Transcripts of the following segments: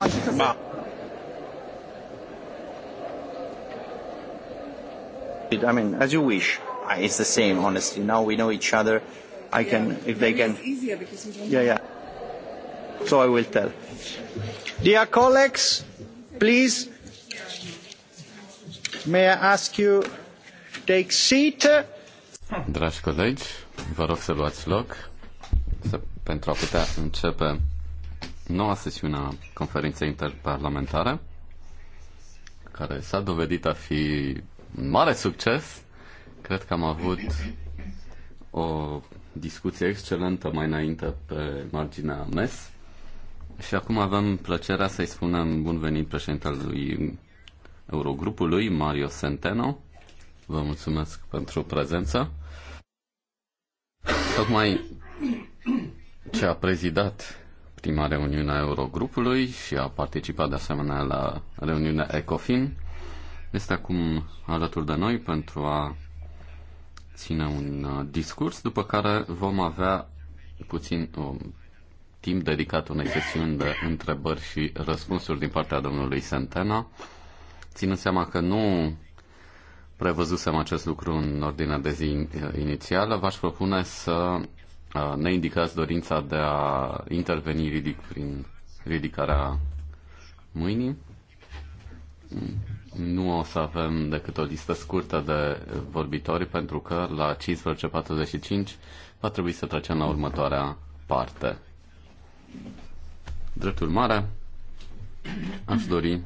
I mean, as you wish. It's the same, honestly. Now we know each other. I yeah, can, if they can. It's easier because yeah, yeah. So I will tell. Dear colleagues, please, may I ask you take seat? Dragi colegi, vă rog să luați loc să, pentru a putea începe noua sesiune a conferinței interparlamentare, care s-a dovedit a fi un mare succes. Cred că am avut o discuție excelentă mai înainte pe marginea MES. Și acum avem plăcerea să-i spunem bun venit președintelui Eurogrupului, Mario Centeno. Vă mulțumesc pentru prezență. Tocmai ce a prezidat ultima reuniune a Eurogrupului și a participat de asemenea la reuniunea ECOFIN. Este acum alături de noi pentru a ține un uh, discurs, după care vom avea puțin um, timp dedicat unei sesiuni de întrebări și răspunsuri din partea domnului Sentena. Ținând seama că nu prevăzusem acest lucru în ordinea de zi uh, inițială, v-aș propune să Uh, ne indicați dorința de a interveni ridic prin ridicarea mâinii. Nu o să avem decât o listă scurtă de vorbitori pentru că la 15.45 va trebui să trecem la următoarea parte. Drept urmare, aș dori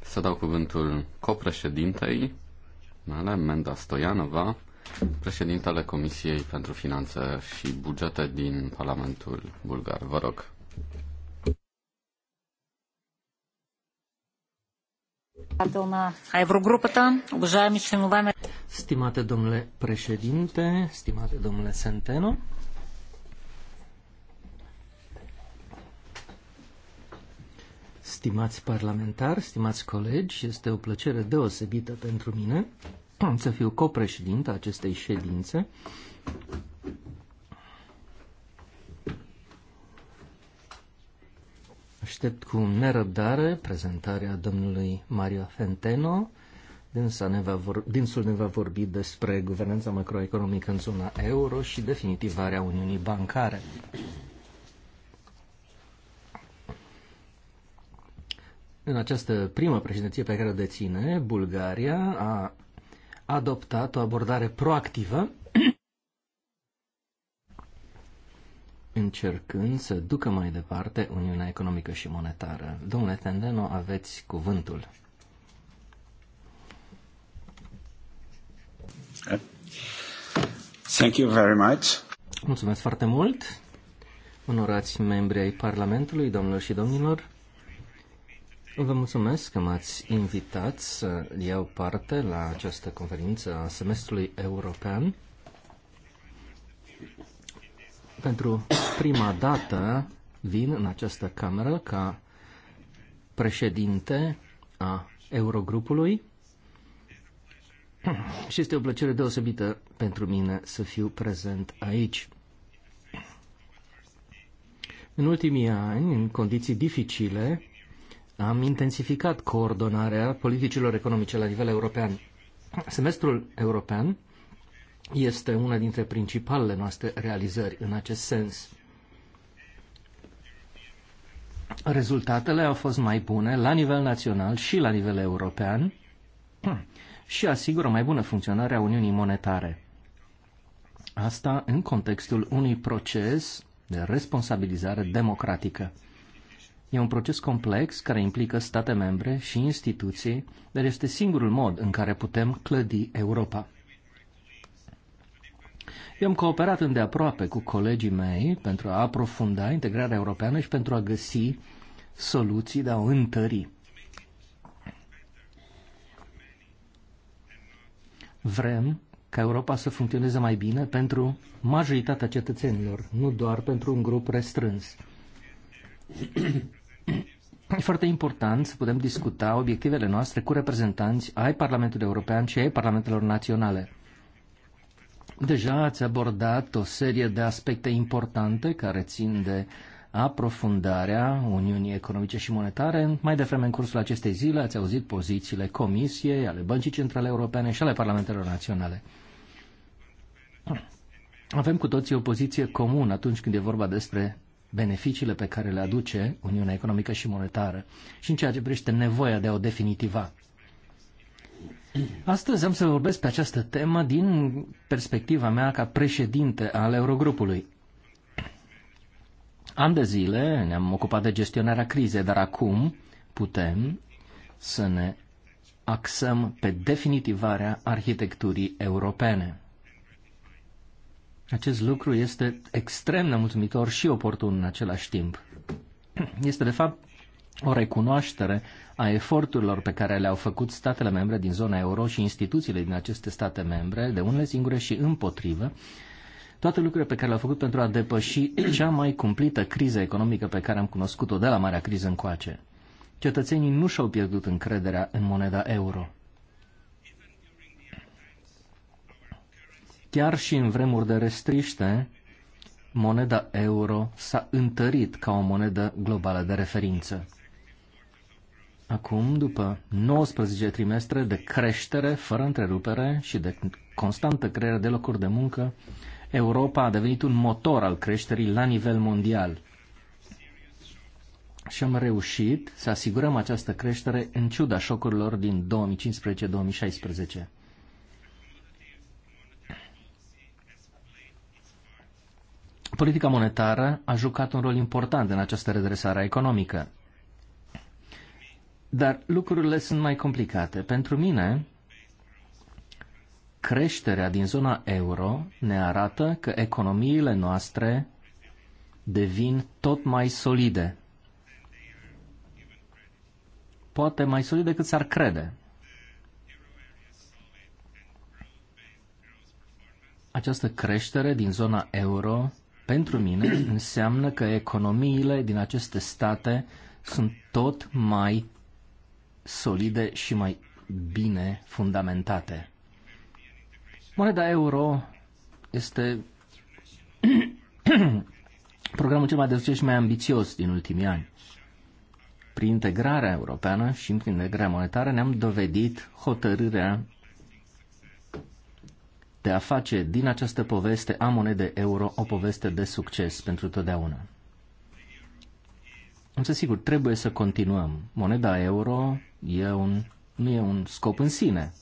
să dau cuvântul copreședintei mele, Menda Stoianova, președintele Comisiei pentru Finanțe și Bugete din Parlamentul Bulgar. Vă rog. Stimate domnule președinte, stimate domnule Senteno, stimați parlamentari, stimați colegi, este o plăcere deosebită pentru mine să fiu copreședinte acestei ședințe. Aștept cu nerăbdare prezentarea domnului Mario Fenteno. Dinsul ne va vor, dânsul ne va vorbi despre guvernanța macroeconomică în zona euro și definitivarea Uniunii Bancare. În această primă președinție pe care o deține, Bulgaria a adoptat o abordare proactivă, încercând să ducă mai departe Uniunea Economică și Monetară. Domnule Tendeno, aveți cuvântul. Thank you very much. Mulțumesc foarte mult, onorați membri ai Parlamentului, domnilor și domnilor. Vă mulțumesc că m-ați invitat să iau parte la această conferință a semestrului european. Pentru prima dată vin în această cameră ca președinte a Eurogrupului și este o plăcere deosebită pentru mine să fiu prezent aici. În ultimii ani, în condiții dificile, am intensificat coordonarea politicilor economice la nivel european. Semestrul european este una dintre principalele noastre realizări în acest sens. Rezultatele au fost mai bune la nivel național și la nivel european și asigură mai bună funcționare a Uniunii Monetare. Asta în contextul unui proces de responsabilizare democratică. E un proces complex care implică state membre și instituții, dar este singurul mod în care putem clădi Europa. Eu am cooperat îndeaproape cu colegii mei pentru a aprofunda integrarea europeană și pentru a găsi soluții de a o întări. Vrem ca Europa să funcționeze mai bine pentru majoritatea cetățenilor, nu doar pentru un grup restrâns. E foarte important să putem discuta obiectivele noastre cu reprezentanți ai Parlamentului European și ai Parlamentelor Naționale. Deja ați abordat o serie de aspecte importante care țin de aprofundarea Uniunii Economice și Monetare. Mai devreme, în cursul acestei zile, ați auzit pozițiile Comisiei, ale Băncii Centrale Europene și ale Parlamentelor Naționale. Avem cu toții o poziție comună atunci când e vorba despre beneficiile pe care le aduce Uniunea Economică și Monetară și în ceea ce privește nevoia de a o definitiva. Astăzi am să vorbesc pe această temă din perspectiva mea ca președinte al Eurogrupului. An de zile ne-am ocupat de gestionarea crizei, dar acum putem să ne axăm pe definitivarea arhitecturii europene. Acest lucru este extrem de mulțumitor și oportun în același timp. Este, de fapt, o recunoaștere a eforturilor pe care le-au făcut statele membre din zona euro și instituțiile din aceste state membre, de unele singure și împotrivă, toate lucrurile pe care le-au făcut pentru a depăși cea mai cumplită criză economică pe care am cunoscut-o de la Marea Criză încoace. Cetățenii nu și-au pierdut încrederea în moneda euro. Chiar și în vremuri de restriște, moneda euro s-a întărit ca o monedă globală de referință. Acum, după 19 trimestre de creștere fără întrerupere și de constantă creare de locuri de muncă, Europa a devenit un motor al creșterii la nivel mondial. Și am reușit să asigurăm această creștere în ciuda șocurilor din 2015-2016. Politica monetară a jucat un rol important în această redresare economică. Dar lucrurile sunt mai complicate. Pentru mine, creșterea din zona euro ne arată că economiile noastre devin tot mai solide. Poate mai solide decât s-ar crede. Această creștere din zona euro pentru mine înseamnă că economiile din aceste state sunt tot mai solide și mai bine fundamentate. Moneda euro este programul cel mai de și mai ambițios din ultimii ani. Prin integrarea europeană și prin integrarea monetară ne-am dovedit hotărârea de a face din această poveste a monede euro o poveste de succes pentru totdeauna. Însă, sigur, trebuie să continuăm. Moneda euro e un, nu e un scop în sine.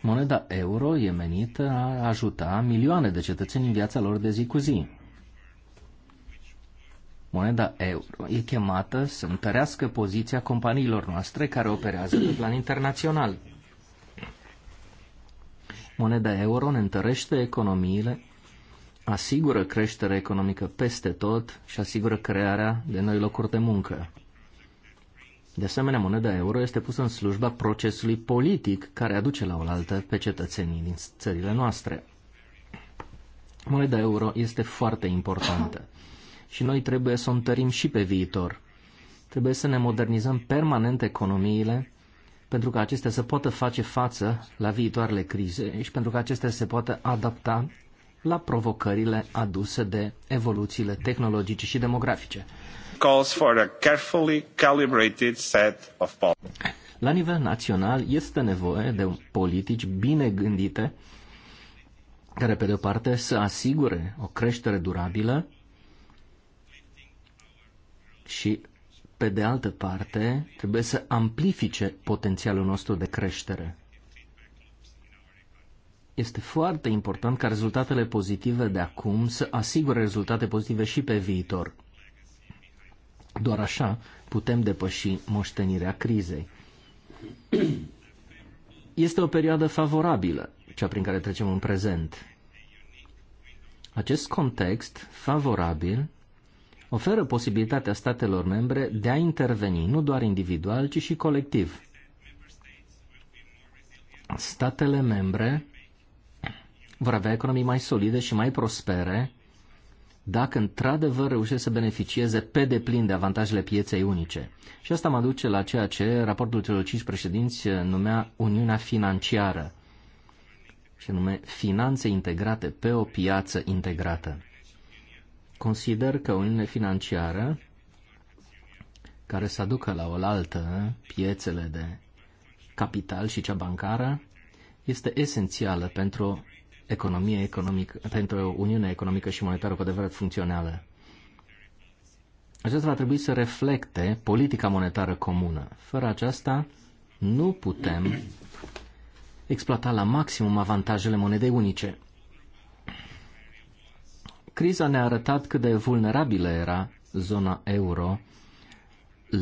Moneda euro e menită a ajuta milioane de cetățeni în viața lor de zi cu zi. Moneda euro e chemată să întărească poziția companiilor noastre care operează pe plan internațional. Moneda euro ne întărește economiile, asigură creștere economică peste tot și asigură crearea de noi locuri de muncă. De asemenea, moneda euro este pusă în slujba procesului politic care aduce la oaltă pe cetățenii din țările noastre. Moneda euro este foarte importantă și noi trebuie să o întărim și pe viitor. Trebuie să ne modernizăm permanent economiile pentru ca acestea să poată face față la viitoarele crize și pentru ca acestea se poată adapta la provocările aduse de evoluțiile tehnologice și demografice. Calls for a carefully calibrated set of la nivel național este nevoie de politici bine gândite care, pe de-o parte, să asigure o creștere durabilă și pe de altă parte, trebuie să amplifice potențialul nostru de creștere. Este foarte important ca rezultatele pozitive de acum să asigure rezultate pozitive și pe viitor. Doar așa putem depăși moștenirea crizei. Este o perioadă favorabilă, cea prin care trecem în prezent. Acest context favorabil oferă posibilitatea statelor membre de a interveni nu doar individual, ci și colectiv. Statele membre vor avea economii mai solide și mai prospere dacă într-adevăr reușesc să beneficieze pe deplin de avantajele pieței unice. Și asta mă duce la ceea ce raportul celor cinci președinți numea Uniunea Financiară, și nume Finanțe integrate pe o piață integrată. Consider că Uniune Financiară, care să aducă la oaltă piețele de capital și cea bancară, este esențială pentru economie economică, pentru o Uniune Economică și Monetară cu adevărat funcțională. Aceasta va trebui să reflecte politica monetară comună. Fără aceasta, nu putem exploata la maximum avantajele monedei unice. Criza ne-a arătat cât de vulnerabilă era zona euro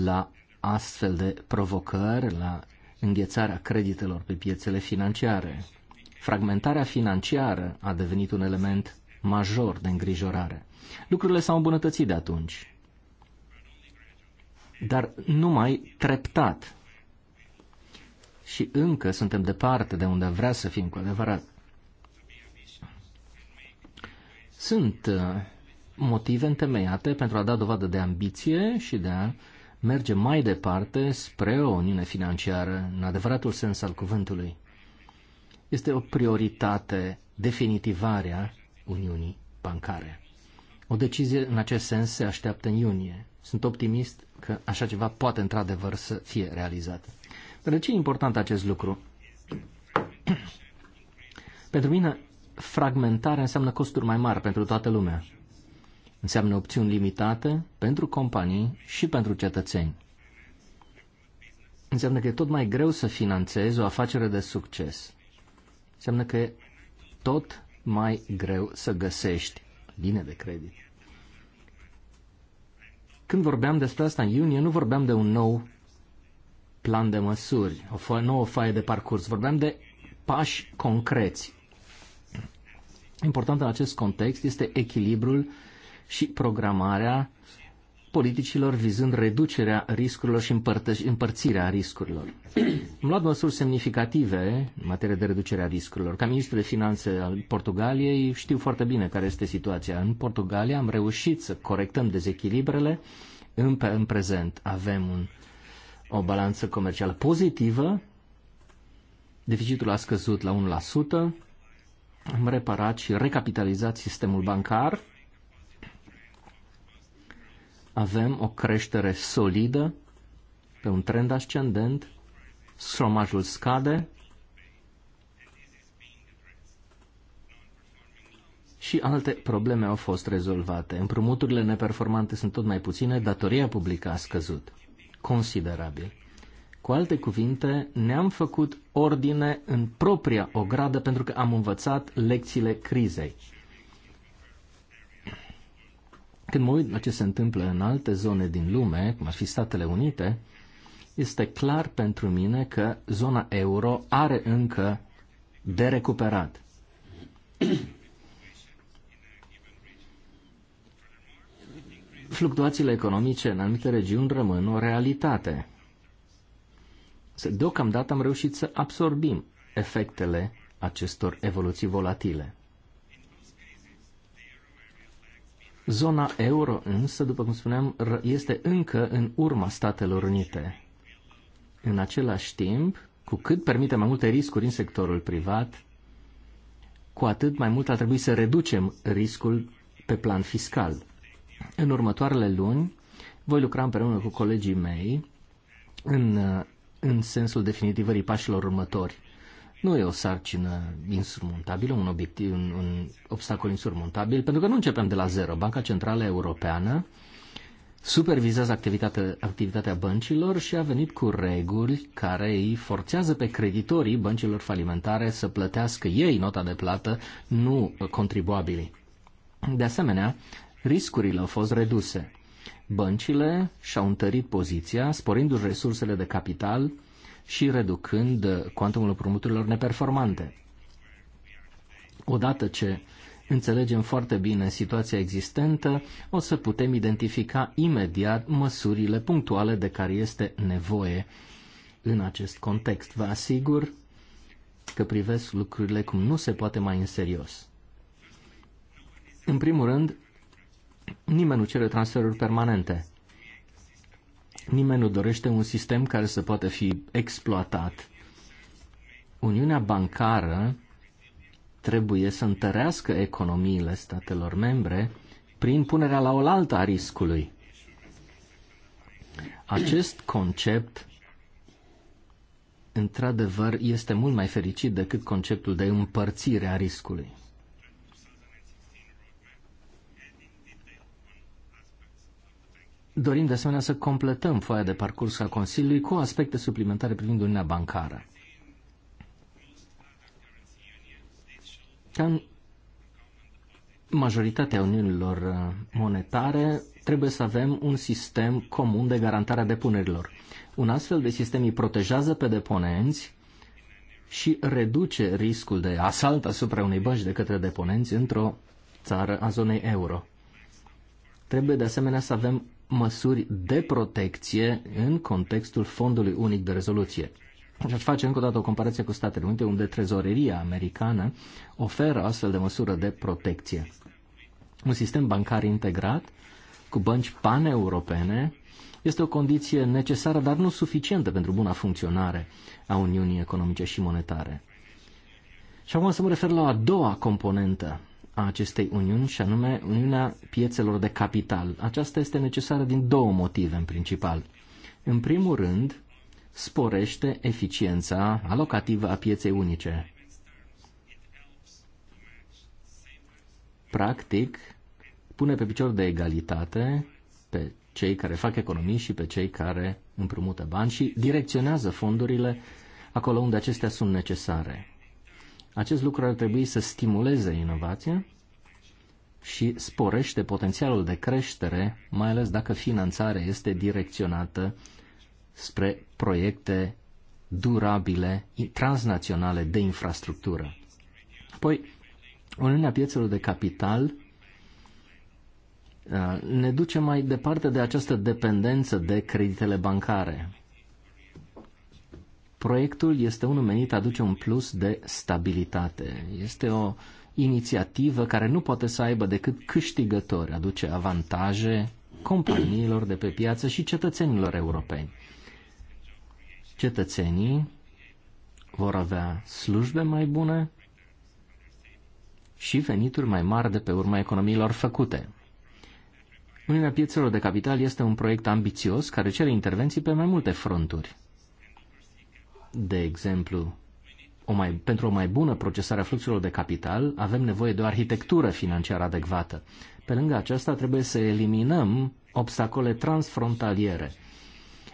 la astfel de provocări, la înghețarea creditelor pe piețele financiare. Fragmentarea financiară a devenit un element major de îngrijorare. Lucrurile s-au îmbunătățit de atunci, dar numai treptat. Și încă suntem departe de unde vrea să fim cu adevărat. sunt uh, motive întemeiate pentru a da dovadă de ambiție și de a merge mai departe spre o uniune financiară, în adevăratul sens al cuvântului. Este o prioritate definitivarea Uniunii Bancare. O decizie în acest sens se așteaptă în iunie. Sunt optimist că așa ceva poate într-adevăr să fie realizat. Dar de ce e important acest lucru? Pentru mine, fragmentarea înseamnă costuri mai mari pentru toată lumea. Înseamnă opțiuni limitate pentru companii și pentru cetățeni. Înseamnă că e tot mai greu să finanțezi o afacere de succes. Înseamnă că e tot mai greu să găsești bine de credit. Când vorbeam despre asta în iunie, nu vorbeam de un nou plan de măsuri, o nouă faie de parcurs, vorbeam de pași concreți, Important în acest context este echilibrul și programarea politicilor vizând reducerea riscurilor și împărțirea riscurilor. Am luat măsuri semnificative în materie de reducere a riscurilor. Ca ministru de finanțe al Portugaliei știu foarte bine care este situația. În Portugalia am reușit să corectăm dezechilibrele. În, în prezent avem un, o balanță comercială pozitivă. Deficitul a scăzut la am reparat și recapitalizat sistemul bancar. Avem o creștere solidă pe un trend ascendent, șomajul scade și alte probleme au fost rezolvate. Împrumuturile neperformante sunt tot mai puține, datoria publică a scăzut considerabil. Cu alte cuvinte, ne-am făcut ordine în propria ogradă pentru că am învățat lecțiile crizei. Când mă uit la ce se întâmplă în alte zone din lume, cum ar fi Statele Unite, este clar pentru mine că zona euro are încă de recuperat. Fluctuațiile economice în anumite regiuni rămân o realitate. Deocamdată am reușit să absorbim efectele acestor evoluții volatile. Zona euro însă, după cum spuneam, este încă în urma Statelor Unite. În același timp, cu cât permite mai multe riscuri în sectorul privat, cu atât mai mult ar trebui să reducem riscul pe plan fiscal. În următoarele luni voi lucra împreună cu colegii mei în uh, în sensul definitivării pașilor următori. Nu e o sarcină insurmontabilă, un, obiectiv, un, un obstacol insurmontabil, pentru că nu începem de la zero. Banca Centrală Europeană supervizează activitatea, activitatea băncilor și a venit cu reguli care îi forțează pe creditorii băncilor falimentare să plătească ei nota de plată, nu contribuabilii. De asemenea, riscurile au fost reduse. Băncile și-au întărit poziția, sporindu-și resursele de capital și reducând cuantumul împrumuturilor neperformante. Odată ce înțelegem foarte bine situația existentă, o să putem identifica imediat măsurile punctuale de care este nevoie în acest context. Vă asigur că privesc lucrurile cum nu se poate mai în serios. În primul rând, Nimeni nu cere transferuri permanente. Nimeni nu dorește un sistem care să poată fi exploatat. Uniunea bancară trebuie să întărească economiile statelor membre prin punerea la oaltă a riscului. Acest concept, într-adevăr, este mult mai fericit decât conceptul de împărțire a riscului. Dorim de asemenea să completăm foaia de parcurs a Consiliului cu aspecte suplimentare privind Uniunea Bancară. Ca în majoritatea uniunilor monetare, trebuie să avem un sistem comun de garantare a depunerilor. Un astfel de sistem îi protejează pe deponenți și reduce riscul de asalt asupra unei bănci de către deponenți într-o țară a zonei euro. Trebuie de asemenea să avem măsuri de protecție în contextul Fondului Unic de Rezoluție. aș deci face încă o dată o comparație cu Statele Unite, unde trezoreria americană oferă astfel de măsură de protecție. Un sistem bancar integrat cu bănci paneuropene este o condiție necesară, dar nu suficientă pentru buna funcționare a Uniunii Economice și Monetare. Și acum să mă refer la a doua componentă a acestei uniuni, și anume Uniunea Piețelor de Capital. Aceasta este necesară din două motive, în principal. În primul rând, sporește eficiența alocativă a pieței unice. Practic, pune pe picior de egalitate pe cei care fac economii și pe cei care împrumută bani și direcționează fondurile acolo unde acestea sunt necesare. Acest lucru ar trebui să stimuleze inovația și sporește potențialul de creștere, mai ales dacă finanțarea este direcționată spre proiecte durabile, transnaționale de infrastructură. Apoi, Uniunea Piețelor de Capital uh, ne duce mai departe de această dependență de creditele bancare. Proiectul este unul menit aduce un plus de stabilitate. Este o inițiativă care nu poate să aibă decât câștigători, aduce avantaje companiilor de pe piață și cetățenilor europeni. Cetățenii vor avea slujbe mai bune și venituri mai mari de pe urma economiilor făcute. Uniunea piețelor de capital este un proiect ambițios care cere intervenții pe mai multe fronturi de exemplu, o mai, pentru o mai bună procesare a fluxurilor de capital, avem nevoie de o arhitectură financiară adecvată. Pe lângă aceasta, trebuie să eliminăm obstacole transfrontaliere.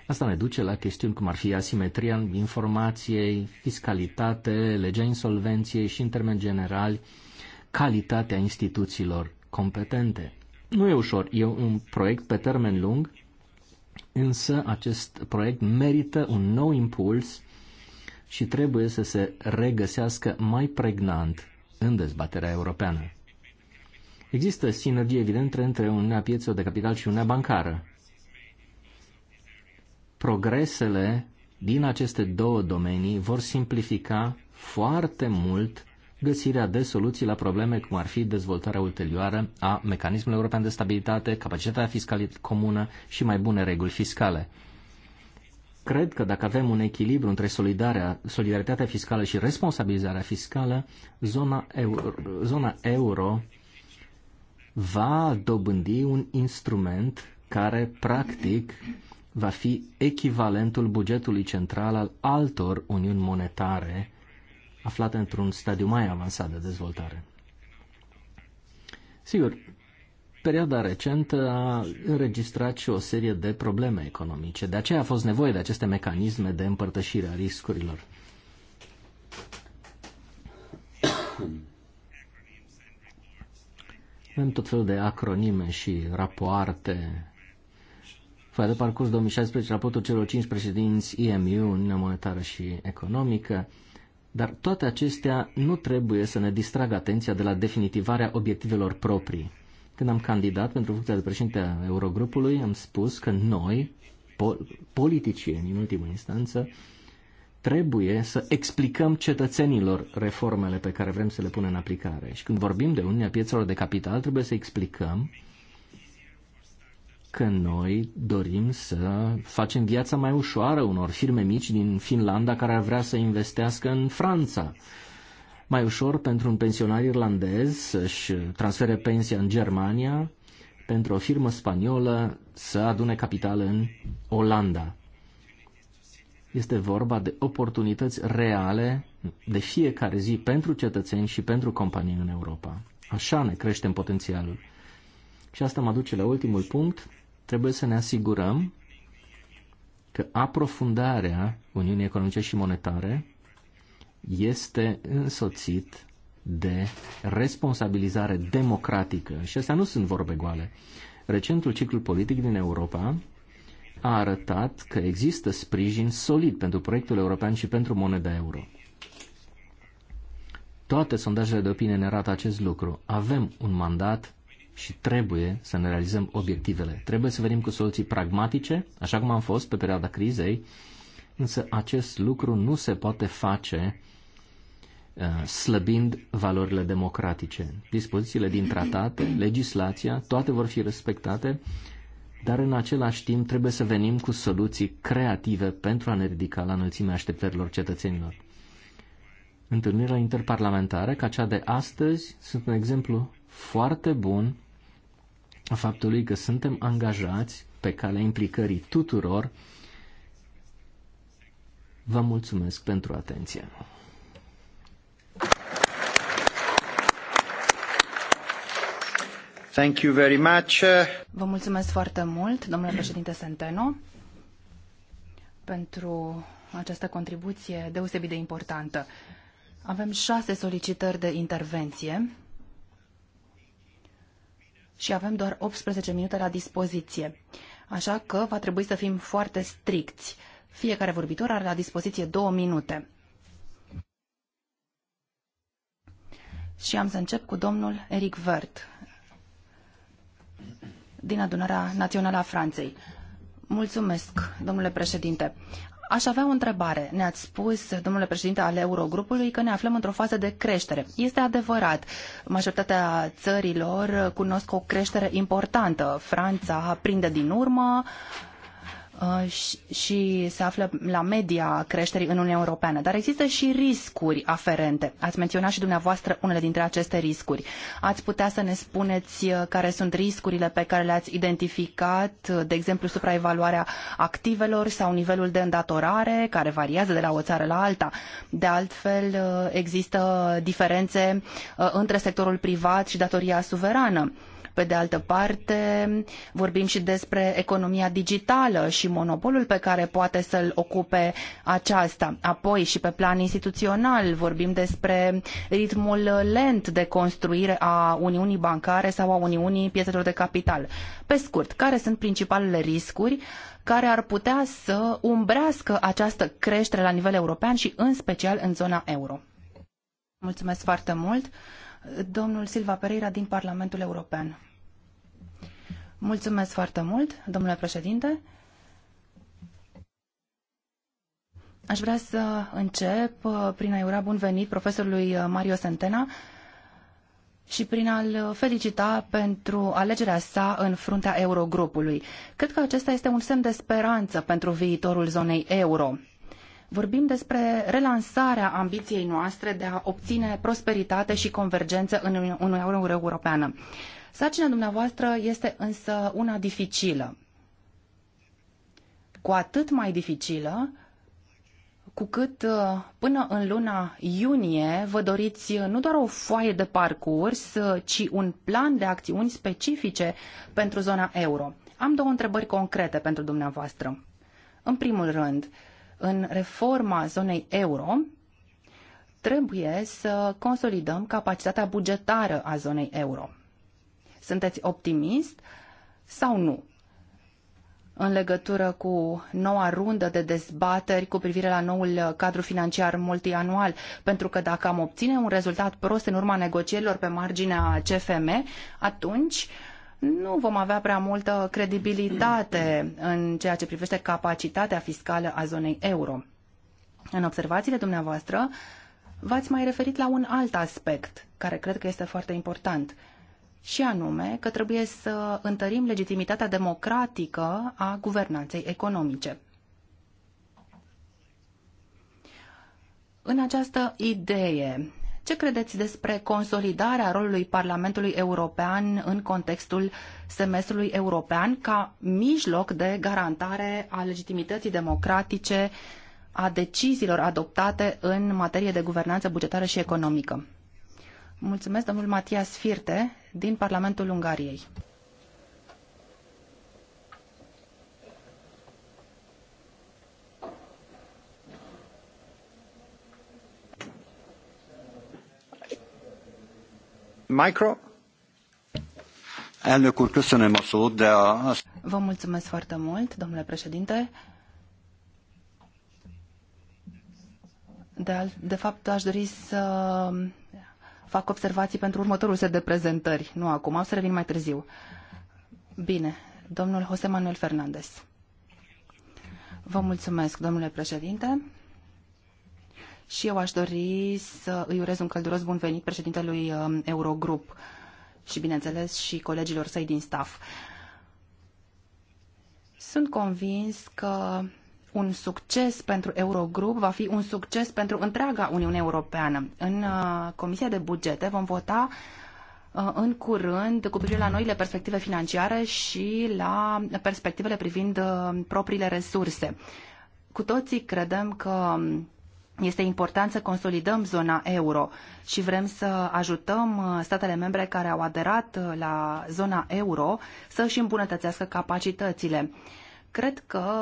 Asta ne duce la chestiuni cum ar fi asimetria informației, fiscalitate, legea insolvenției și, în termeni generali, calitatea instituțiilor competente. Nu e ușor, e un proiect pe termen lung, însă acest proiect merită un nou impuls și trebuie să se regăsească mai pregnant în dezbaterea europeană. Există sinergie evidentă între Uniunea Piețelor de Capital și Uniunea Bancară. Progresele din aceste două domenii vor simplifica foarte mult găsirea de soluții la probleme cum ar fi dezvoltarea ulterioară a mecanismului european de stabilitate, capacitatea fiscală comună și mai bune reguli fiscale cred că dacă avem un echilibru între solidaritatea fiscală și responsabilizarea fiscală, zona euro, zona euro va dobândi un instrument care, practic, va fi echivalentul bugetului central al altor uniuni monetare aflate într-un stadiu mai avansat de dezvoltare. Sigur, perioada recentă a înregistrat și o serie de probleme economice. De aceea a fost nevoie de aceste mecanisme de împărtășire a riscurilor. Avem tot felul de acronime și rapoarte. Fără de parcurs 2016, raportul celor 5 președinți EMU, Uniunea Monetară și Economică, dar toate acestea nu trebuie să ne distragă atenția de la definitivarea obiectivelor proprii. Când am candidat pentru funcția de președinte a Eurogrupului, am spus că noi, politicieni în ultimă instanță, trebuie să explicăm cetățenilor reformele pe care vrem să le punem în aplicare. Și când vorbim de Uniunea Piețelor de Capital, trebuie să explicăm că noi dorim să facem viața mai ușoară unor firme mici din Finlanda care ar vrea să investească în Franța mai ușor pentru un pensionar irlandez să-și transfere pensia în Germania, pentru o firmă spaniolă să adune capital în Olanda. Este vorba de oportunități reale de fiecare zi pentru cetățeni și pentru companii în Europa. Așa ne creștem potențialul. Și asta mă duce la ultimul punct. Trebuie să ne asigurăm că aprofundarea Uniunii Economice și Monetare este însoțit de responsabilizare democratică. Și astea nu sunt vorbe goale. Recentul ciclu politic din Europa a arătat că există sprijin solid pentru proiectul european și pentru moneda euro. Toate sondajele de opinie ne arată acest lucru. Avem un mandat și trebuie să ne realizăm obiectivele. Trebuie să venim cu soluții pragmatice, așa cum am fost pe perioada crizei, însă acest lucru nu se poate face Uh, slăbind valorile democratice. Dispozițiile din tratate, legislația, toate vor fi respectate, dar în același timp trebuie să venim cu soluții creative pentru a ne ridica la înălțimea așteptărilor cetățenilor. Întâlnirea interparlamentară, ca cea de astăzi, sunt un exemplu foarte bun a faptului că suntem angajați pe calea implicării tuturor. Vă mulțumesc pentru atenție. Thank you very much. Vă mulțumesc foarte mult, domnule președinte Centeno, pentru această contribuție deosebit de importantă. Avem șase solicitări de intervenție și avem doar 18 minute la dispoziție. Așa că va trebui să fim foarte stricți. Fiecare vorbitor are la dispoziție două minute. Și am să încep cu domnul Eric Vert din adunarea națională a Franței. Mulțumesc, domnule președinte. Aș avea o întrebare. Ne-ați spus, domnule președinte al Eurogrupului, că ne aflăm într-o fază de creștere. Este adevărat. Majoritatea țărilor cunosc o creștere importantă. Franța prinde din urmă, Uh, și se află la media creșterii în Uniunea Europeană. Dar există și riscuri aferente. Ați menționat și dumneavoastră unele dintre aceste riscuri. Ați putea să ne spuneți uh, care sunt riscurile pe care le-ați identificat, uh, de exemplu supraevaluarea activelor sau nivelul de îndatorare, care variază de la o țară la alta. De altfel, există diferențe între sectorul privat și datoria suverană pe de altă parte, vorbim și despre economia digitală și monopolul pe care poate să-l ocupe aceasta. Apoi și pe plan instituțional vorbim despre ritmul lent de construire a Uniunii Bancare sau a Uniunii Piețelor de Capital. Pe scurt, care sunt principalele riscuri care ar putea să umbrească această creștere la nivel european și în special în zona euro? Mulțumesc foarte mult! domnul Silva Pereira din Parlamentul European. Mulțumesc foarte mult, domnule președinte. Aș vrea să încep uh, prin a-i ura bun venit profesorului uh, Mario Centena și prin a-l felicita pentru alegerea sa în fruntea Eurogrupului. Cred că acesta este un semn de speranță pentru viitorul zonei euro Vorbim despre relansarea ambiției noastre de a obține prosperitate și convergență în Uniunea Europeană. Sarcina dumneavoastră este însă una dificilă. Cu atât mai dificilă cu cât uh, până în luna iunie vă doriți uh, nu doar o foaie de parcurs, uh, ci un plan de acțiuni specifice pentru zona euro. Am două întrebări concrete pentru dumneavoastră. În primul rând, în reforma zonei euro, trebuie să consolidăm capacitatea bugetară a zonei euro. Sunteți optimist sau nu? În legătură cu noua rundă de dezbateri cu privire la noul cadru financiar multianual, pentru că dacă am obține un rezultat prost în urma negocierilor pe marginea CFM, atunci uh, nu vom avea prea multă credibilitate în ceea ce privește capacitatea fiscală a zonei euro. În observațiile dumneavoastră, v-ați mai referit la un alt aspect, care cred că este foarte important, și anume că trebuie să întărim legitimitatea democratică a guvernanței economice. În această idee ce credeți despre consolidarea rolului Parlamentului European în contextul semestrului european ca mijloc de garantare a legitimității democratice a deciziilor adoptate în materie de guvernanță bugetară și economică? Mulțumesc, domnul Matias Firte, din Parlamentul Ungariei. Micro. a Vă mulțumesc foarte mult, domnule președinte. De, de fapt, aș dori să fac observații pentru următorul set de prezentări. Nu acum, o să revin mai târziu. Bine, domnul José Manuel Fernandez. Vă mulțumesc, domnule președinte și eu aș dori să îi urez un călduros bun venit președintelui um, Eurogrup și, bineînțeles, și colegilor săi din staff. Sunt convins că un succes pentru Eurogrup va fi un succes pentru întreaga Uniune Europeană. În uh, Comisia de Bugete vom vota uh, în curând cu privire la noile perspective financiare și la perspectivele privind uh, propriile resurse. Cu toții credem că um, este important să consolidăm zona euro și vrem să ajutăm uh, statele membre care au aderat uh, la zona euro să își îmbunătățească capacitățile. Cred că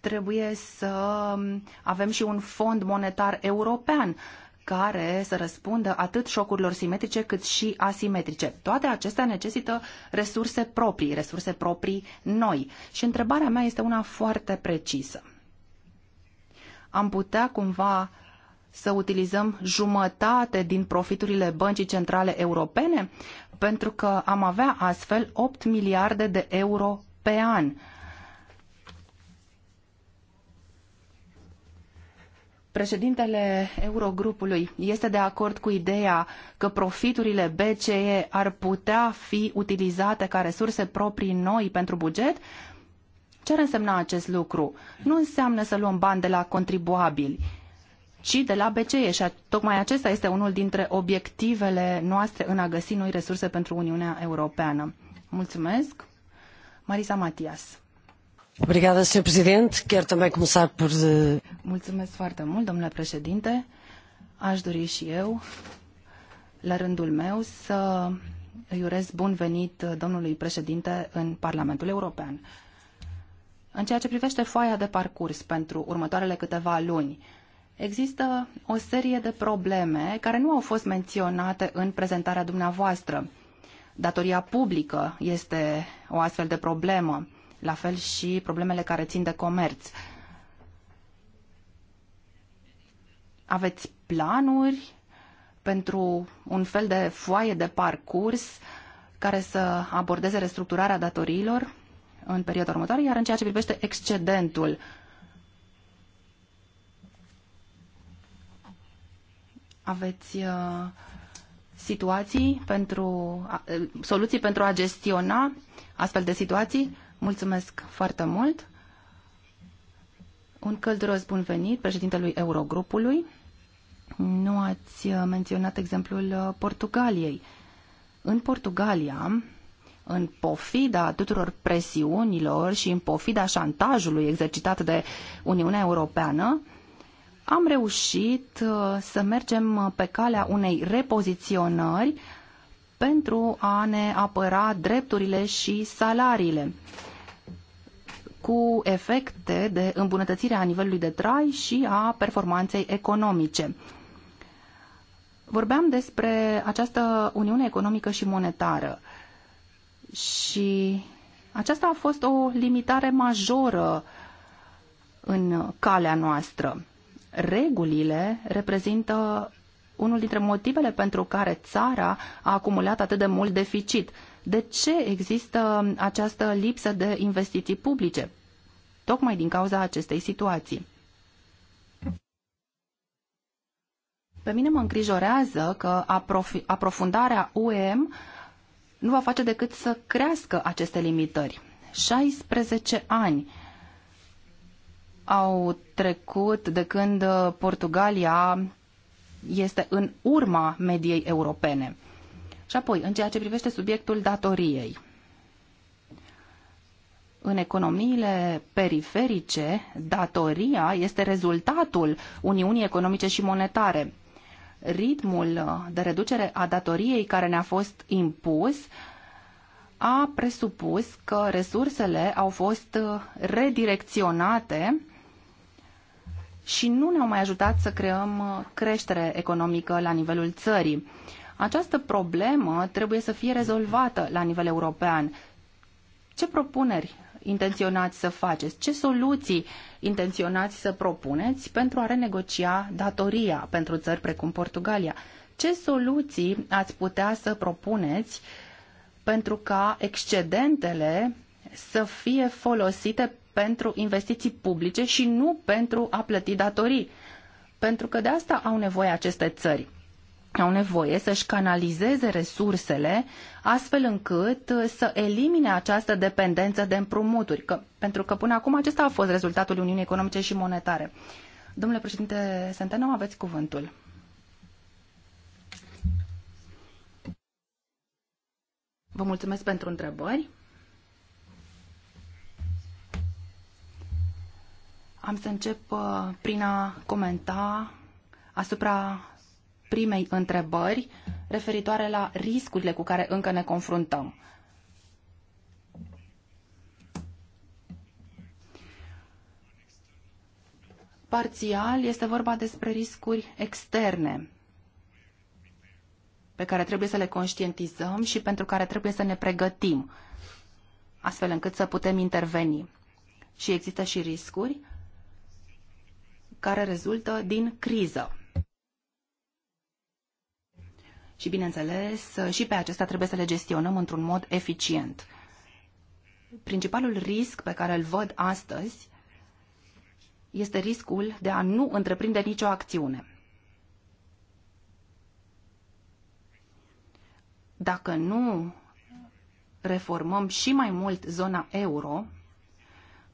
trebuie să um, avem și un fond monetar european care să răspundă atât șocurilor simetrice cât și asimetrice. Toate acestea necesită resurse proprii, resurse proprii noi. Și întrebarea mea este una foarte precisă am putea cumva să utilizăm jumătate din profiturile băncii centrale europene? Pentru că am avea astfel 8 miliarde de euro pe an. Președintele Eurogrupului este de acord cu ideea că profiturile BCE ar putea fi utilizate ca resurse proprii noi pentru buget? Ce ar însemna acest lucru? Nu înseamnă să luăm bani de la contribuabili, ci de la BCE și tocmai acesta este unul dintre obiectivele noastre în a găsi noi resurse pentru Uniunea Europeană. Mulțumesc. Marisa Matias. Obrigada, Sr. Presidente. Quero também começar por... Eh, Mulțumesc foarte mult, domnule președinte. Aș dori și eu, la rândul meu, să îi urez bun venit eh, domnului președinte în Parlamentul European. În ceea ce privește foaia de parcurs pentru următoarele câteva luni, există o serie de probleme care nu au fost menționate în prezentarea dumneavoastră. Datoria publică este o astfel de problemă, la fel și problemele care țin de comerț. Aveți planuri pentru un fel de foaie de parcurs care să abordeze restructurarea datoriilor? în perioada următoare, iar în ceea ce privește excedentul, aveți uh, situații pentru, uh, soluții pentru a gestiona astfel de situații? Mulțumesc foarte mult! Un călduros bun venit președintelui Eurogrupului. Nu ați uh, menționat exemplul Portugaliei. În Portugalia, în pofida tuturor presiunilor și în pofida șantajului exercitat de Uniunea Europeană, am reușit uh, să mergem pe calea unei repoziționări pentru a ne apăra drepturile și salariile cu efecte de îmbunătățire a nivelului de trai și a performanței economice. Vorbeam despre această Uniune Economică și Monetară. Și aceasta a fost o limitare majoră în calea noastră. Regulile reprezintă unul dintre motivele pentru care țara a acumulat atât de mult deficit. De ce există această lipsă de investiții publice? Tocmai din cauza acestei situații. Pe mine mă îngrijorează că aprofundarea UEM nu va face decât să crească aceste limitări. 16 ani au trecut de când Portugalia este în urma mediei europene. Și apoi, în ceea ce privește subiectul datoriei. În economiile periferice, datoria este rezultatul Uniunii Economice și Monetare ritmul uh, de reducere a datoriei care ne-a fost impus a presupus că resursele au fost uh, redirecționate și nu ne-au mai ajutat să creăm uh, creștere economică la nivelul țării. Această problemă trebuie să fie rezolvată la nivel european. Ce propuneri intenționați să faceți? Ce soluții intenționați să propuneți pentru a renegocia datoria pentru țări precum Portugalia? Ce soluții ați putea să propuneți pentru ca excedentele să fie folosite pentru investiții publice și nu pentru a plăti datorii? Pentru că de asta au nevoie aceste țări au nevoie să-și canalizeze resursele astfel încât uh, să elimine această dependență de împrumuturi, că, pentru că până acum acesta a fost rezultatul Uniunii Economice și Monetare. Domnule președinte Senteno, aveți cuvântul. Vă mulțumesc pentru întrebări. Am să încep uh, prin a comenta asupra primei întrebări referitoare la riscurile cu care încă ne confruntăm. Parțial este vorba despre riscuri externe pe care trebuie să le conștientizăm și pentru care trebuie să ne pregătim, astfel încât să putem interveni. Și există și riscuri care rezultă din criză și, bineînțeles, și pe acesta trebuie să le gestionăm într-un mod eficient. Principalul risc pe care îl văd astăzi este riscul de a nu întreprinde nicio acțiune. Dacă nu reformăm și mai mult zona euro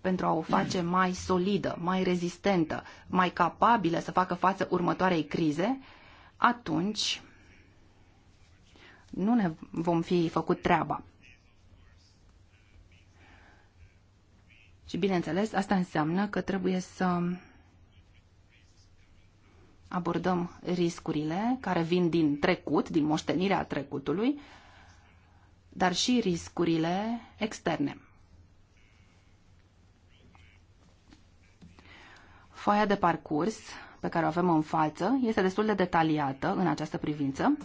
pentru a o face mai solidă, mai rezistentă, mai capabilă să facă față următoarei crize, atunci nu ne vom fi făcut treaba. Și bineînțeles, asta înseamnă că trebuie să abordăm riscurile care vin din trecut, din moștenirea trecutului, dar și riscurile externe. Foaia de parcurs pe care o avem în față este destul de detaliată în această privință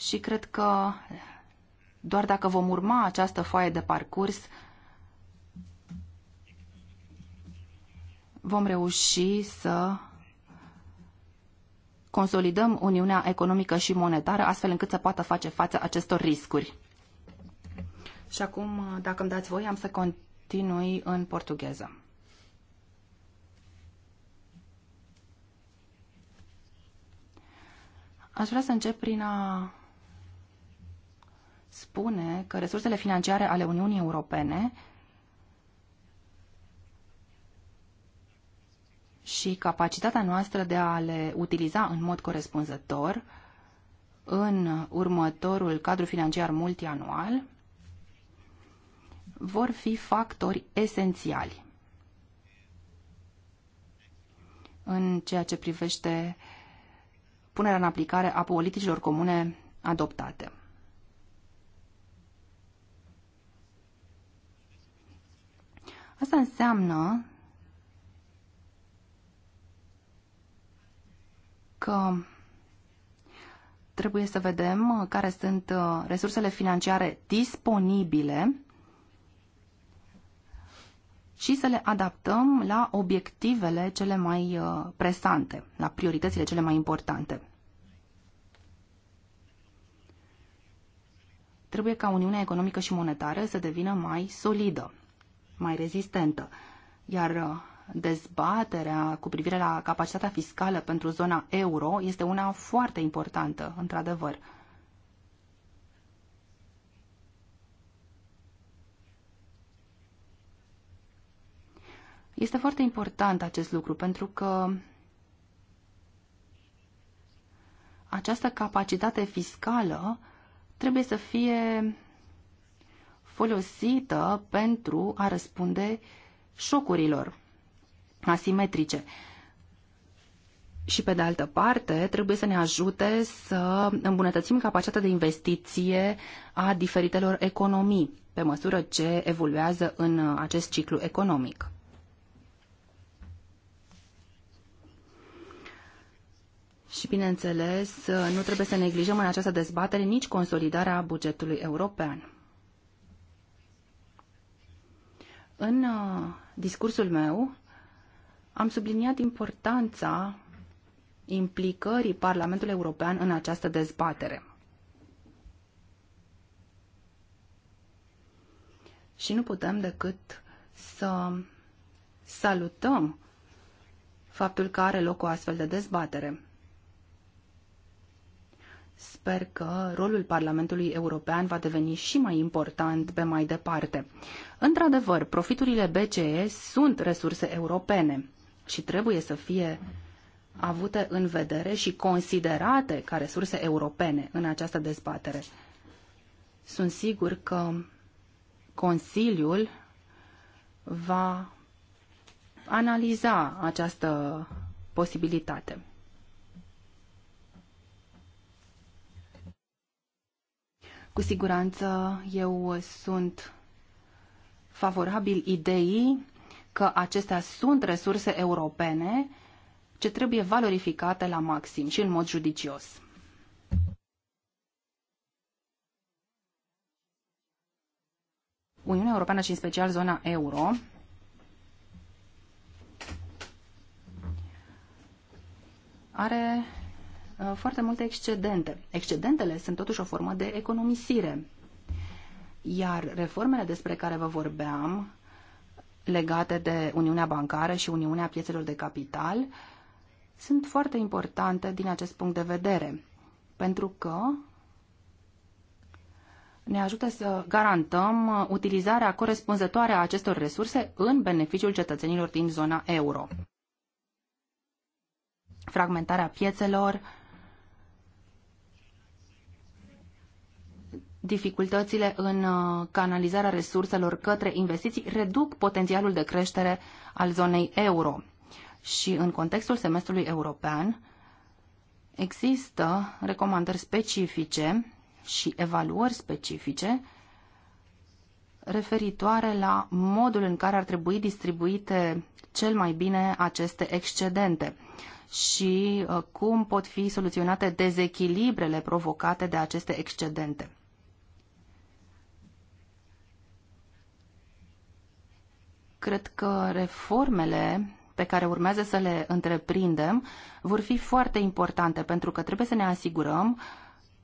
și cred că doar dacă vom urma această foaie de parcurs, vom reuși să consolidăm Uniunea Economică și Monetară astfel încât să poată face față acestor riscuri. Și acum, dacă îmi dați voi, am să continui în portugheză. Aș vrea să încep prin a spune că resursele financiare ale Uniunii Europene și capacitatea noastră de a le utiliza în mod corespunzător în următorul cadru financiar multianual vor fi factori esențiali în ceea ce privește punerea în aplicare a politicilor comune adoptate. Asta înseamnă că trebuie să vedem care sunt uh, resursele financiare disponibile și să le adaptăm la obiectivele cele mai uh, presante, la prioritățile cele mai importante. Trebuie ca Uniunea Economică și Monetară să devină mai solidă mai rezistentă. Iar uh, dezbaterea cu privire la capacitatea fiscală pentru zona euro este una foarte importantă, într-adevăr. Este foarte important acest lucru pentru că această capacitate fiscală trebuie să fie folosită pentru a răspunde șocurilor asimetrice. Și pe de altă parte, trebuie să ne ajute să îmbunătățim capacitatea de investiție a diferitelor economii pe măsură ce evoluează în acest ciclu economic. Și, bineînțeles, nu trebuie să neglijăm în această dezbatere nici consolidarea bugetului european. În uh, discursul meu am subliniat importanța implicării Parlamentului European în această dezbatere. Și nu putem decât să salutăm faptul că are loc o astfel de dezbatere. Sper că rolul Parlamentului European va deveni și mai important pe mai departe. Într-adevăr, profiturile BCE sunt resurse europene și trebuie să fie avute în vedere și considerate ca resurse europene în această dezbatere. Sunt sigur că Consiliul va analiza această posibilitate. Cu siguranță eu sunt favorabil ideii că acestea sunt resurse europene ce trebuie valorificate la maxim și în mod judicios. Uniunea Europeană și în special zona euro are Uh, foarte multe excedente. Excedentele sunt totuși o formă de economisire. Iar reformele despre care vă vorbeam, legate de Uniunea Bancară și Uniunea Piețelor de Capital, sunt foarte importante din acest punct de vedere, pentru că ne ajută să garantăm utilizarea corespunzătoare a acestor resurse în beneficiul cetățenilor din zona euro. Fragmentarea piețelor, dificultățile în uh, canalizarea resurselor către investiții reduc potențialul de creștere al zonei euro. Și în contextul semestrului european există recomandări specifice și evaluări specifice referitoare la modul în care ar trebui distribuite cel mai bine aceste excedente și uh, cum pot fi soluționate dezechilibrele provocate de aceste excedente. Cred că reformele pe care urmează să le întreprindem vor fi foarte importante pentru că trebuie să ne asigurăm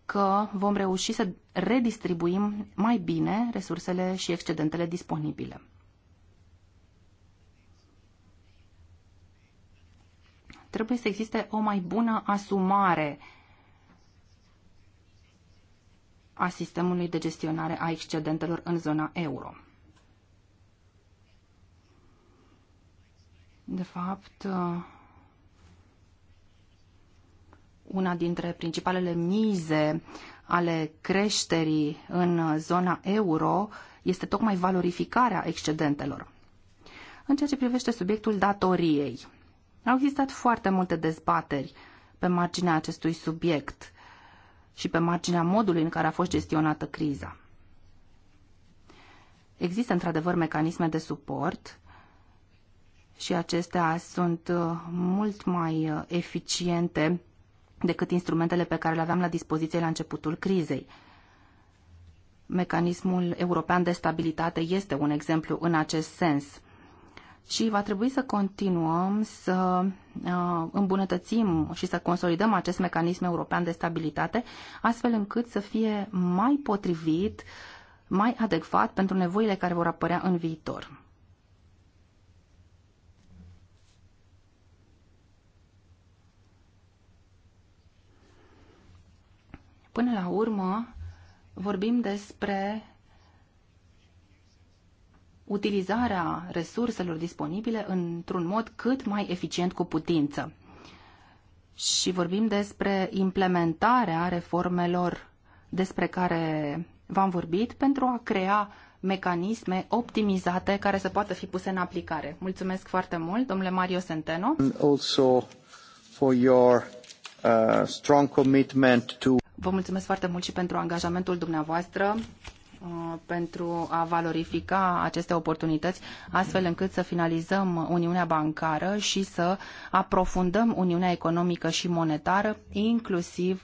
că vom reuși să redistribuim mai bine resursele și excedentele disponibile. Trebuie să existe o mai bună asumare a sistemului de gestionare a excedentelor în zona euro. De fapt, una dintre principalele mize ale creșterii în zona euro este tocmai valorificarea excedentelor. În ceea ce privește subiectul datoriei, au existat foarte multe dezbateri pe marginea acestui subiect și pe marginea modului în care a fost gestionată criza. Există într-adevăr mecanisme de suport și acestea sunt uh, mult mai uh, eficiente decât instrumentele pe care le aveam la dispoziție la începutul crizei. Mecanismul european de stabilitate este un exemplu în acest sens. Și va trebui să continuăm să uh, îmbunătățim și să consolidăm acest mecanism european de stabilitate, astfel încât să fie mai potrivit, mai adecvat pentru nevoile care vor apărea în viitor. Până la urmă, vorbim despre utilizarea resurselor disponibile într-un mod cât mai eficient cu putință. Și vorbim despre implementarea reformelor despre care v-am vorbit pentru a crea mecanisme optimizate care să poată fi puse în aplicare. Mulțumesc foarte mult, domnule Mario Centeno. Also for your uh, strong commitment to Vă mulțumesc foarte mult și pentru angajamentul dumneavoastră uh, pentru a valorifica aceste oportunități, astfel încât să finalizăm Uniunea Bancară și să aprofundăm Uniunea Economică și Monetară, inclusiv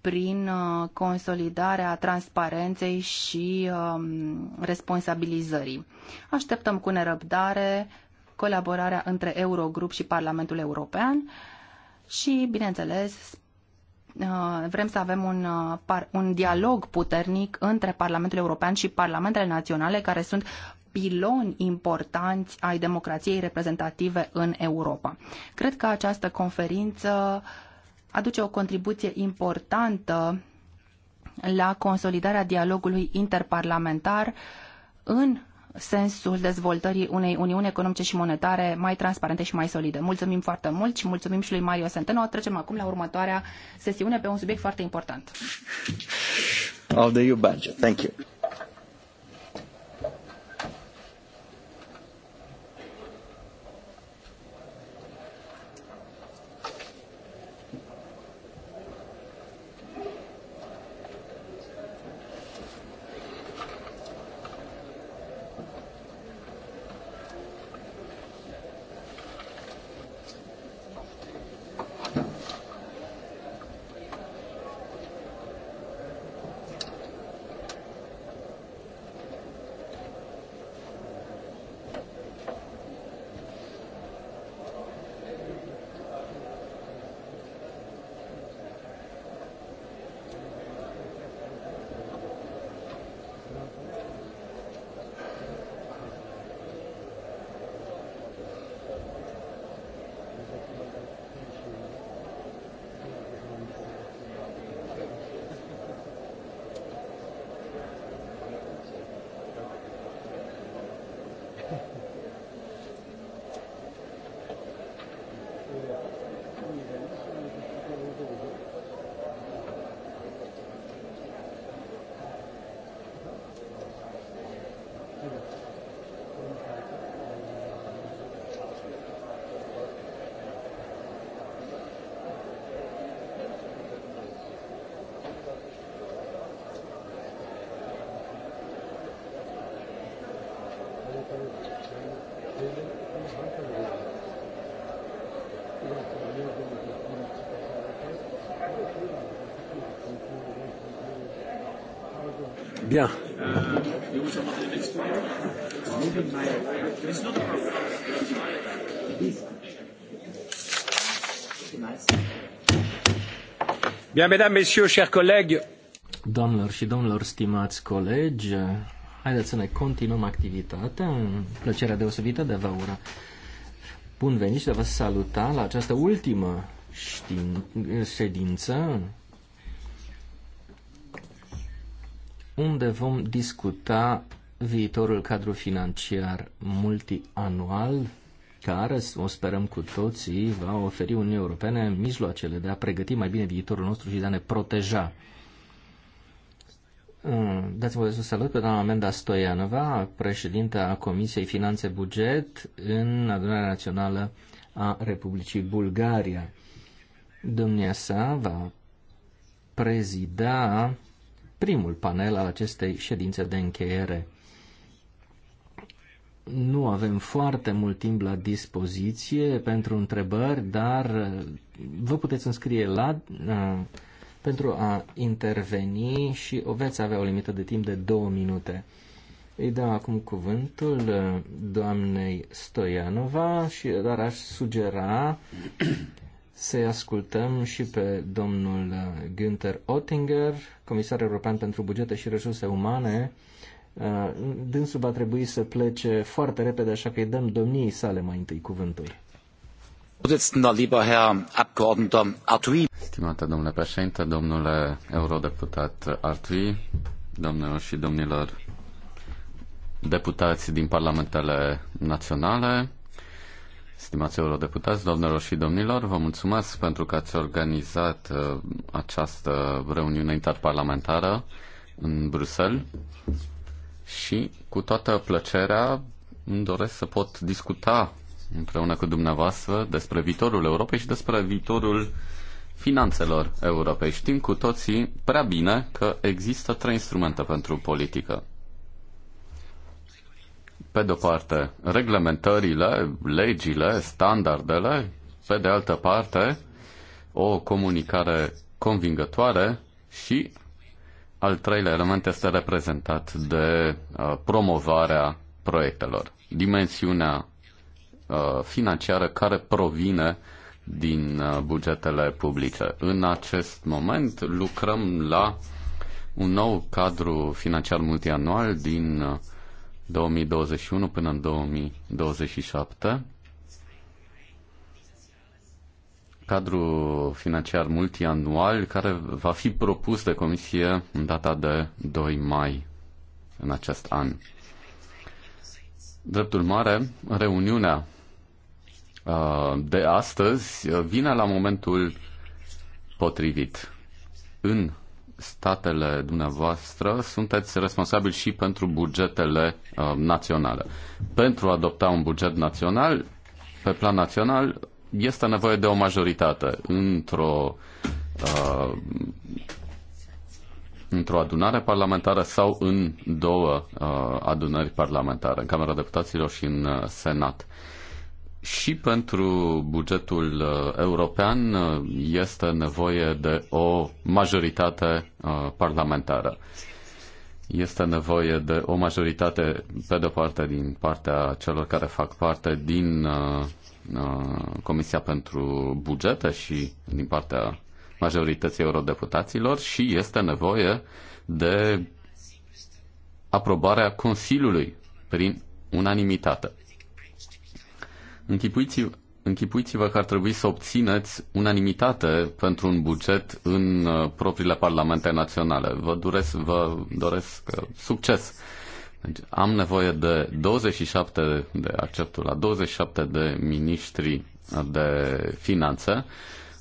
prin uh, consolidarea transparenței și um, responsabilizării. Așteptăm cu nerăbdare colaborarea între Eurogrup și Parlamentul European și, bineînțeles, Uh, vrem să avem un, uh, un dialog puternic între Parlamentul European și Parlamentele Naționale, care sunt piloni importanți ai democrației reprezentative în Europa. Cred că această conferință aduce o contribuție importantă la consolidarea dialogului interparlamentar în sensul dezvoltării unei uniuni economice și monetare mai transparente și mai solide. Mulțumim foarte mult și mulțumim și lui Mario Centeno. Trecem acum la următoarea sesiune pe un subiect foarte important. Of the EU budget. Thank you. Bien, Doamnelor și domnilor, stimați colegi, haideți să ne continuăm activitatea. Plăcerea deosebită de a vă ura bun venit și de a vă saluta la această ultimă știn- ședință unde vom discuta viitorul cadru financiar multianual care, o sperăm cu toții, va oferi Uniunii Europene mijloacele de a pregăti mai bine viitorul nostru și de a ne proteja. Mm, dați-mi voie să salut pe doamna Amenda Stoianova, președinta a Comisiei Finanțe Buget în Adunarea Națională a Republicii Bulgaria. Domnia sa va prezida primul panel al acestei ședințe de încheiere nu avem foarte mult timp la dispoziție pentru întrebări, dar uh, vă puteți înscrie la, uh, pentru a interveni și o veți avea o limită de timp de două minute. Îi dau acum cuvântul uh, doamnei Stoianova, și, dar aș sugera să-i ascultăm și pe domnul uh, Günther Oettinger, comisar european pentru bugete și resurse umane, Uh, dânsul va trebui să plece foarte repede, așa că îi dăm domniei sale mai întâi cuvântul. Stimate domnule președinte, domnule eurodeputat Artui, domnilor și domnilor deputați din parlamentele naționale, Stimați eurodeputați, domnilor și domnilor, vă mulțumesc pentru că ați organizat uh, această reuniune interparlamentară în Bruxelles și cu toată plăcerea îmi doresc să pot discuta împreună cu dumneavoastră despre viitorul Europei și despre viitorul finanțelor Europei. Știm cu toții prea bine că există trei instrumente pentru politică. Pe de-o parte, reglementările, legile, standardele, pe de altă parte, o comunicare convingătoare și al treilea element este reprezentat de uh, promovarea proiectelor. Dimensiunea uh, financiară care provine din uh, bugetele publice. În acest moment lucrăm la un nou cadru financiar multianual din 2021 până în 2027 cadru financiar multianual care va fi propus de Comisie în data de 2 mai în acest an. dreptul mare reuniunea uh, de astăzi uh, vine la momentul potrivit. În statele dumneavoastră sunteți responsabili și pentru bugetele uh, naționale. Pentru a adopta un buget național, pe plan național, este nevoie de o majoritate într-o uh, într-o adunare parlamentară sau în două uh, adunări parlamentare, în Camera Deputaților și în uh, Senat. Și pentru bugetul uh, european uh, este nevoie de o majoritate uh, parlamentară. Este nevoie de o majoritate, pe de-o parte, din partea celor care fac parte din uh, Uh, Comisia pentru Bugete și din partea majorității eurodeputaților și este nevoie de aprobarea Consiliului prin unanimitate. Închipuiți, închipuiți-vă că ar trebui să obțineți unanimitate pentru un buget în uh, propriile parlamente naționale. Vă doresc, vă doresc uh, succes deci am nevoie de 27 de acceptul la 27 de miniștri de finanțe.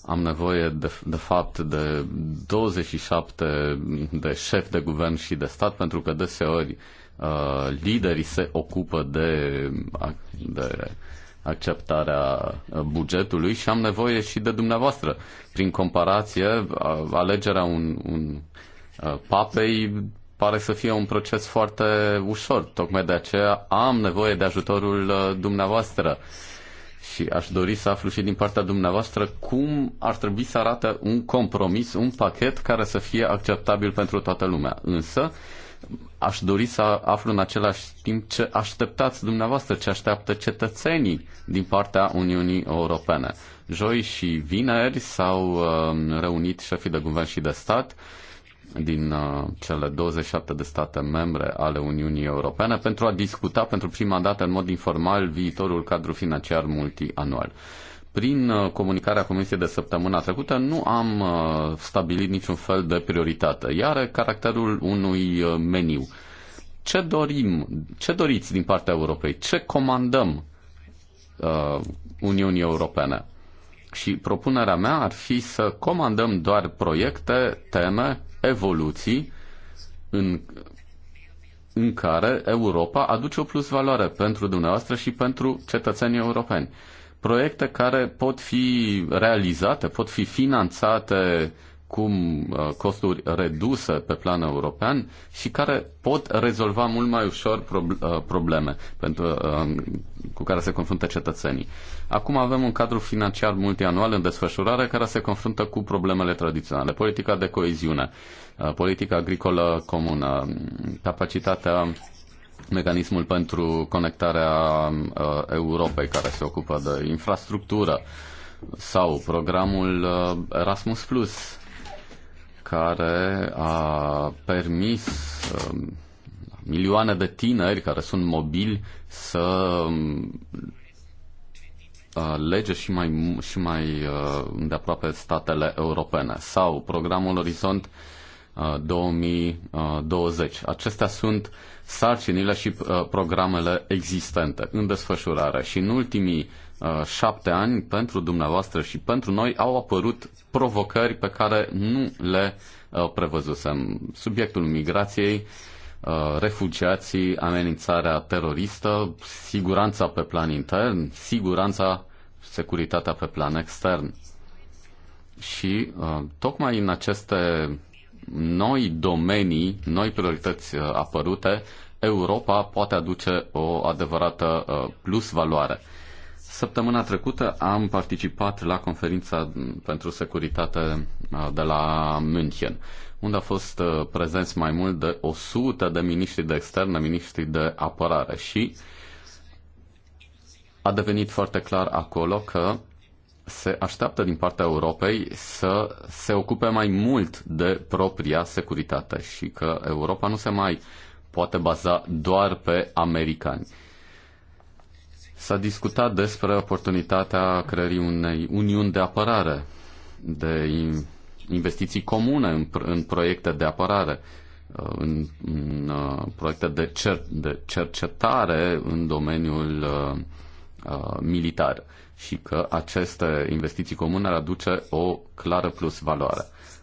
Am nevoie de, de fapt de 27 de șefi de guvern și de stat pentru că deseori uh, liderii se ocupă de, de acceptarea uh, bugetului și am nevoie și de dumneavoastră. Prin comparație, uh, alegerea un, un uh, papei pare să fie un proces foarte ușor. Tocmai de aceea am nevoie de ajutorul uh, dumneavoastră. Și aș dori să aflu și din partea dumneavoastră cum ar trebui să arate un compromis, un pachet care să fie acceptabil pentru toată lumea. Însă, aș dori să aflu în același timp ce așteptați dumneavoastră, ce așteaptă cetățenii din partea Uniunii Europene. Joi și vineri s-au uh, reunit șefii de guvern și de stat din uh, cele 27 de state membre ale Uniunii Europene pentru a discuta pentru prima dată în mod informal viitorul cadru financiar multianual. Prin uh, comunicarea Comisiei de săptămâna trecută nu am uh, stabilit niciun fel de prioritate, iar caracterul unui meniu. Ce dorim, ce doriți din partea Europei? Ce comandăm uh, Uniunii Europene? Și propunerea mea ar fi să comandăm doar proiecte, teme evoluții în, în care Europa aduce o plus valoare pentru dumneavoastră și pentru cetățenii europeni. Proiecte care pot fi realizate, pot fi finanțate acum uh, costuri reduse pe plan european și care pot rezolva mult mai ușor uh, probleme pentru, uh, cu care se confruntă cetățenii. Acum avem un cadru financiar multianual în desfășurare care se confruntă cu problemele tradiționale, politica de coeziune, politica agricolă comună, capacitatea mecanismul pentru conectarea Europei care se ocupă de infrastructură, sau programul Erasmus Plus care a permis um, milioane de tineri care sunt mobili să um, uh, lege și mai, și mai uh, de aproape statele europene sau programul Orizont 2020. Uh, Acestea sunt sarcinile și programele existente în desfășurare și în ultimii Uh, șapte ani, pentru dumneavoastră și pentru noi, au apărut provocări pe care nu le uh, prevăzusem. Subiectul migrației, uh, refugiații, amenințarea teroristă, siguranța pe plan intern, siguranța, securitatea pe plan extern. Și tocmai în aceste noi domenii, noi priorități apărute, Europa poate aduce o adevărată plus valoare. Săptămâna trecută am participat la conferința pentru securitate de la München, unde au fost prezenți mai mult de 100 de miniștri de externe, miniștri de apărare și a devenit foarte clar acolo că se așteaptă din partea Europei să se ocupe mai mult de propria securitate și că Europa nu se mai poate baza doar pe americani. S-a discutat despre oportunitatea creării unei uniuni de apărare, de investiții comune în, în proiecte de apărare, uh, în, în uh, proiecte de, cer, de cercetare în domeniul uh, uh, militar și că aceste investiții comune ar aduce o clară plus valoare.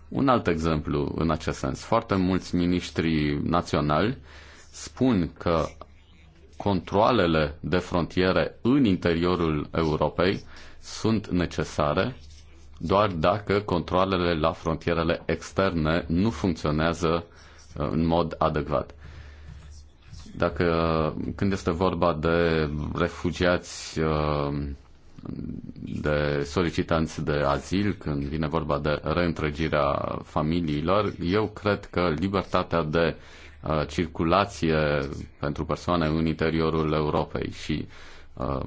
Un alt exemplu în acest sens. Foarte mulți miniștri naționali spun că controlele de frontiere în interiorul Europei sunt necesare doar dacă controlele la frontierele externe nu funcționează uh, în mod adecvat. Dacă când este vorba de refugiați uh, de solicitanți de azil, când vine vorba de reîntregirea familiilor, eu cred că libertatea de Uh, circulație pentru persoane în interiorul Europei și uh,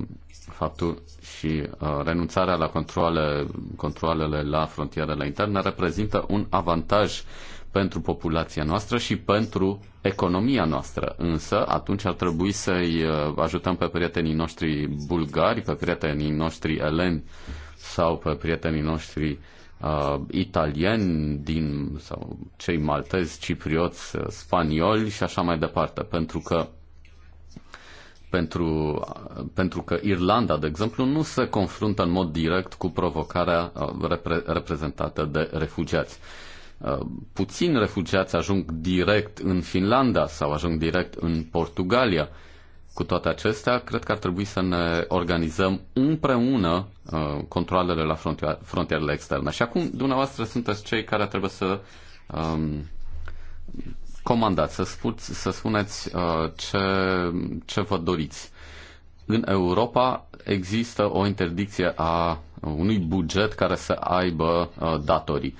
faptul și uh, renunțarea la controle, controlele la frontierele interne reprezintă un avantaj pentru populația noastră și pentru economia noastră. Însă, atunci ar trebui să-i ajutăm pe prietenii noștri bulgari, pe prietenii noștri eleni sau pe prietenii noștri uh, uh, italieni din, sau cei maltezi, ciprioți, uh, spanioli și așa mai departe, pentru că pentru, uh, pentru că Irlanda, de exemplu, nu se confruntă în mod direct cu provocarea uh, repre, reprezentată de refugiați. Puțini refugiați ajung direct în Finlanda sau ajung direct în Portugalia cu toate acestea, cred că ar trebui să ne organizăm împreună uh, controlele la frontier, frontierele externe. Și acum, dumneavoastră, sunteți cei care trebuie să um, comandați, să, spuți, să spuneți uh, ce, ce vă doriți. În Europa există o interdicție a unui buget care să aibă uh, datorii.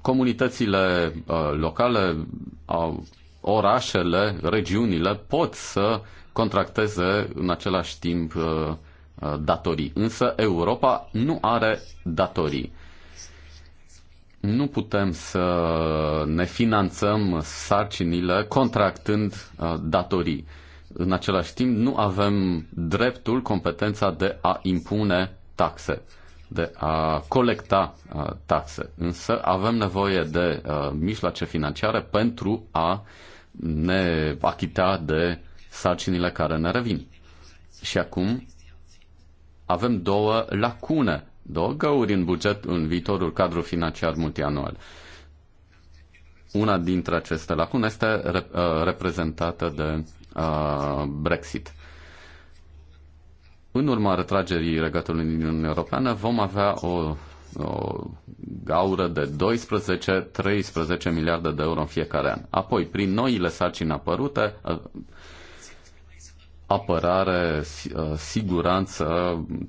Comunitățile uh, locale au orașele, regiunile pot să contracteze în același timp uh, uh, datorii. Însă Europa nu are datorii. Nu putem să ne finanțăm sarcinile contractând uh, datorii. În același timp, nu avem dreptul, competența de a impune taxe de a colecta taxe. Însă avem nevoie de mijloace financiare pentru a ne achita de sarcinile care ne revin. Și acum avem două lacune, două găuri în buget în viitorul cadru financiar multianual. Una dintre aceste lacune este uh, reprezentată de uh, Brexit. În urma retragerii regatului din Uniunea Europeană vom avea o o gaură de 12-13 miliarde de euro în fiecare an. Apoi, prin noile sarcini apărute, apărare, siguranță,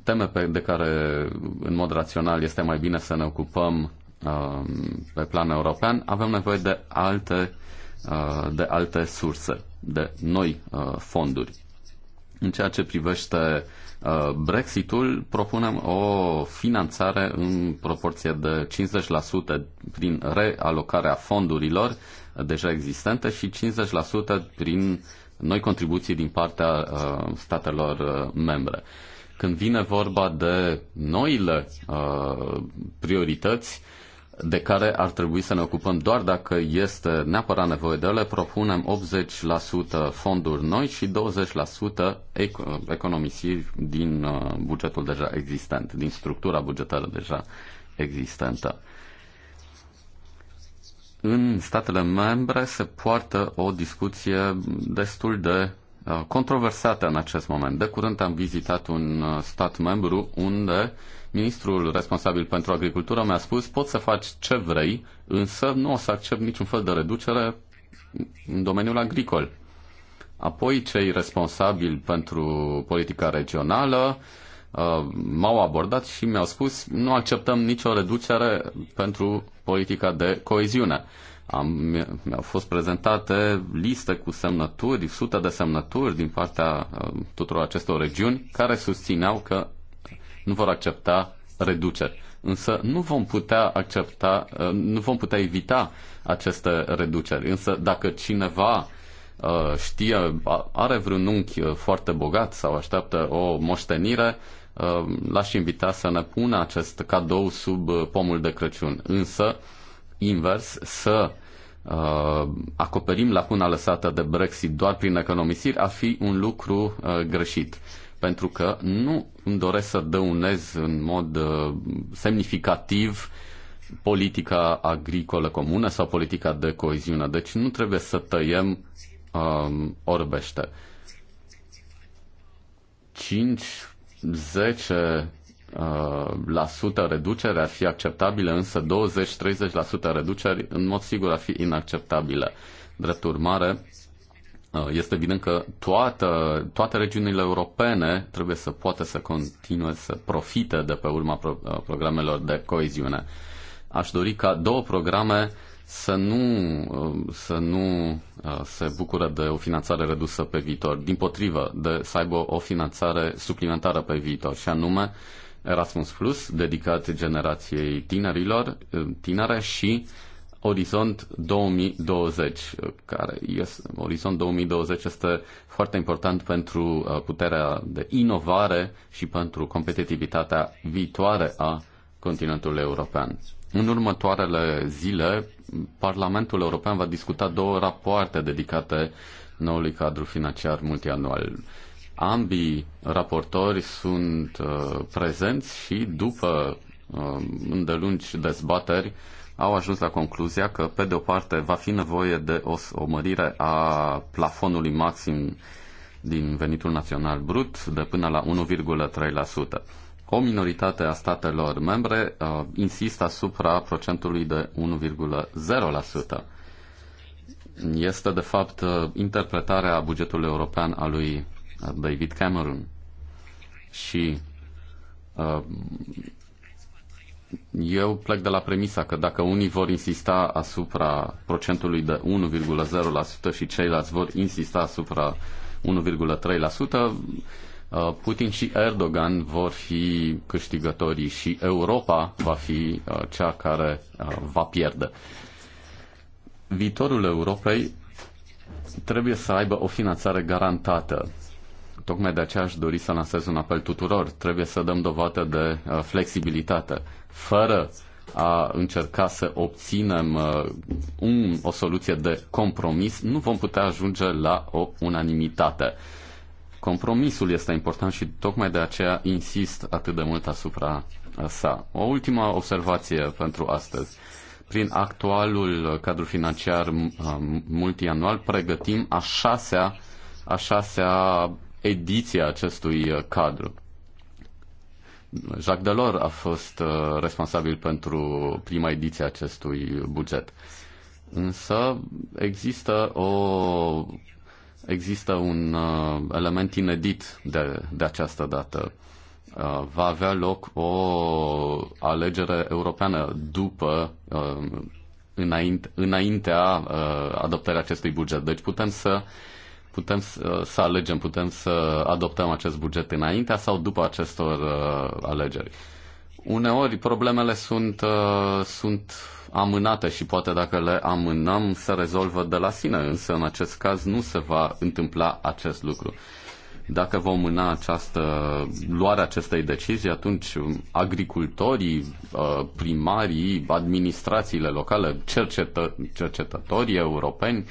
teme pe de care în mod rațional este mai bine să ne ocupăm pe plan european, avem nevoie de alte, de alte surse, de noi fonduri. În ceea ce privește Uh, Brexitul propunem o finanțare în proporție de 50% prin realocarea fondurilor deja existente și 50% prin noi contribuții din partea uh, statelor uh, membre. Când vine vorba de noile priorități, de care ar trebui să ne ocupăm doar dacă este neapărat nevoie de ele, propunem 80% fonduri noi și 20% economisiri din uh, bugetul deja existent, din structura bugetară deja existentă. În statele membre se poartă o discuție destul de uh, controversată în acest moment. De curând am vizitat un uh, stat membru unde uh, ministrul responsabil pentru agricultură mi-a spus, poți să faci ce vrei, însă nu o să accept niciun fel de reducere în domeniul agricol. Apoi cei responsabili pentru politica regională uh, m-au abordat și mi-au spus nu acceptăm nicio reducere pentru politica de coeziune. Am, mi-au fost prezentate liste cu semnături, sute de semnături din partea uh, tuturor acestor regiuni care susțineau că nu vor accepta reduceri. Însă nu vom putea accepta, uh, nu vom putea evita aceste reduceri. Însă dacă cineva uh, știe, are vreun unchi uh, foarte bogat sau așteaptă o moștenire, l-aș invita să ne pună acest cadou sub pomul de Crăciun. Însă, invers, să acoperim lacuna lăsată de Brexit doar prin economisiri ar fi un lucru greșit pentru că nu îmi doresc să dăunez în mod uh, semnificativ politica agricolă comună sau politica de coeziune. Deci nu trebuie să tăiem um, orbește. 5, 10, uh, la sută reducere ar fi acceptabile, însă 20-30% reduceri în mod sigur ar fi inacceptabile. Drept urmare, Uh, este evident că toată, toate regiunile europene trebuie să poată să continue să profite de pe urma pro, uh, programelor de coeziune. Aș dori ca două programe să nu, uh, să nu se bucură de o finanțare redusă pe viitor, din potrivă, de să aibă o finanțare suplimentară pe viitor, și anume Erasmus Plus, dedicat generației tinerilor, tinere și uh, Orizont 2020, care este, Orizont 2020 este foarte important pentru uh, puterea de inovare și pentru competitivitatea viitoare a continentului european. În următoarele zile, Parlamentul European va discuta două rapoarte dedicate noului cadru financiar multianual. Ambii raportori sunt uh, prezenți și după uh, îndelungi dezbateri, uh, au ajuns la concluzia că, pe de o parte, va fi nevoie de o, o mărire a plafonului maxim din venitul național brut de până la 1,3%. O minoritate a statelor membre uh, insistă asupra procentului de 1,0%. Este, de fapt, uh, interpretarea bugetului european a lui uh, David Cameron. Și uh, eu plec de la premisa că dacă unii vor insista asupra procentului de 1,0% și ceilalți vor insista asupra 1,3%, uh, Putin și Erdogan vor fi câștigătorii și Europa va fi uh, cea care uh, va pierde. Viitorul Europei trebuie să aibă o finanțare garantată. Tocmai de aceea aș dori să lansez un apel tuturor. Trebuie să dăm dovadă de flexibilitate fără a încerca să obținem uh, un, o soluție de compromis, nu vom putea ajunge la o unanimitate. Compromisul este important și tocmai de aceea insist atât de mult asupra uh, sa. O ultimă observație pentru astăzi. Prin actualul cadru financiar uh, multianual pregătim a șasea, a șasea ediție a acestui cadru. Jacques Delors a fost uh, responsabil pentru prima ediție a acestui buget. Însă există o există un uh, element inedit de, de această dată. Uh, va avea loc o alegere europeană după, înainte, înaintea adoptării acestui buget. Deci putem să putem să alegem, putem să adoptăm acest buget înaintea sau după acestor uh, alegeri. Uneori problemele sunt, uh, sunt amânate și poate dacă le amânăm se rezolvă de la sine, însă în acest caz nu se va întâmpla acest lucru. Dacă vom mâna această luarea acestei decizii, atunci agricultorii, uh, primarii, administrațiile locale, cercetă, cercetătorii europeni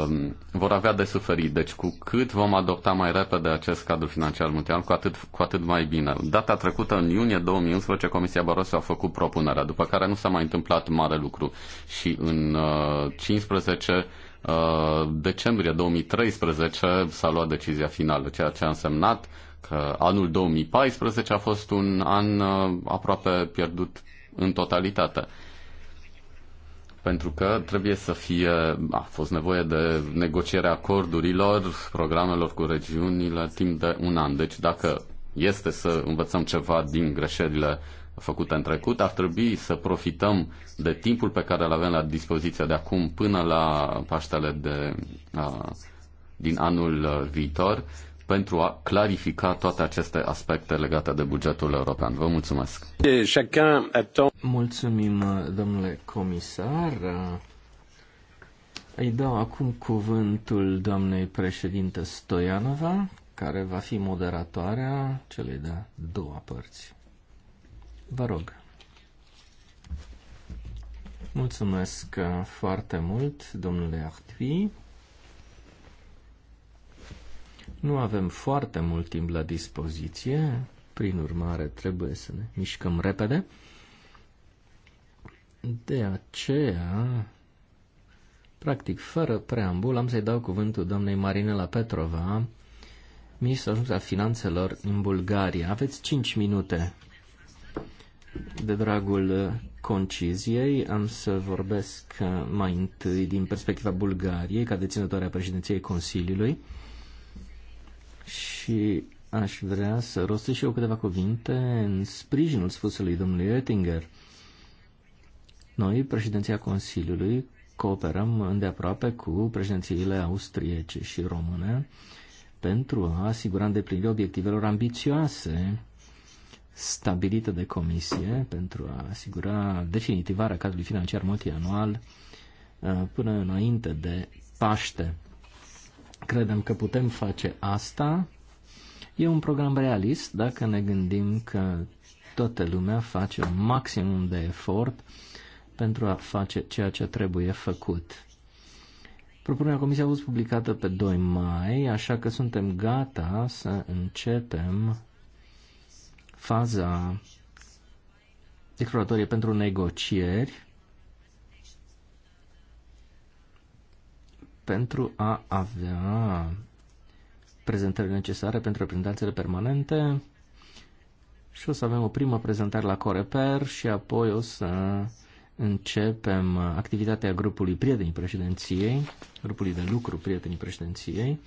Um, vor avea de suferit. Deci cu cât vom adopta mai repede acest cadru financiar multianual, cu atât, cu atât mai bine. Data trecută, în iunie 2011, Comisia Barroso a făcut propunerea, după care nu s-a mai întâmplat mare lucru. Și în uh, 15 uh, decembrie 2013 s-a luat decizia finală, ceea ce a însemnat că anul 2014 a fost un an uh, aproape pierdut în totalitate pentru că trebuie să fie, a fost nevoie de negocierea acordurilor, programelor cu regiunile timp de un an. Deci dacă este să învățăm ceva din greșelile făcute în trecut, ar trebui să profităm de timpul pe care îl avem la dispoziție de acum până la Paștele de, a, din anul viitor pentru a clarifica toate aceste aspecte legate de bugetul european. Vă mulțumesc! Mulțumim, domnule comisar. Îi dau acum cuvântul doamnei președinte Stoianova, care va fi moderatoarea celei de-a doua părți. Vă rog. Mulțumesc foarte mult, domnule Artui. Nu avem foarte mult timp la dispoziție, prin urmare trebuie să ne mișcăm repede. De aceea, practic, fără preambul, am să-i dau cuvântul doamnei Marinela Petrova, ministrul al finanțelor în Bulgaria. Aveți 5 minute. De dragul conciziei, am să vorbesc mai întâi din perspectiva Bulgariei, ca deținătoare a președinției Consiliului și aș vrea să rostesc și eu câteva cuvinte în sprijinul spusului domnului Oettinger. Noi, președinția Consiliului, cooperăm îndeaproape cu președințiile austriece și române pentru a asigura îndeplinirea obiectivelor ambițioase stabilită de comisie pentru a asigura definitivarea cadrului financiar multianual uh, până înainte de Paște. Credem că putem face asta. E un program realist dacă ne gândim că toată lumea face un maximum de efort pentru a face ceea ce trebuie făcut. Propunerea Comisiei a fost publicată pe 2 mai, așa că suntem gata să începem faza exploratorie pentru negocieri pentru a avea prezentările necesare pentru reprezentanțele permanente și o să avem o primă prezentare la Coreper și apoi o să începem activitatea grupului Prietenii Președinției, grupului de lucru Prietenii Președinției,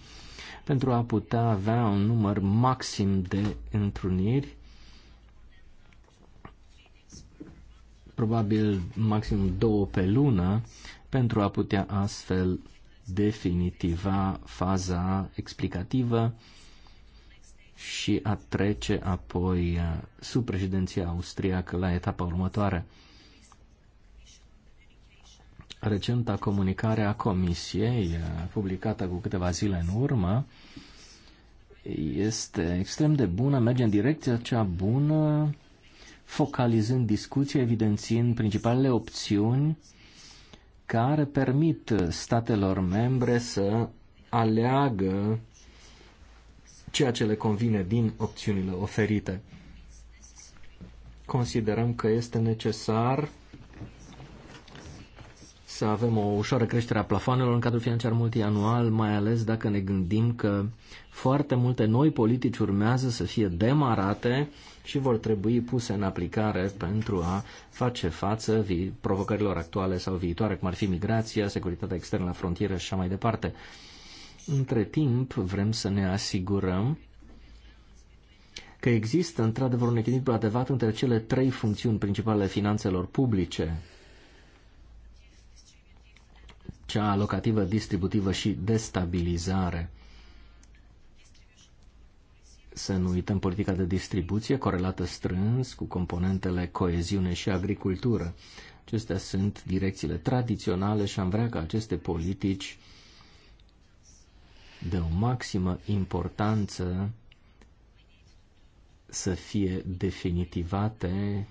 pentru a putea avea un număr maxim de întruniri, probabil maxim două pe lună, pentru a putea astfel definitiva faza explicativă și a trece apoi uh, sub președinția austriacă la etapa următoare. Recenta comunicare a Comisiei, uh, publicată cu câteva zile în urmă, este extrem de bună, merge în direcția cea bună, focalizând discuția, evidențiind principalele opțiuni care permit statelor membre să aleagă ceea ce le convine din opțiunile oferite. Considerăm că este necesar să avem o ușoară creștere a plafonelor în cadrul financiar multianual, mai ales dacă ne gândim că foarte multe noi politici urmează să fie demarate și vor trebui puse în aplicare pentru a face față provocărilor actuale sau viitoare, cum ar fi migrația, securitatea externă la frontieră și așa mai departe. Între timp, vrem să ne asigurăm că există într-adevăr un echilibru adevărat între cele trei funcțiuni principale ale finanțelor publice, cea alocativă, distributivă și destabilizare să nu uităm politica de distribuție corelată strâns cu componentele coeziune și agricultură. Acestea sunt direcțiile tradiționale și am vrea ca aceste politici de o maximă importanță să fie definitivate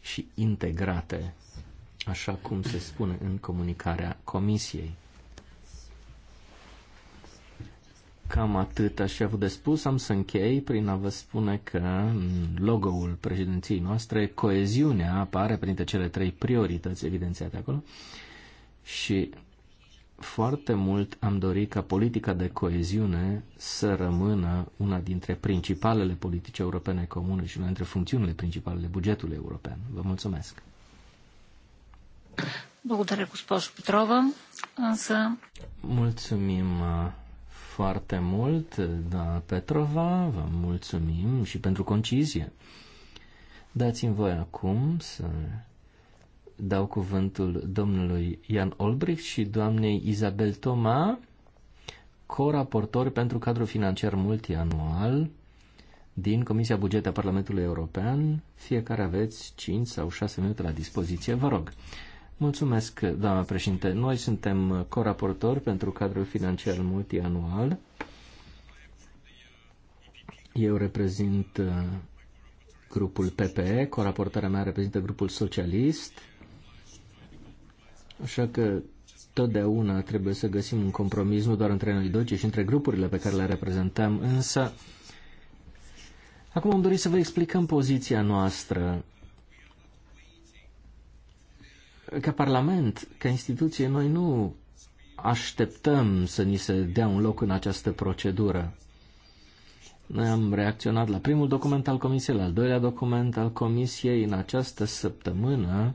și integrate, așa cum se spune în comunicarea Comisiei. Cam atât aș fi avut de spus. Am să închei prin a vă spune că logo-ul președinției noastre, coeziunea, apare printre cele trei priorități evidențiate acolo și foarte mult am dorit ca politica de coeziune să rămână una dintre principalele politici europene comune și una dintre funcțiunile principalele bugetului european. Vă mulțumesc! Благодаря, cu Petrova, Însă... Mulțumim, foarte mult, doamna Petrova, vă mulțumim și pentru concizie. Dați-mi voi acum să dau cuvântul domnului Ian Olbricht și doamnei Isabel Toma, co pentru cadrul financiar multianual din Comisia Bugete a Parlamentului European. Fiecare aveți 5 sau 6 minute la dispoziție, vă rog. Mulțumesc, doamna președinte. Noi suntem coraportori pentru cadrul financiar multianual. Eu reprezint uh, grupul PPE, coraportarea mea reprezintă grupul socialist, așa că totdeauna trebuie să găsim un compromis nu doar între noi doi, ci și între grupurile pe care le reprezentăm, însă acum am dorit să vă explicăm poziția noastră ca Parlament, ca instituție, noi nu așteptăm să ni se dea un loc în această procedură. Noi am reacționat la primul document al Comisiei, la al doilea document al Comisiei. În această săptămână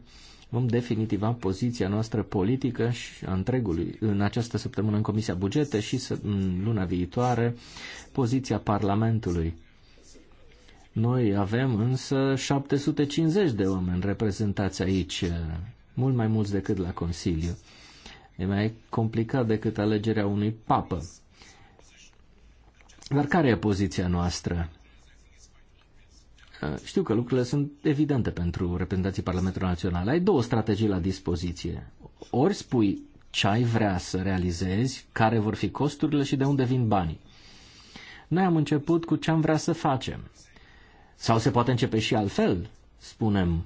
vom definitiva poziția noastră politică și a întregului în această săptămână în Comisia Bugete și în luna viitoare poziția Parlamentului. Noi avem însă 750 de oameni reprezentați aici mult mai mulți decât la Consiliu. E mai complicat decât alegerea unui papă. Dar care e poziția noastră? Uh, știu că lucrurile sunt evidente pentru reprezentanții Parlamentului Național. Ai două strategii la dispoziție. Ori spui ce ai vrea să realizezi, care vor fi costurile și de unde vin banii. Noi am început cu ce am vrea să facem. Sau se poate începe și altfel. Spunem,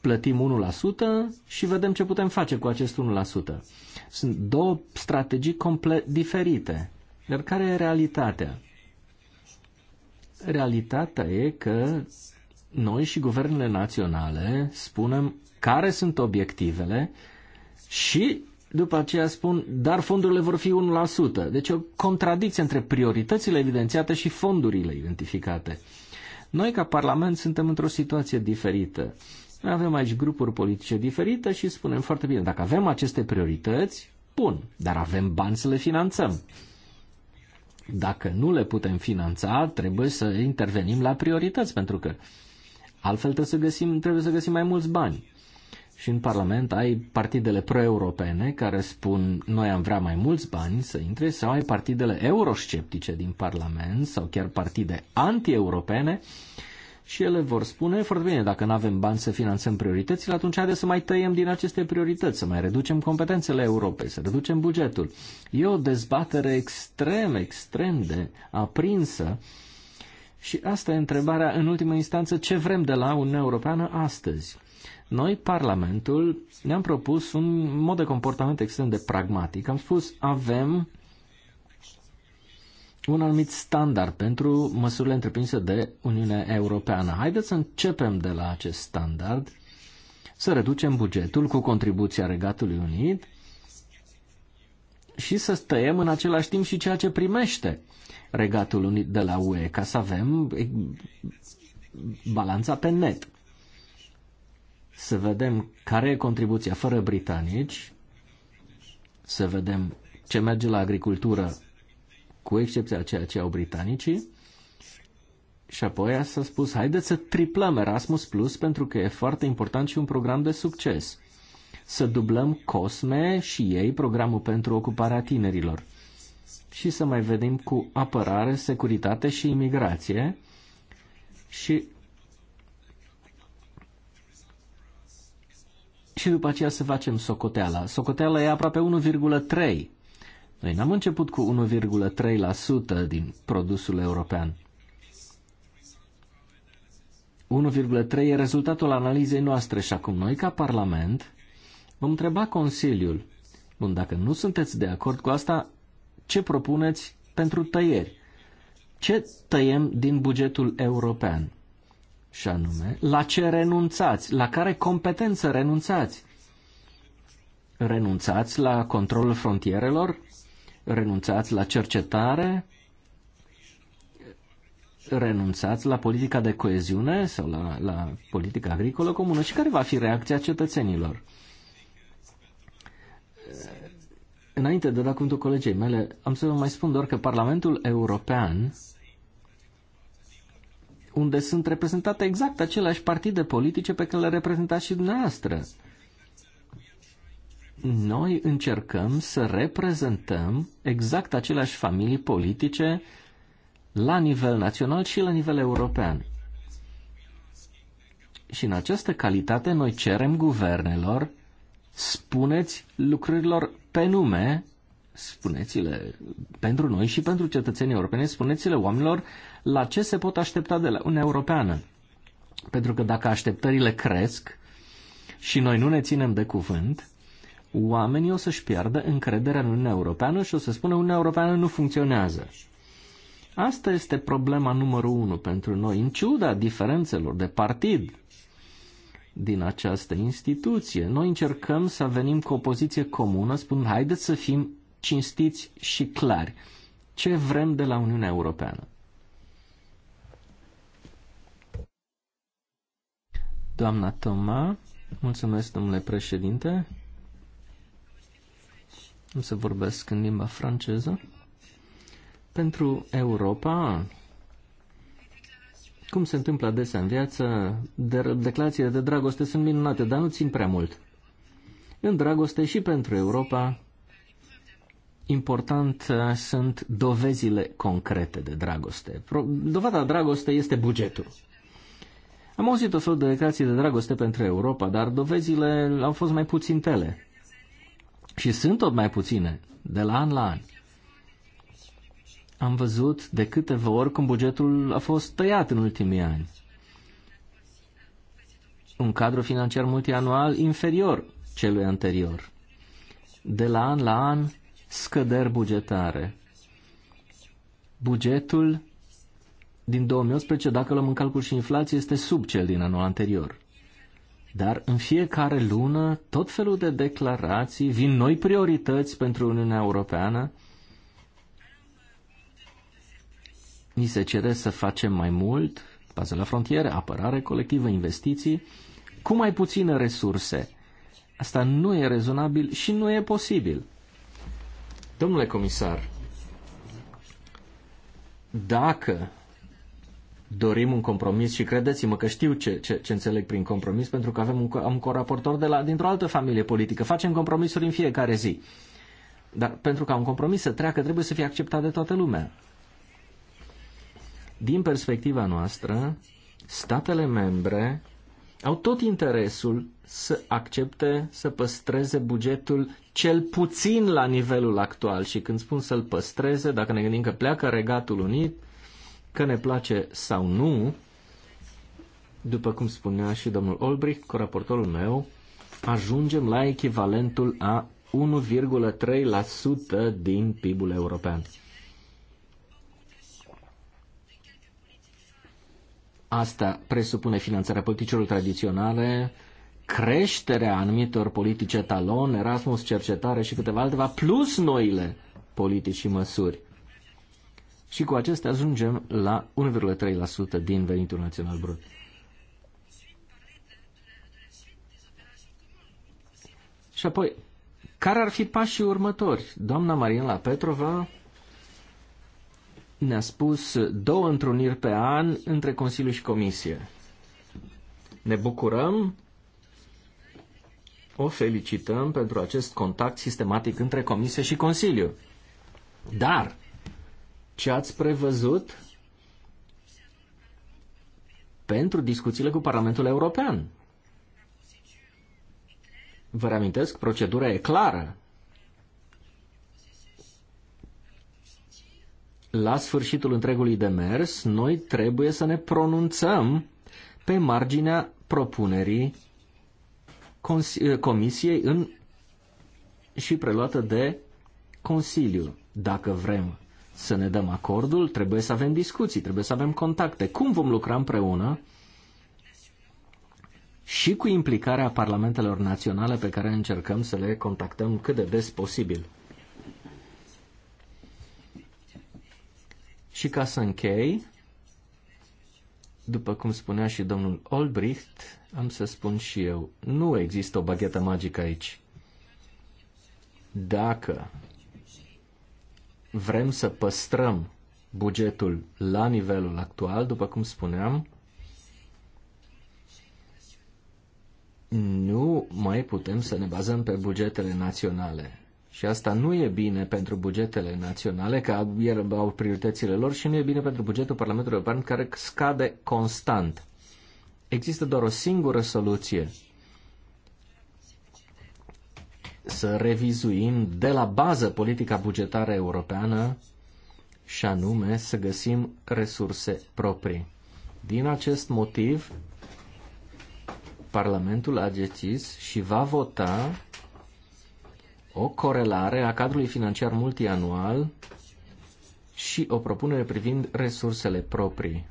plătim 1% și vedem ce putem face cu acest 1%. Sunt două strategii complet diferite. Dar care e realitatea? Realitatea e că noi și guvernele naționale spunem care sunt obiectivele și după aceea spun, dar fondurile vor fi 1%. Deci o contradicție între prioritățile evidențiate și fondurile identificate. Noi, ca Parlament, suntem într-o situație diferită. Noi avem aici grupuri politice diferite și spunem foarte bine, dacă avem aceste priorități, bun, dar avem bani să le finanțăm. Dacă nu le putem finanța, trebuie să intervenim la priorități, pentru că altfel trebuie să găsim, trebuie să găsim mai mulți bani. Și în Parlament ai partidele pro-europene care spun noi am vrea mai mulți bani să intre sau ai partidele eurosceptice din Parlament sau chiar partide anti-europene și ele vor spune, foarte bine, dacă nu avem bani să finanțăm prioritățile, atunci haideți să mai tăiem din aceste priorități, să mai reducem competențele Europei, să reducem bugetul. E o dezbatere extrem, extrem de aprinsă și asta e întrebarea, în ultimă instanță, ce vrem de la Uniunea Europeană astăzi. Noi, Parlamentul, ne-am propus un mod de comportament extrem de pragmatic. Am spus, avem un anumit standard pentru măsurile întreprinse de Uniunea Europeană. Haideți să începem de la acest standard, să reducem bugetul cu contribuția Regatului Unit și să stăiem în același timp și ceea ce primește Regatul Unit de la UE, ca să avem balanța pe net. Să vedem care e contribuția fără britanici, să vedem ce merge la agricultură cu excepția a ceea ce au britanicii. Și apoi s-a spus, haideți să triplăm Erasmus Plus pentru că e foarte important și un program de succes. Să dublăm COSME și ei, programul pentru ocuparea tinerilor. Și să mai vedem cu apărare, securitate și imigrație. Și și după aceea să facem socoteala. Socoteala e aproape 1,3 noi n-am început cu 1,3% din produsul european. 1,3 e rezultatul analizei noastre și acum noi, ca Parlament, vom întreba Consiliul. Bun, dacă nu sunteți de acord cu asta, ce propuneți pentru tăieri? Ce tăiem din bugetul european? Și anume, la ce renunțați? La care competență renunțați? Renunțați la controlul frontierelor? renunțați la cercetare, renunțați la politica de coeziune sau la, la politica agricolă comună și care va fi reacția cetățenilor? Înainte de a da cuvântul colegei mele, am să vă mai spun doar că Parlamentul European, unde sunt reprezentate exact aceleași partide politice pe care le reprezentați și dumneavoastră, noi încercăm să reprezentăm exact aceleași familii politice la nivel național și la nivel european. Și în această calitate noi cerem guvernelor, spuneți lucrurilor pe nume, spuneți-le pentru noi și pentru cetățenii europeni, spuneți-le oamenilor la ce se pot aștepta de la Uniunea Europeană. Pentru că dacă așteptările cresc și noi nu ne ținem de cuvânt, oamenii o să-și piardă încrederea în Uniunea Europeană și o să spună Uniunea Europeană nu funcționează. Asta este problema numărul unu pentru noi, în ciuda diferențelor de partid din această instituție. Noi încercăm să venim cu o poziție comună, spun, haideți să fim cinstiți și clari. Ce vrem de la Uniunea Europeană? Doamna Toma, mulțumesc, domnule președinte nu se vorbesc în limba franceză. Pentru Europa, cum se întâmplă adesea în viață, de- declarațiile de dragoste sunt minunate, dar nu țin prea mult. În dragoste și pentru Europa, important uh, sunt dovezile concrete de dragoste. Dovada dragostei este bugetul. Am auzit o fel de declarații de dragoste pentru Europa, dar dovezile au fost mai puțin tele. Și sunt tot mai puține, de la an la an. Am văzut de câteva ori cum bugetul a fost tăiat în ultimii ani. Un cadru financiar multianual inferior celui anterior. De la an la an, scăderi bugetare. Bugetul din 2018, dacă luăm în calcul și inflație, este sub cel din anul anterior. Dar în fiecare lună, tot felul de declarații, vin noi priorități pentru Uniunea Europeană. Ni se cere să facem mai mult, bază la frontiere, apărare colectivă, investiții, cu mai puține resurse. Asta nu e rezonabil și nu e posibil. Domnule comisar, dacă dorim un compromis și credeți-mă că știu ce, ce, ce înțeleg prin compromis, pentru că avem un, am un coraportor de la, dintr-o altă familie politică. Facem compromisuri în fiecare zi. Dar pentru ca un compromis să treacă, trebuie să fie acceptat de toată lumea. Din perspectiva noastră, statele membre au tot interesul să accepte să păstreze bugetul cel puțin la nivelul actual. Și când spun să-l păstreze, dacă ne gândim că pleacă Regatul Unit, Că ne place sau nu, după cum spunea și domnul Olbrich, coraportorul meu, ajungem la echivalentul a 1,3% din PIB-ul european. Asta presupune finanțarea politicilor tradiționale, creșterea anumitor politice talon, Erasmus, cercetare și câteva alteva, plus noile politici și măsuri și cu acestea ajungem la 1,3% din venitul național brut. Și apoi, care ar fi pașii următori? Doamna Mariela Petrova ne-a spus două întruniri pe an între Consiliu și Comisie. Ne bucurăm, o felicităm pentru acest contact sistematic între Comisie și Consiliu. Dar ce ați prevăzut pentru discuțiile cu Parlamentul European. Vă reamintesc, procedura e clară. La sfârșitul întregului demers, noi trebuie să ne pronunțăm pe marginea propunerii eh, Comisiei în, și preluată de Consiliu, dacă vrem să ne dăm acordul, trebuie să avem discuții, trebuie să avem contacte. Cum vom lucra împreună și cu implicarea parlamentelor naționale pe care încercăm să le contactăm cât de des posibil. Și ca să închei, după cum spunea și domnul Olbricht, am să spun și eu, nu există o baghetă magică aici. Dacă vrem să păstrăm bugetul la nivelul actual, după cum spuneam, nu mai putem să ne bazăm pe bugetele naționale. Și asta nu e bine pentru bugetele naționale, că au prioritățile lor, și nu e bine pentru bugetul Parlamentului European, care scade constant. Există doar o singură soluție să revizuim de la bază politica bugetară europeană și anume să găsim resurse proprii. Din acest motiv, Parlamentul a decis și va vota o corelare a cadrului financiar multianual și o propunere privind resursele proprii.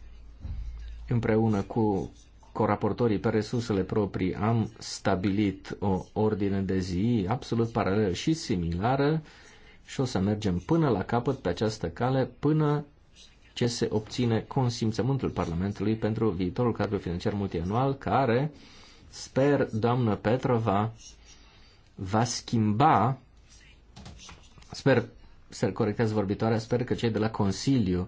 Împreună cu coraportorii pe resursele proprii am stabilit o ordine de zi absolut paralelă și similară și o să mergem până la capăt pe această cale, până ce se obține consimțământul Parlamentului pentru viitorul cadru financiar multianual, care, sper, doamnă Petrova, va schimba, sper să-l corectez vorbitoarea, sper că cei de la Consiliu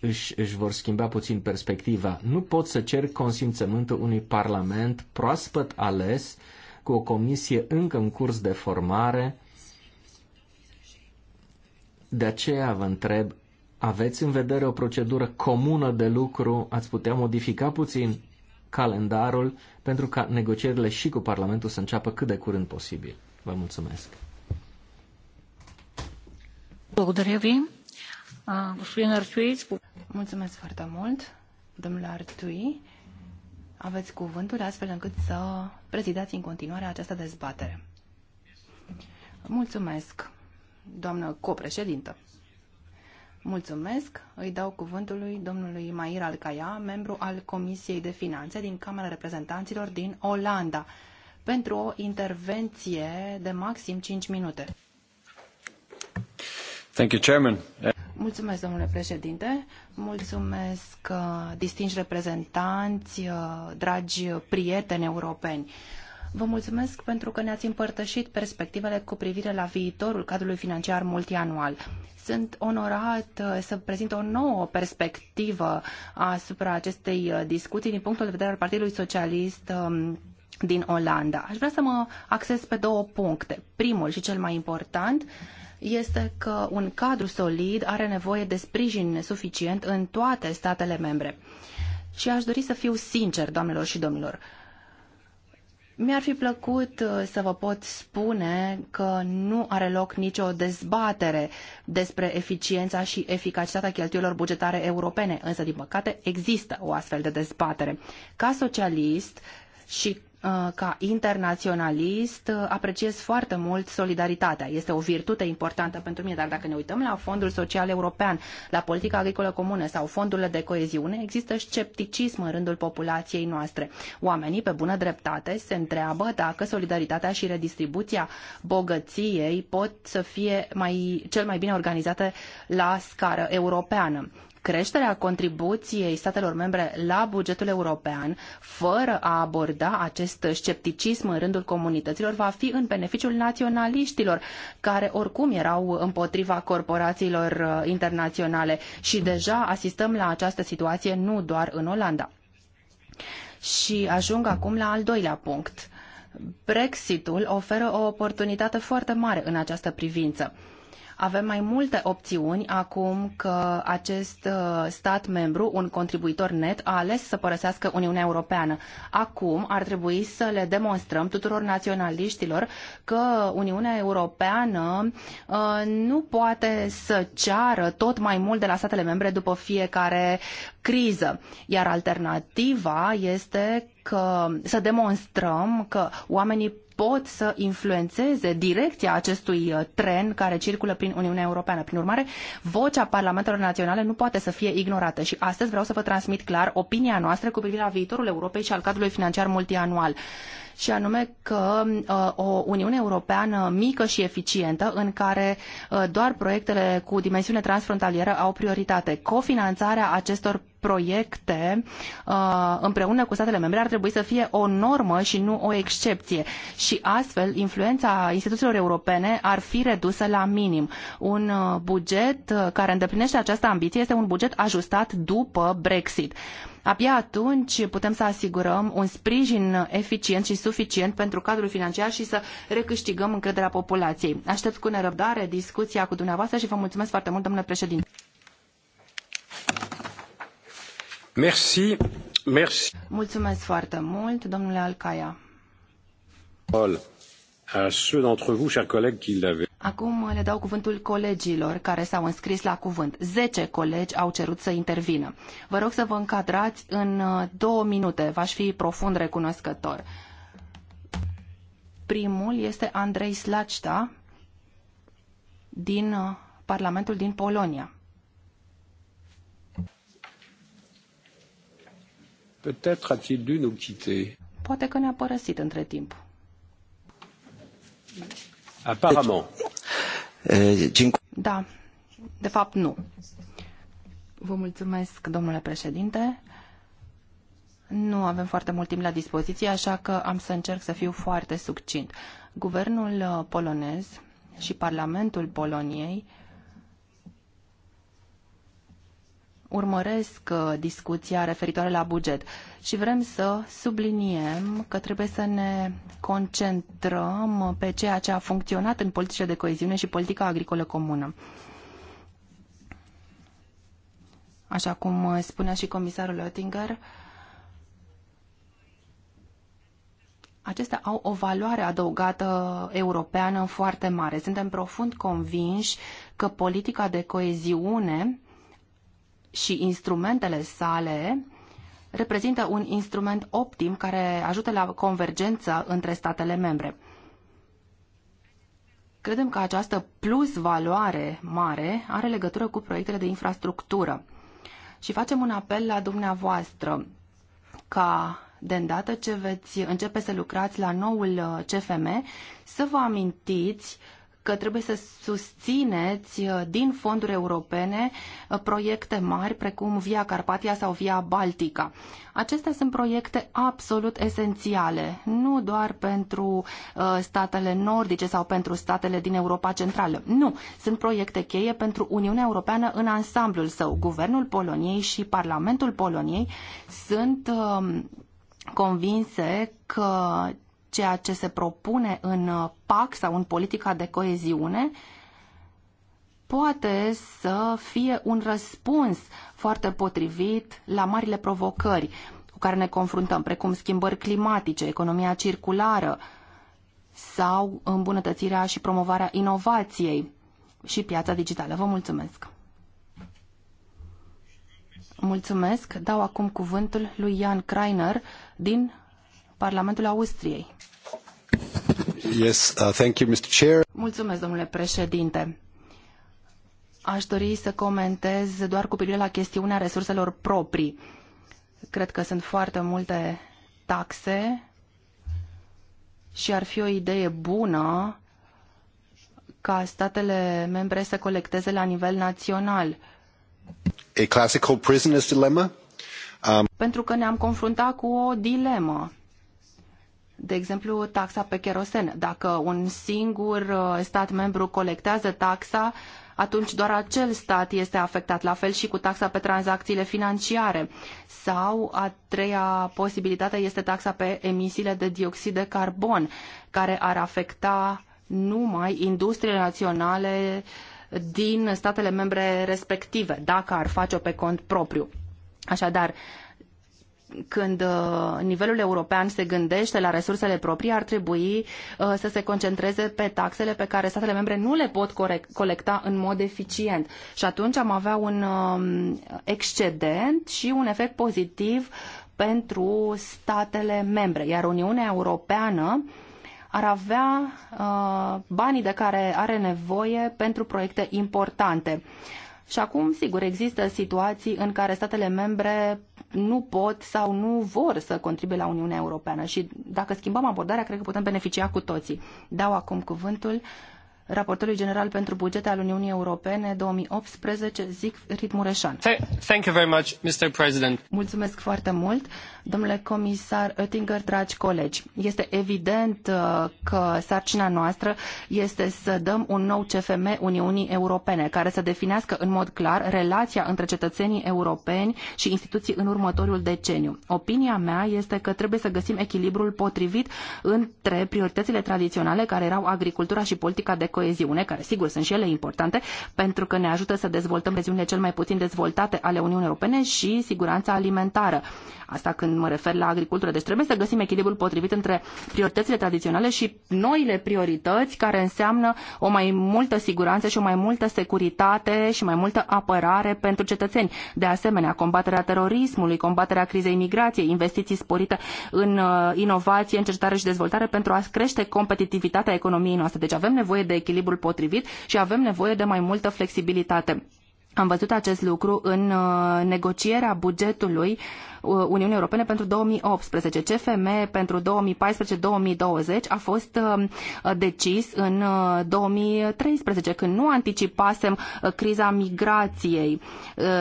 își, își vor schimba puțin perspectiva. Nu pot să cer consimțământul unui parlament proaspăt ales, cu o comisie încă în curs de formare. De aceea vă întreb, aveți în vedere o procedură comună de lucru? Ați putea modifica puțin calendarul pentru ca negocierile și cu Parlamentul să înceapă cât de curând posibil. Vă mulțumesc. Благодаря ви. Mulțumesc foarte mult, domnule Artui. Aveți cuvântul astfel încât să prezidați în continuare această dezbatere. Mulțumesc, doamnă copreședintă. Mulțumesc. Îi dau cuvântul lui domnului Mair Alcaia, membru al Comisiei de Finanțe din Camera Reprezentanților din Olanda, pentru o intervenție de maxim 5 minute. Thank you, Chairman. Mulțumesc, domnule președinte, mulțumesc, uh, distinși reprezentanți, uh, dragi prieteni europeni. Vă mulțumesc pentru că ne-ați împărtășit perspectivele cu privire la viitorul cadrului financiar multianual. Sunt onorat uh, să prezint o nouă perspectivă asupra acestei discuții din punctul de vedere al Partidului Socialist um, din Olanda. Aș vrea să mă acces pe două puncte. Primul și cel mai important este că un cadru solid are nevoie de sprijin suficient în toate statele membre. Și aș dori să fiu sincer, doamnelor și domnilor. Mi-ar fi plăcut uh, să vă pot spune că nu are loc nicio dezbatere despre eficiența și eficacitatea cheltuielor bugetare europene, însă, din păcate, există o astfel de dezbatere. Ca socialist și Uh, ca internaționalist, uh, apreciez foarte mult solidaritatea. Este o virtute importantă pentru mine, dar dacă ne uităm la Fondul Social European, la politica agricolă comună sau fondurile de coeziune, există scepticism în rândul populației noastre. Oamenii, pe bună dreptate, se întreabă dacă solidaritatea și redistribuția bogăției pot să fie mai, cel mai bine organizate la scară europeană creșterea contribuției statelor membre la bugetul european, fără a aborda acest scepticism în rândul comunităților, va fi în beneficiul naționaliștilor, care oricum erau împotriva corporațiilor uh, internaționale și deja asistăm la această situație nu doar în Olanda. Și ajung acum la al doilea punct. Brexitul oferă o oportunitate foarte mare în această privință avem mai multe opțiuni acum că acest uh, stat membru, un contribuitor net, a ales să părăsească Uniunea Europeană. Acum ar trebui să le demonstrăm tuturor naționaliștilor că Uniunea Europeană uh, nu poate să ceară tot mai mult de la statele membre după fiecare criză, iar alternativa este că să demonstrăm că oamenii pot să influențeze direcția acestui uh, tren care circulă prin Uniunea Europeană. Prin urmare, vocea Parlamentelor Naționale nu poate să fie ignorată și astăzi vreau să vă transmit clar opinia noastră cu privire la viitorul Europei și al cadrului financiar multianual și anume că uh, o Uniune Europeană mică și eficientă în care uh, doar proiectele cu dimensiune transfrontalieră au prioritate. Cofinanțarea acestor proiecte uh, împreună cu statele membre ar trebui să fie o normă și nu o excepție și astfel influența instituțiilor europene ar fi redusă la minim. Un buget care îndeplinește această ambiție este un buget ajustat după Brexit. Abia atunci putem să asigurăm un sprijin eficient și suficient pentru cadrul financiar și să recâștigăm încrederea populației. Aștept cu nerăbdare discuția cu dumneavoastră și vă mulțumesc foarte mult, domnule președinte. Merci. Merci. Mulțumesc foarte mult, domnule Alcaia à ceux d'entre vous, chers collègues, qui l'avaient. Acum le dau cuvântul colegilor care s-au înscris la cuvânt. Zece colegi au cerut să intervină. Vă rog să vă încadrați în uh, două minute. V-aș fi profund recunoscător. Primul este Andrei Slacta din uh, Parlamentul din Polonia. Poate că ne-a părăsit între timp. Apparemment. Eh, da. De fapt, nu. Vă mulțumesc, domnule președinte. Nu avem foarte mult timp la dispoziție, așa că am să încerc să fiu foarte succint. Guvernul eh, polonez și Parlamentul Poloniei urmăresc uh, discuția referitoare la buget și vrem să subliniem că trebuie să ne concentrăm pe ceea ce a funcționat în politicile de coeziune și politica agricolă comună. Așa cum uh, spunea și comisarul Oettinger, acestea au o valoare adăugată europeană foarte mare. Suntem profund convinși că politica de coeziune și instrumentele sale reprezintă un instrument optim care ajută la convergență între statele membre. Credem că această plus valoare mare are legătură cu proiectele de infrastructură și facem un apel la dumneavoastră ca de îndată ce veți începe să lucrați la noul uh, CFM, să vă amintiți că trebuie să susțineți uh, din fonduri europene uh, proiecte mari precum Via Carpatia sau Via Baltica. Acestea sunt proiecte absolut esențiale, nu doar pentru uh, statele nordice sau pentru statele din Europa Centrală. Nu, sunt proiecte cheie pentru Uniunea Europeană în ansamblul său. Guvernul Poloniei și Parlamentul Poloniei sunt um, convinse că ceea ce se propune în uh, PAC sau în politica de coeziune poate să fie un răspuns foarte potrivit la marile provocări cu care ne confruntăm, precum schimbări climatice, economia circulară sau îmbunătățirea și promovarea inovației și piața digitală. Vă mulțumesc! Mulțumesc! Dau acum cuvântul lui Ian Kreiner din Parlamentul Austriei. Yes, uh, thank you, Mr. Chair. Mulțumesc, domnule președinte. Aș dori să comentez doar cu privire la chestiunea resurselor proprii. Cred că sunt foarte multe taxe și ar fi o idee bună ca statele membre să colecteze la nivel național. A classical prisoner's dilemma? Um... Pentru că ne-am confruntat cu o dilemă de exemplu, taxa pe kerosen, Dacă un singur uh, stat membru colectează taxa, atunci doar acel stat este afectat, la fel și cu taxa pe tranzacțiile financiare. Sau a treia posibilitate este taxa pe emisiile de dioxid de carbon, care ar afecta numai industriile naționale din statele membre respective, dacă ar face-o pe cont propriu. Așadar, când uh, nivelul european se gândește la resursele proprii, ar trebui uh, să se concentreze pe taxele pe care statele membre nu le pot colecta în mod eficient. Și atunci am avea un um, excedent și un efect pozitiv pentru statele membre. Iar Uniunea Europeană ar avea uh, banii de care are nevoie pentru proiecte importante. Și acum, sigur, există situații în care statele membre nu pot sau nu vor să contribuie la Uniunea Europeană și dacă schimbăm abordarea, cred că putem beneficia cu toții. Dau acum cuvântul raportorului general pentru buget al Uniunii Europene 2018, Siegfried Mureșan. Thank you very much, Mr. President. Mulțumesc foarte mult, domnule comisar Oettinger, dragi colegi. Este evident uh, că sarcina noastră este să dăm un nou CFM Uniunii Europene, care să definească în mod clar relația între cetățenii europeni și instituții în următorul deceniu. Opinia mea este că trebuie să găsim echilibrul potrivit între prioritățile tradiționale care erau agricultura și politica de coeziune, care sigur sunt și ele importante, pentru că ne ajută să dezvoltăm regiunile cel mai puțin dezvoltate ale Uniunii Europene și siguranța alimentară. Asta când mă refer la agricultură. Deci trebuie să găsim echilibrul potrivit între prioritățile tradiționale și noile priorități care înseamnă o mai multă siguranță și o mai multă securitate și mai multă apărare pentru cetățeni. De asemenea, combaterea terorismului, combaterea crizei migrației, investiții sporite în uh, inovație, în cercetare și dezvoltare pentru a crește competitivitatea economiei noastre. Deci avem nevoie de echilibrul potrivit și avem nevoie de mai multă flexibilitate. Am văzut acest lucru în uh, negocierea bugetului Uh, Uniunii Europene pentru 2018. CFM pentru 2014-2020 a fost um, decis în 2013, uh, când nu anticipasem uh, criza migrației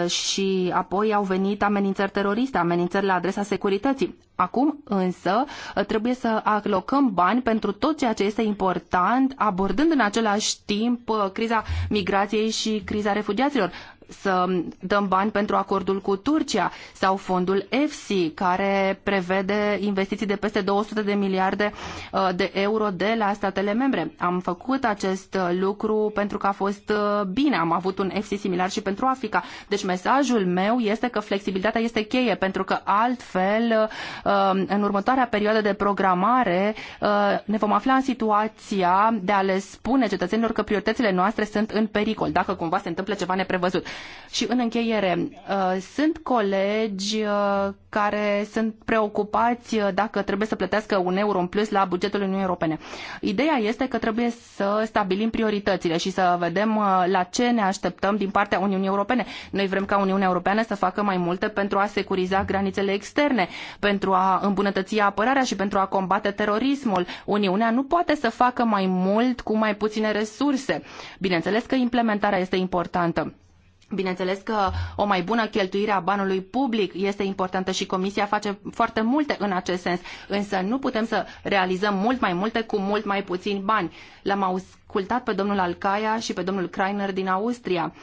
și apoi au venit amenințări teroriste, amenințări la adresa securității. Acum însă trebuie să alocăm bani pentru tot ceea ce este important, abordând în același timp criza migrației și criza refugiaților să dăm bani pentru acordul cu Turcia sau fondul EFSI, care prevede investiții de peste 200 de miliarde uh, de euro de la statele membre. Am făcut acest uh, lucru pentru că a fost uh, bine. Am avut un EFSI similar și pentru Africa. Deci mesajul meu este că flexibilitatea este cheie, pentru că altfel, în următoarea perioadă de programare, ne vom afla în situația de a le spune cetățenilor că prioritățile noastre sunt în pericol, dacă cumva se întâmplă ceva neprevăzut. Și în încheiere, uh, sunt colegi uh, care sunt preocupați uh, dacă trebuie să plătească un euro în plus la bugetul Uniunii Europene. Ideea este că trebuie să stabilim prioritățile și să vedem la ce ne așteptăm din partea Uniunii Europene. Noi vrem ca Uniunea Europeană să facă mai multe pentru a securiza granițele externe, pentru a îmbunătăți apărarea și pentru a combate terorismul. Uniunea nu poate să facă mai mult cu mai puține resurse. Bineînțeles că implementarea este importantă Bineînțeles că o mai bună cheltuire a banului public este importantă și Comisia face foarte multe în acest sens, însă nu putem să realizăm mult mai multe cu mult mai puțini bani. L-am ascultat pe domnul Alcaia și pe domnul Kreiner din Austria. Uh,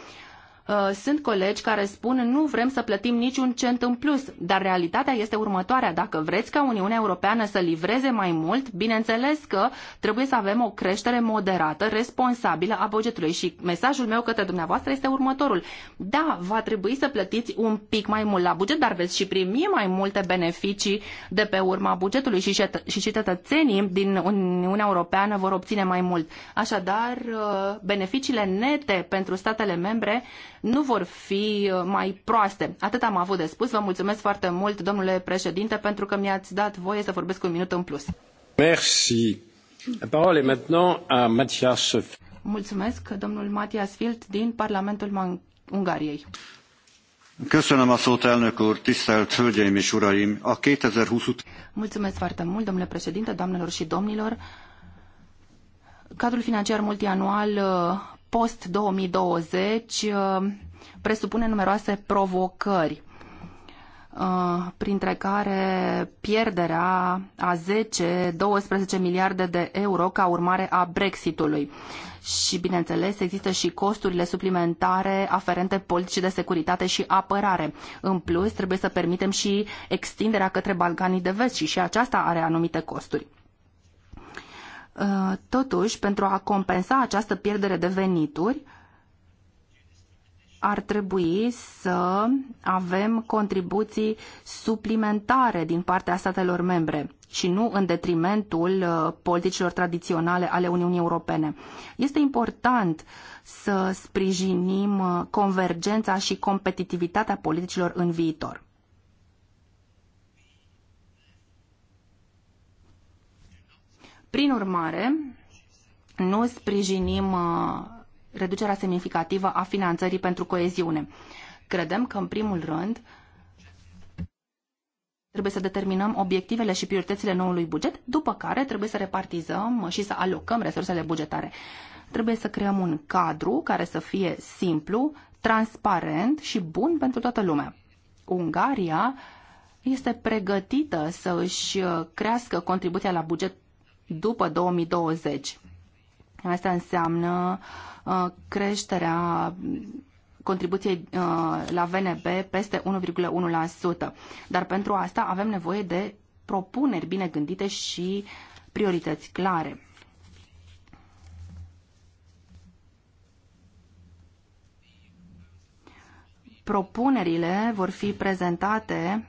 Uh, sunt colegi care spun nu vrem să plătim niciun cent în plus, dar realitatea este următoarea. Dacă vreți ca Uniunea Europeană să livreze mai mult, bineînțeles că trebuie să avem o creștere moderată, responsabilă a bugetului. Și mesajul meu către dumneavoastră este următorul. Da, va trebui să plătiți un pic mai mult la buget, dar veți și primi mai multe beneficii de pe urma bugetului și, cetă- cetățenii din Uniunea Europeană vor obține mai mult. Așadar, uh, beneficiile nete pentru statele membre nu vor fi uh, mai proaste. Atât am avut de spus. Vă mulțumesc foarte mult, domnule președinte, pentru că mi-ați dat voie să vorbesc un minut în plus. Merci. La parole est maintenant à Mathias. Mulțumesc, domnul Matias Filt din Parlamentul Ungariei. Köszönöm a szót, elnök úr, tisztelt hölgyeim és uraim! A 2020 Mulțumesc foarte mult, domnule președinte, doamnelor și domnilor! Cadrul financiar multianual post-2020 uh, presupune numeroase provocări, uh, printre care pierderea a 10-12 miliarde de euro ca urmare a Brexitului. Și, bineînțeles, există și costurile suplimentare aferente politicii de securitate și apărare. În plus, trebuie să permitem și extinderea către Balcanii de Vest și și aceasta are anumite costuri. Uh, totuși, pentru a compensa această pierdere de venituri, ar trebui să avem contribuții suplimentare din partea statelor membre și nu în detrimentul uh, politicilor tradiționale ale Uniunii Europene. Este important să sprijinim uh, convergența și competitivitatea politicilor în viitor. Prin urmare, nu sprijinim uh, reducerea semnificativă a finanțării pentru coeziune. Credem că, în primul rând, trebuie să determinăm obiectivele și prioritățile noului buget, după care trebuie să repartizăm și să alocăm resursele bugetare. Trebuie să creăm un cadru care să fie simplu, transparent și bun pentru toată lumea. Ungaria este pregătită să își uh, crească contribuția la buget după 2020. Asta înseamnă uh, creșterea contribuției uh, la VNB peste 1,1%. Dar pentru asta avem nevoie de propuneri bine gândite și priorități clare. Propunerile vor fi prezentate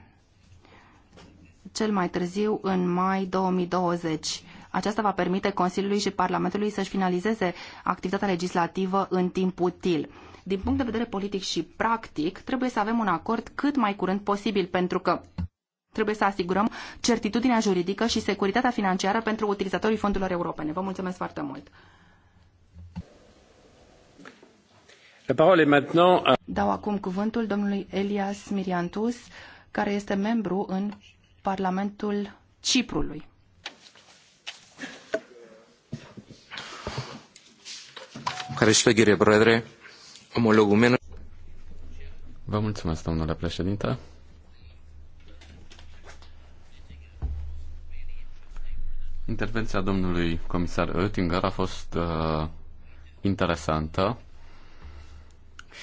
cel mai târziu în mai 2020 aceasta va permite Consiliului și Parlamentului să-și finalizeze activitatea legislativă în timp util. Din punct de vedere politic și practic, trebuie să avem un acord cât mai curând posibil, pentru că trebuie să asigurăm certitudinea juridică și securitatea financiară pentru utilizatorii fondurilor europene. Vă mulțumesc foarte mult! Dau acum cuvântul domnului Elias Miriantus, care este membru în Parlamentul Ciprului. care Ευχαριστώ κύριε Πρόεδρε. Ομολογουμένως... Vă mulțumesc, domnule președinte. Intervenția domnului comisar Oettinger a fost uh, interesantă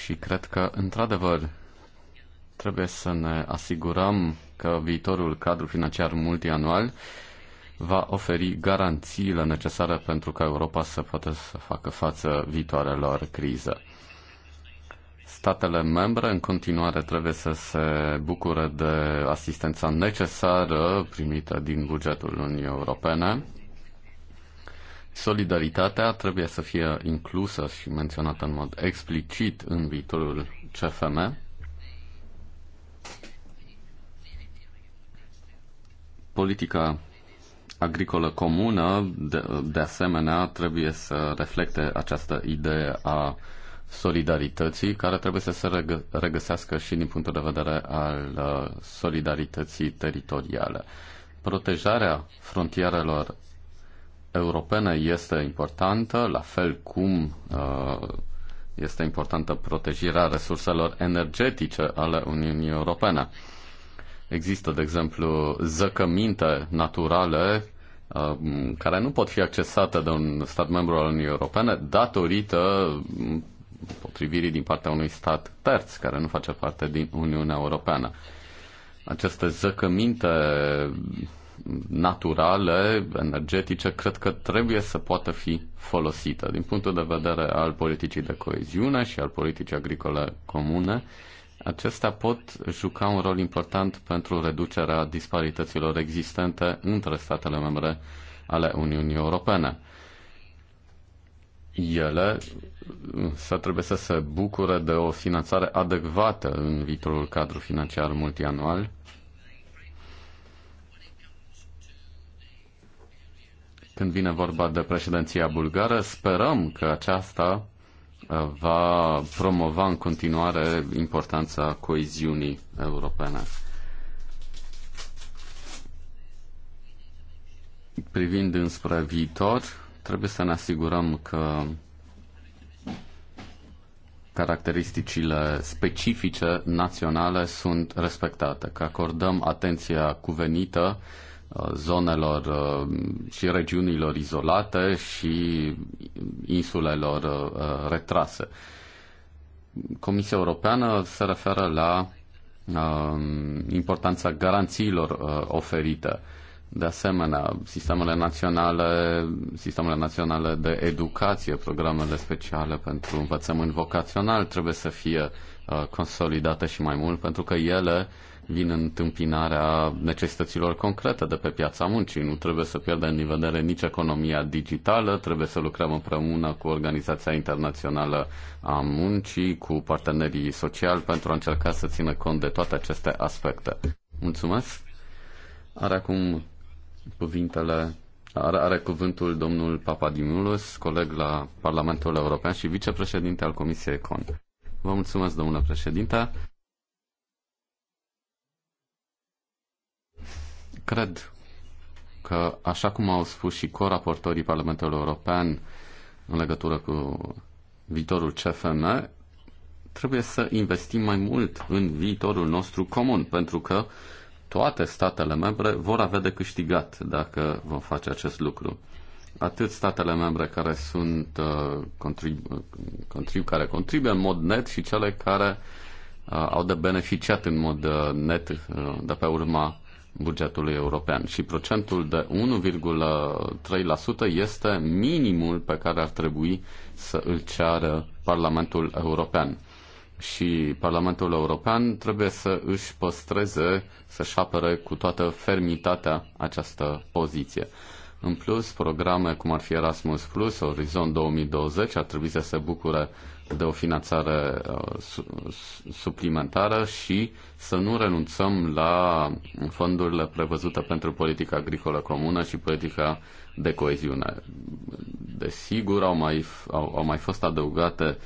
și cred că, într-adevăr, trebuie să ne asigurăm că viitorul cadru financiar multianual uh, va oferi garanțiile necesare pentru ca Europa să poată să facă față viitoarelor crize. Statele membre în continuare trebuie să se bucure de asistența necesară primită din bugetul Uniunii Europene. Solidaritatea trebuie să fie inclusă și menționată în mod explicit în viitorul CFM. Politica agricolă comună, de, de asemenea, trebuie să reflecte această idee a solidarității, care trebuie să se regă, regăsească și din punctul de vedere al uh, solidarității teritoriale. Protejarea frontierelor europene este importantă, la fel cum uh, este importantă protejarea resurselor energetice ale Uniunii Europene. Există, de exemplu, zăcăminte naturale Uh, care nu pot fi accesate de un stat membru al Uniunii Europene datorită potrivirii din partea unui stat terț care nu face parte din Uniunea Europeană. Aceste zăcăminte naturale, energetice, cred că trebuie să poată fi folosită din punctul de vedere al politicii de coeziune și al politicii agricole comune. Uh, Acestea pot juca un rol important pentru reducerea disparităților existente între statele membre ale Uniunii Europene. Ele să trebuie să se bucure de o finanțare adecvată în viitorul cadru financiar multianual când vine vorba de președinția bulgară, sperăm că aceasta va promova în continuare importanța coeziunii europene. Privind înspre viitor, trebuie să ne asigurăm că caracteristicile specifice naționale sunt respectate, că acordăm atenția cuvenită uh, zonelor uh, și regiunilor izolate și insulelor uh, retrase. Comisia Europeană se referă la uh, importanța garanțiilor oferite. De asemenea, sistemele naționale, sistemele naționale de educație, programele speciale pentru învățământ vocațional trebuie să fie consolidate și mai mult, pentru că ele uh, vin în întâmpinarea necesităților concrete de pe piața muncii. Nu trebuie să pierdem din vedere nici economia digitală, trebuie să lucrăm împreună cu Organizația Internațională a Muncii, cu partenerii sociali pentru a încerca să țină cont de toate aceste aspecte. Mulțumesc! Are acum cuvintele are, are cuvântul domnul Papadimulus, coleg la Parlamentul European și vicepreședinte al Comisiei Econ. Vă mulțumesc, domnule președinte. Cred că, așa cum au spus și coraportorii Parlamentului European în legătură cu viitorul CFM, trebuie să investim mai mult în viitorul nostru comun, pentru că toate statele membre vor avea de câștigat dacă vom face acest lucru. Atât statele membre care sunt contribu- uh, contribu- care contribuie în mod net și cele care uh, au de beneficiat în mod uh, net de pe urma bugetului european și procentul de 1,3% este minimul pe care ar trebui să îl ceară Parlamentul European. Și Parlamentul European trebuie să își păstreze, să-și apere cu toată fermitatea această poziție. În plus, programe cum ar fi Erasmus Plus, Orizont 2020 ar trebui să se bucure de o finanțare uh, suplimentară și să nu renunțăm la fondurile prevăzute pentru politica agricolă comună și politica de coeziune. Desigur, au mai, au, au mai fost adăugate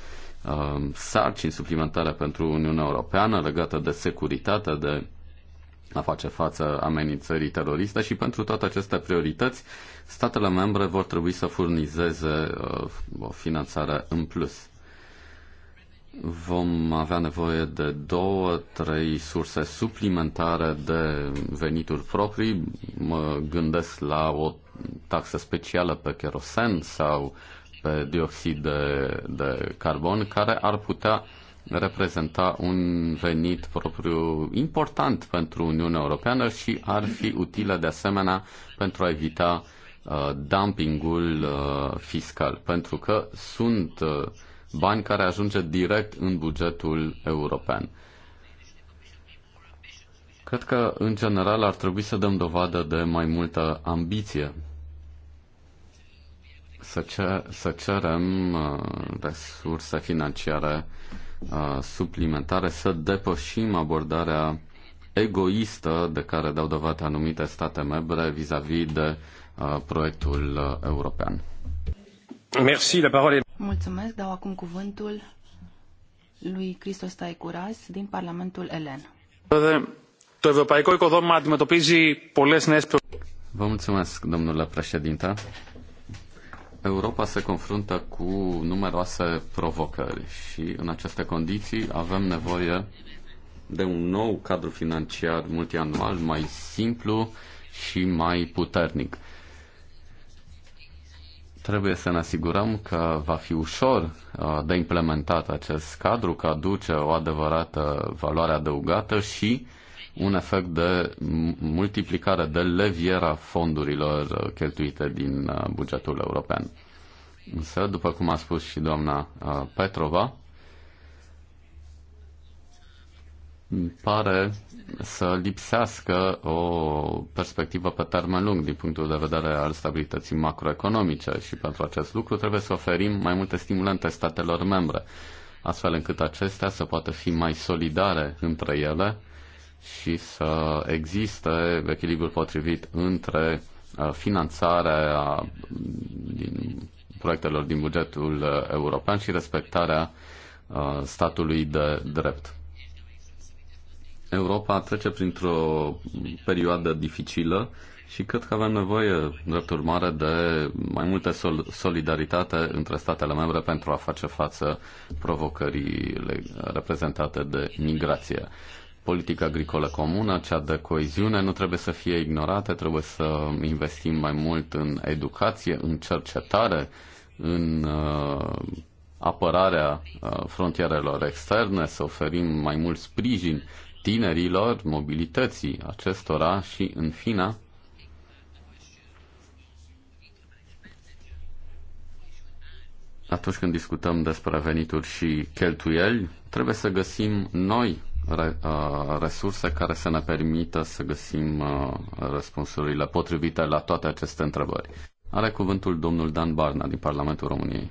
uh, sarcini suplimentare pentru Uniunea Europeană legate de securitate, de a face față amenințării teroriste și pentru toate aceste priorități, statele membre vor trebui să furnizeze uh, o finanțare în plus vom avea nevoie de două, trei surse suplimentare de venituri proprii. Mă gândesc la o taxă specială pe kerosen sau pe dioxid de, de carbon, care ar putea reprezenta un venit propriu important pentru Uniunea Europeană și ar fi utilă de asemenea pentru a evita uh, dumpingul uh, fiscal, pentru că sunt uh, bani care ajunge direct în bugetul european. Cred că, în general, ar trebui să dăm dovadă de mai multă ambiție. Să, cer, să cerem uh, resurse financiare uh, suplimentare, să depășim abordarea egoistă de care dau dovadă anumite state membre vis-a-vis -vis de uh, proiectul uh, european. Merci, la parole Mulțumesc. Dau acum cuvântul lui Cristos Taikuras din Parlamentul Elen. Το ευρωπαϊκό οικοδόμημα αντιμετωπίζει πολλές νέες Vă mulțumesc, domnule președinte. Europa se confruntă cu numeroase provocări și în aceste condiții avem nevoie de un nou cadru financiar multianual mai simplu și mai puternic. Trebuie să ne asigurăm că va fi ușor uh, de implementat acest cadru, că aduce o adevărată valoare adăugată și un efect de multiplicare, de leviera fondurilor uh, cheltuite din uh, bugetul european. Însă, după cum a spus și doamna Petrova, pare să lipsească o perspectivă pe termen lung din punctul de vedere al stabilității macroeconomice și pentru acest lucru trebuie să oferim mai multe stimulente statelor membre, astfel încât acestea să poată fi mai solidare între ele și să existe echilibrul potrivit între uh, finanțarea din proiectelor din bugetul european și respectarea uh, statului de drept. Europa trece printr-o perioadă dificilă și cred că avem nevoie, drept urmare, de mai multă sol- solidaritate între statele membre pentru a face față provocării reprezentate de migrație. Politica agricolă comună, cea de coeziune, nu trebuie să fie ignorată, trebuie să investim mai mult în educație, în cercetare, în uh, apărarea uh, frontierelor externe, să oferim mai mult sprijin uh, tinerilor, mobilității acestora și, în fine, atunci când discutăm despre venituri și cheltuieli, trebuie să găsim noi resurse care să ne permită să găsim răspunsurile potrivite la toate aceste întrebări. Are cuvântul domnul Dan Barna din Parlamentul României.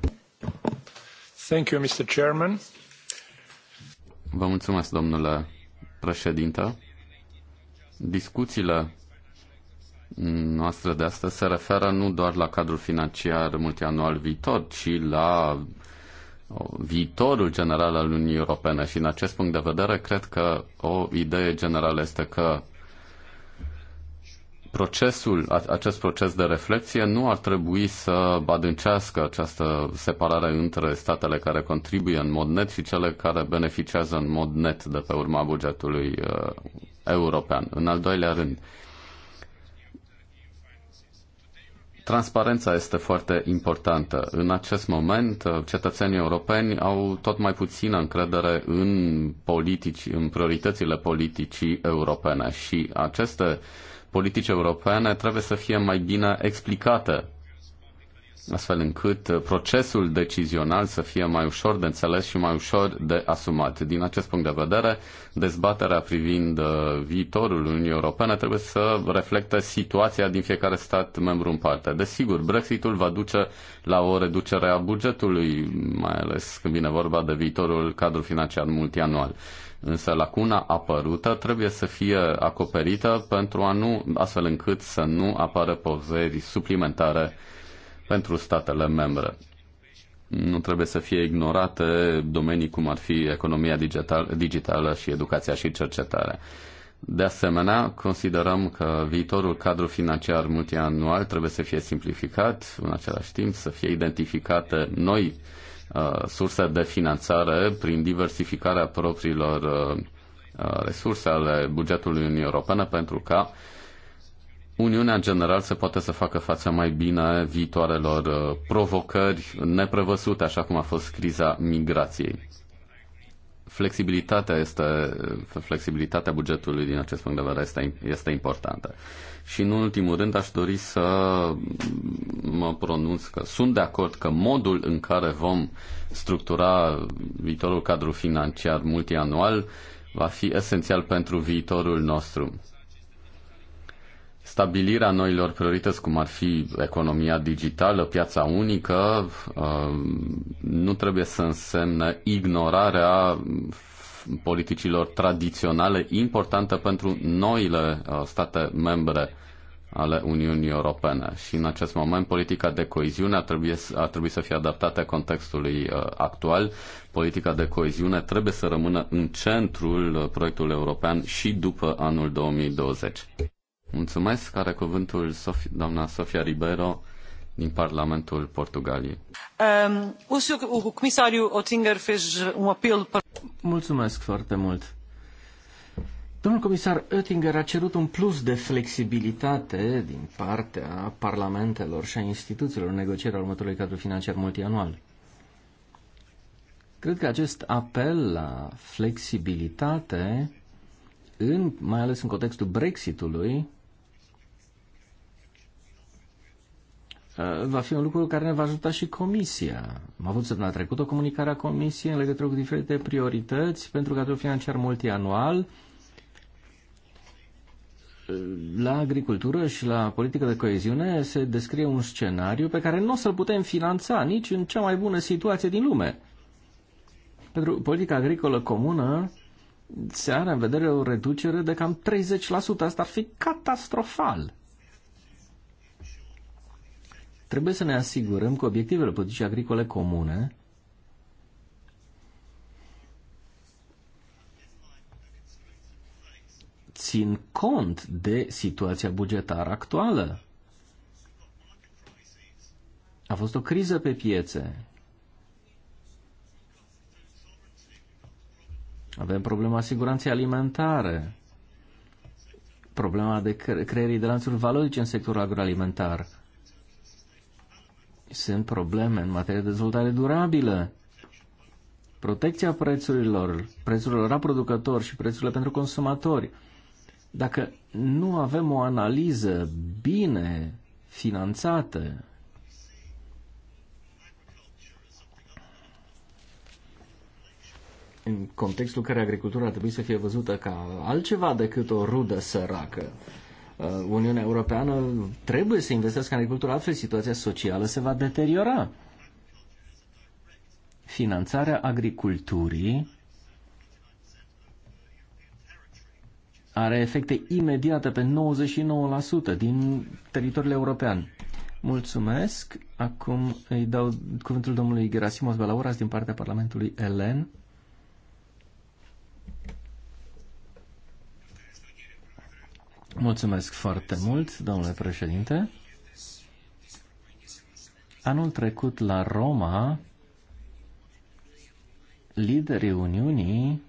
Thank you, Mr. Chairman. Vă mulțumesc, domnule președintă. Discuțiile noastre de astăzi se referă nu doar la cadrul financiar multianual viitor, ci la viitorul general al Uniunii Europene și în acest punct de vedere cred că o idee generală este că procesul, acest proces de reflexie nu ar trebui să adâncească această separare între statele care contribuie în mod net și cele care beneficiază în mod net de pe urma bugetului uh, european. În al doilea rând, Transparența este foarte importantă. În acest moment, uh, cetățenii europeni au tot mai puțină încredere în politici, în prioritățile politicii europene și aceste uh, politici europene trebuie să fie mai bine explicate, astfel încât uh, procesul decizional să fie mai ușor de înțeles și mai ușor de asumat. Din acest punct de vedere, dezbaterea privind uh, viitorul Uniunii Europene trebuie să reflecte situația din fiecare stat membru în parte. Desigur, Brexitul va duce la o reducere a bugetului, mai ales când vine vorba de viitorul cadru financiar multianual. Însă lacuna apărută trebuie să fie acoperită pentru a nu, astfel încât să nu apară poveri suplimentare pentru statele membre. Nu trebuie să fie ignorate domenii cum ar fi economia digital, digitală și educația și cercetarea. De asemenea, considerăm că viitorul cadru financiar multianual trebuie să fie simplificat, în același timp să fie identificate noi Uh, surse de finanțare prin diversificarea propriilor uh, uh, resurse ale bugetului Uniunii Europene pentru ca Uniunea în general se poate să facă față mai bine viitoarelor provocări neprevăzute, așa cum a fost criza migrației. Flexibilitatea, este, flexibilitatea bugetului din acest punct de vedere este, este importantă. Și în ultimul rând aș dori să mă pronunț că sunt de acord că modul în care vom structura viitorul cadru financiar multianual va fi esențial pentru viitorul nostru stabilirea noilor priorități, cum ar fi economia digitală, piața unică, uh, nu trebuie să însemne ignorarea politicilor tradiționale importantă pentru noile uh, state membre ale Uniunii Europene. Și în acest moment politica de coeziune ar trebui, ar trebui să fie adaptată contextului uh, actual. Politica de coeziune trebuie să rămână în centrul uh, proiectului european și după anul 2020. Mulțumesc. Are cuvântul Sof- doamna Sofia Ribeiro din Parlamentul Portugaliei. Ehm, un um apel... Mulțumesc foarte mult. Domnul comisar Oettinger a cerut un plus de flexibilitate din partea parlamentelor și a instituțiilor în negocierea următorului cadru financiar multianual. Cred că acest apel la flexibilitate, în, mai ales în contextul Brexitului, Eh, va fi un lucru care ne va ajuta și Comisia. Am avut săptămâna trecută o comunicare a Comisiei în legătură cu diferite priorități pentru cadrul financiar multianual eh, la agricultură și la politică de coeziune se descrie un scenariu pe care nu o să-l putem finanța nici în cea mai bună situație din lume. Pentru politica agricolă comună se are în vedere o reducere de cam 30%. Asta ar fi catastrofal. Trebuie să ne asigurăm că obiectivele politicii agricole comune țin cont de situația bugetară actuală. A fost o criză pe piețe. Avem problema siguranței alimentare, problema de creierii de lanțuri valorice în sectorul agroalimentar sunt probleme în materie de dezvoltare durabilă. Protecția prețurilor, prețurilor la producători și prețurile pentru consumatori. Dacă nu avem o analiză bine finanțată, în contextul în care agricultura trebuie să fie văzută ca altceva decât o rudă săracă, Uh, Uniunea Europeană trebuie să investească în agricultură, altfel situația socială se va deteriora. Finanțarea agriculturii are efecte imediate pe 99% din teritoriul european. Mulțumesc. Acum îi dau cuvântul domnului Gerasimos Belauras din partea Parlamentului Elen. Mulțumesc foarte mult, domnule președinte. Anul trecut la Roma, liderii Uniunii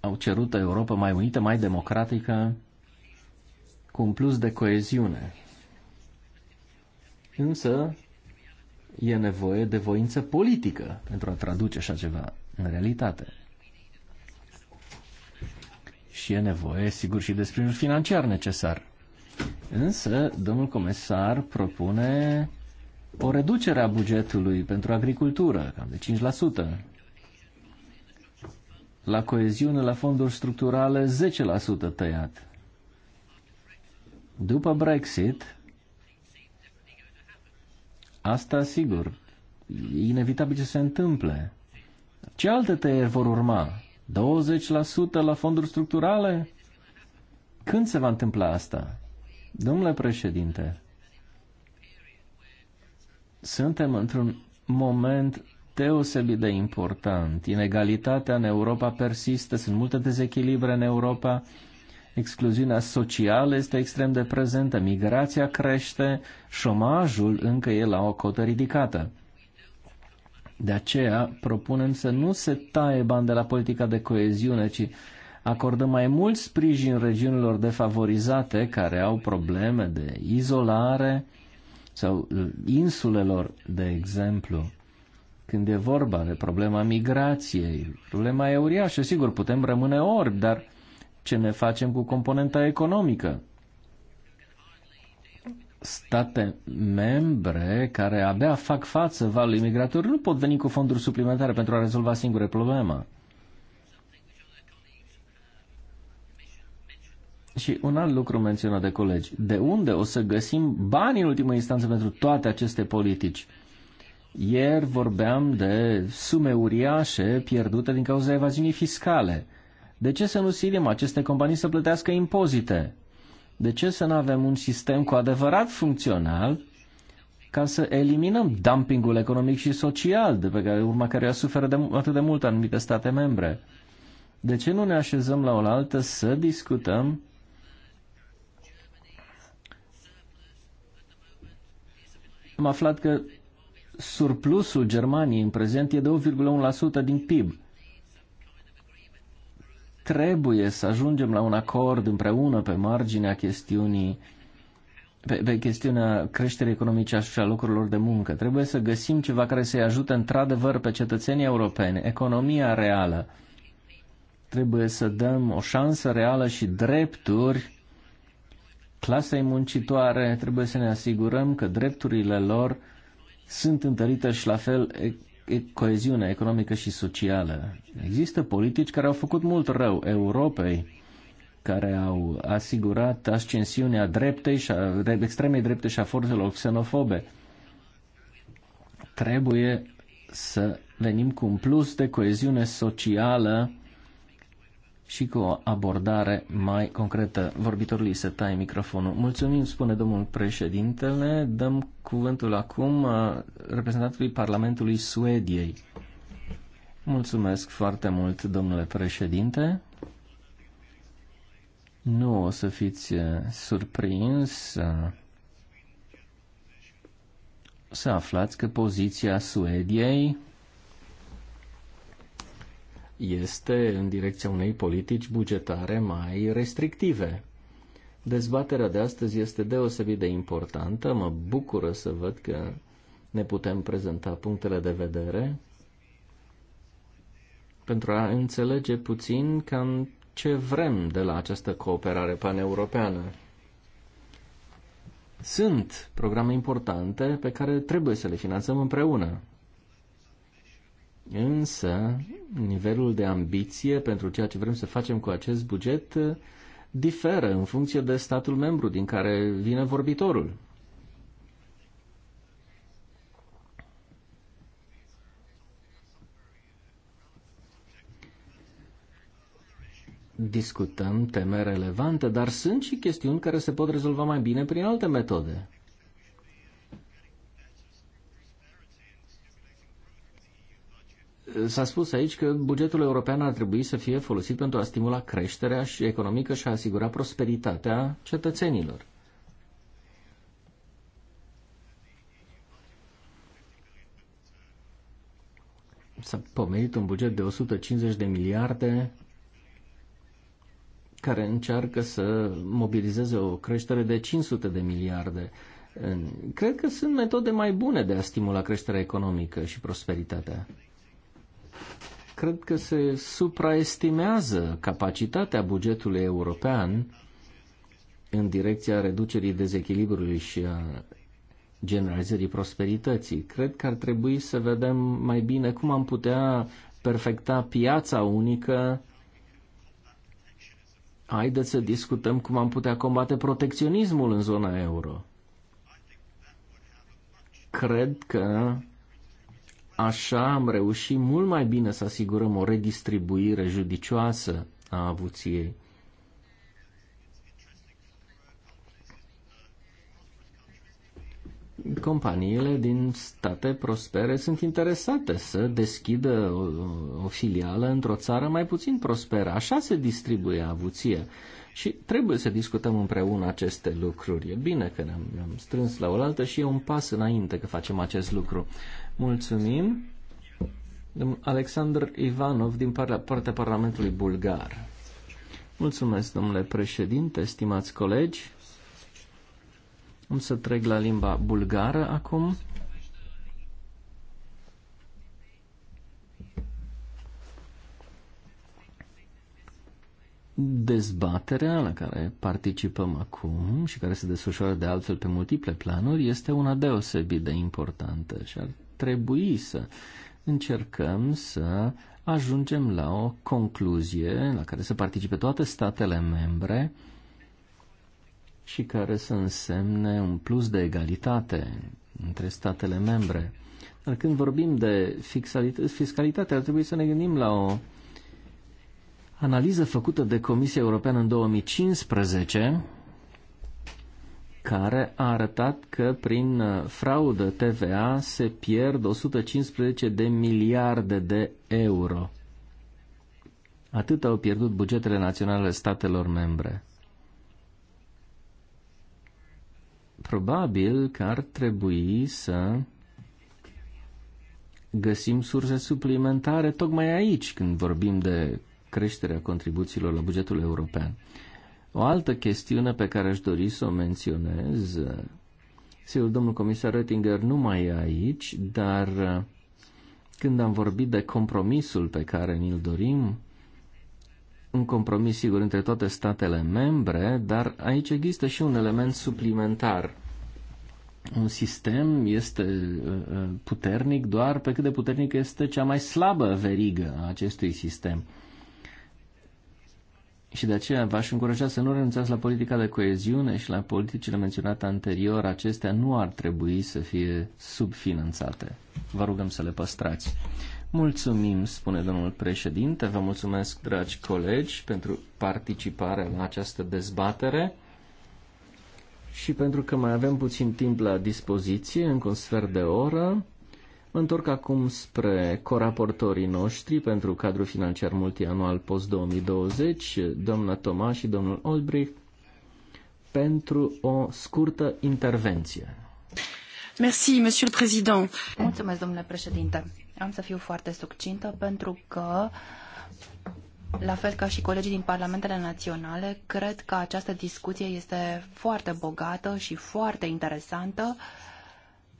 au cerut o Europa mai unită, mai democratică, cu un plus de coeziune. Însă, e nevoie de voință politică pentru a traduce așa ceva în realitate și e nevoie, sigur, și de sprijinul financiar necesar. Însă, domnul comisar propune o reducere a bugetului pentru agricultură, cam de 5%. La coeziune, la fonduri structurale, 10% tăiat. După Brexit, asta sigur, e inevitabil ce se întâmple. Ce alte tăieri vor urma? 20% la fonduri structurale? Când se va întâmpla asta? Domnule președinte, suntem într-un moment deosebit de important. Inegalitatea în Europa persistă, sunt multe dezechilibre în Europa, excluziunea socială este extrem de prezentă, migrația crește, șomajul încă e la o cotă ridicată. De aceea propunem să nu se taie bani de la politica de coeziune, ci acordăm mai mult sprijin regiunilor defavorizate care au probleme de izolare sau uh, insulelor, de exemplu. Când e vorba de problema migrației, problema e uriașă, sigur, putem rămâne orbi, dar ce ne facem cu componenta economică? state membre care abia fac față valului migrator nu pot veni cu fonduri suplimentare pentru a rezolva singure problema. Și un alt lucru menționat de colegi. De unde o să găsim bani în ultimă instanță pentru toate aceste politici? Ieri vorbeam de sume uriașe pierdute din cauza evaziunii fiscale. De ce să nu silim aceste companii să plătească impozite? De ce să nu avem un sistem cu adevărat funcțional ca să eliminăm dumpingul economic și social de pe care, urma care suferă de, atât de mult anumite state membre? De ce nu ne așezăm la oaltă să discutăm Am aflat că surplusul Germaniei în prezent e de 1,1% din PIB. Trebuie să ajungem la un acord împreună pe marginea chestiunii pe, pe chestiunea creșterii economice și a locurilor de muncă. Trebuie să găsim ceva care să-i ajute într-adevăr pe cetățenii europeni, economia reală. Trebuie să dăm o șansă reală și drepturi clasei muncitoare. Trebuie să ne asigurăm că drepturile lor sunt întărite și la fel coeziunea economică și socială. Există politici care au făcut mult rău Europei, care au asigurat ascensiunea dreptei și a, extremei drepte și a forțelor xenofobe. Trebuie să venim cu un plus de coeziune socială și cu o abordare mai concretă. Vorbitorului se taie microfonul. Mulțumim, spune domnul președintele. Dăm cuvântul acum uh, reprezentantului Parlamentului Suediei. Mulțumesc foarte mult, domnule președinte. Nu o să fiți uh, surprins uh, să aflați că poziția Suediei este în direcția unei politici bugetare mai restrictive. Dezbaterea de astăzi este deosebit de importantă. Mă bucură să văd că ne putem prezenta punctele de vedere pentru a înțelege puțin cam ce vrem de la această cooperare paneuropeană. Sunt programe importante pe care trebuie să le finanțăm împreună. Însă, nivelul de ambiție pentru ceea ce vrem să facem cu acest buget uh, diferă în funcție de statul membru din care vine vorbitorul. Discutăm teme relevante, dar sunt și chestiuni care se pot rezolva mai bine prin alte metode. S-a spus aici că bugetul european ar trebui să fie folosit pentru a stimula creșterea și economică și a asigura prosperitatea cetățenilor. S-a pomenit un buget de 150 de miliarde care încearcă să mobilizeze o creștere de 500 de miliarde. Cred că sunt metode mai bune de a stimula creșterea economică și prosperitatea cred că se supraestimează capacitatea bugetului european în direcția reducerii dezechilibrului și a generalizării prosperității. Cred că ar trebui să vedem mai bine cum am putea perfecta piața unică. Haideți să discutăm cum am putea combate protecționismul în zona euro. Cred că Așa am reușit mult mai bine să asigurăm o redistribuire judicioasă a avuției. Companiile din state prospere sunt interesate să deschidă o, o filială într-o țară mai puțin prosperă. Așa se distribuie avuția. Și trebuie să discutăm împreună aceste lucruri. E bine că ne-am, ne strâns la oaltă și e un pas înainte că facem acest lucru. Mulțumim. Alexandru Ivanov din partea Parlamentului Bulgar. Mulțumesc, domnule președinte, stimați colegi. Am să trec la limba bulgară acum. Dezbaterea la care participăm acum și care se desfășoară de altfel pe multiple planuri este una deosebit de importantă și ar trebui să încercăm să ajungem la o concluzie la care să participe toate statele membre și care să însemne un plus de egalitate între statele membre. Dar când vorbim de fiscalitate, ar trebui să ne gândim la o analiză făcută de Comisia Europeană în 2015 care a arătat că prin uh, fraudă TVA se pierd 115 de miliarde de euro. Atât au pierdut bugetele naționale statelor membre. Probabil că ar trebui să găsim surse suplimentare tocmai aici când vorbim de creșterea contribuțiilor la bugetul european. O altă chestiune pe care aș dori să o menționez, sigur, domnul comisar Rettinger nu mai e aici, dar uh, când am vorbit de compromisul pe care ni-l dorim, un compromis, sigur, între toate statele membre, dar aici există și un element suplimentar. Un sistem este uh, uh, puternic doar pe cât de puternic este cea mai slabă verigă a acestui sistem. Și de aceea v-aș încuraja să nu renunțați la politica de coeziune și la politicile menționate anterior. Acestea nu ar trebui să fie subfinanțate. Vă rugăm să le păstrați. Mulțumim, spune domnul președinte. Vă mulțumesc, dragi colegi, pentru participare la această dezbatere. Și pentru că mai avem puțin timp la dispoziție, încă un sfert de oră, Mă întorc acum spre coraportorii noștri pentru cadrul financiar multianual post-2020, doamna Toma și domnul Olbrich, pentru o scurtă intervenție. Merci, monsieur le président. Mulțumesc, domnule președinte. Am să fiu foarte succintă pentru că la fel ca și colegii din Parlamentele Naționale, cred că această discuție este foarte bogată și foarte interesantă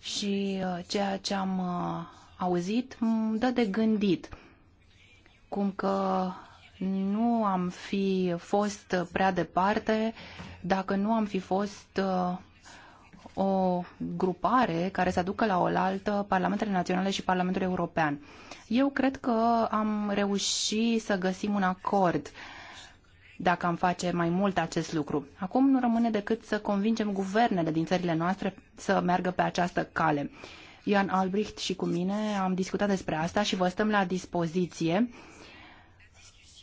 și uh, ceea ce am uh, auzit îmi dă de gândit cum că nu am fi fost prea departe dacă nu am fi fost uh, o grupare care să aducă la oaltă Parlamentele Naționale și Parlamentul European. Eu cred că am reușit să găsim un acord dacă am face mai mult acest lucru. Acum nu rămâne decât să convingem guvernele din țările noastre să meargă pe această cale. Ian Albrecht și cu mine am discutat despre asta și vă stăm la dispoziție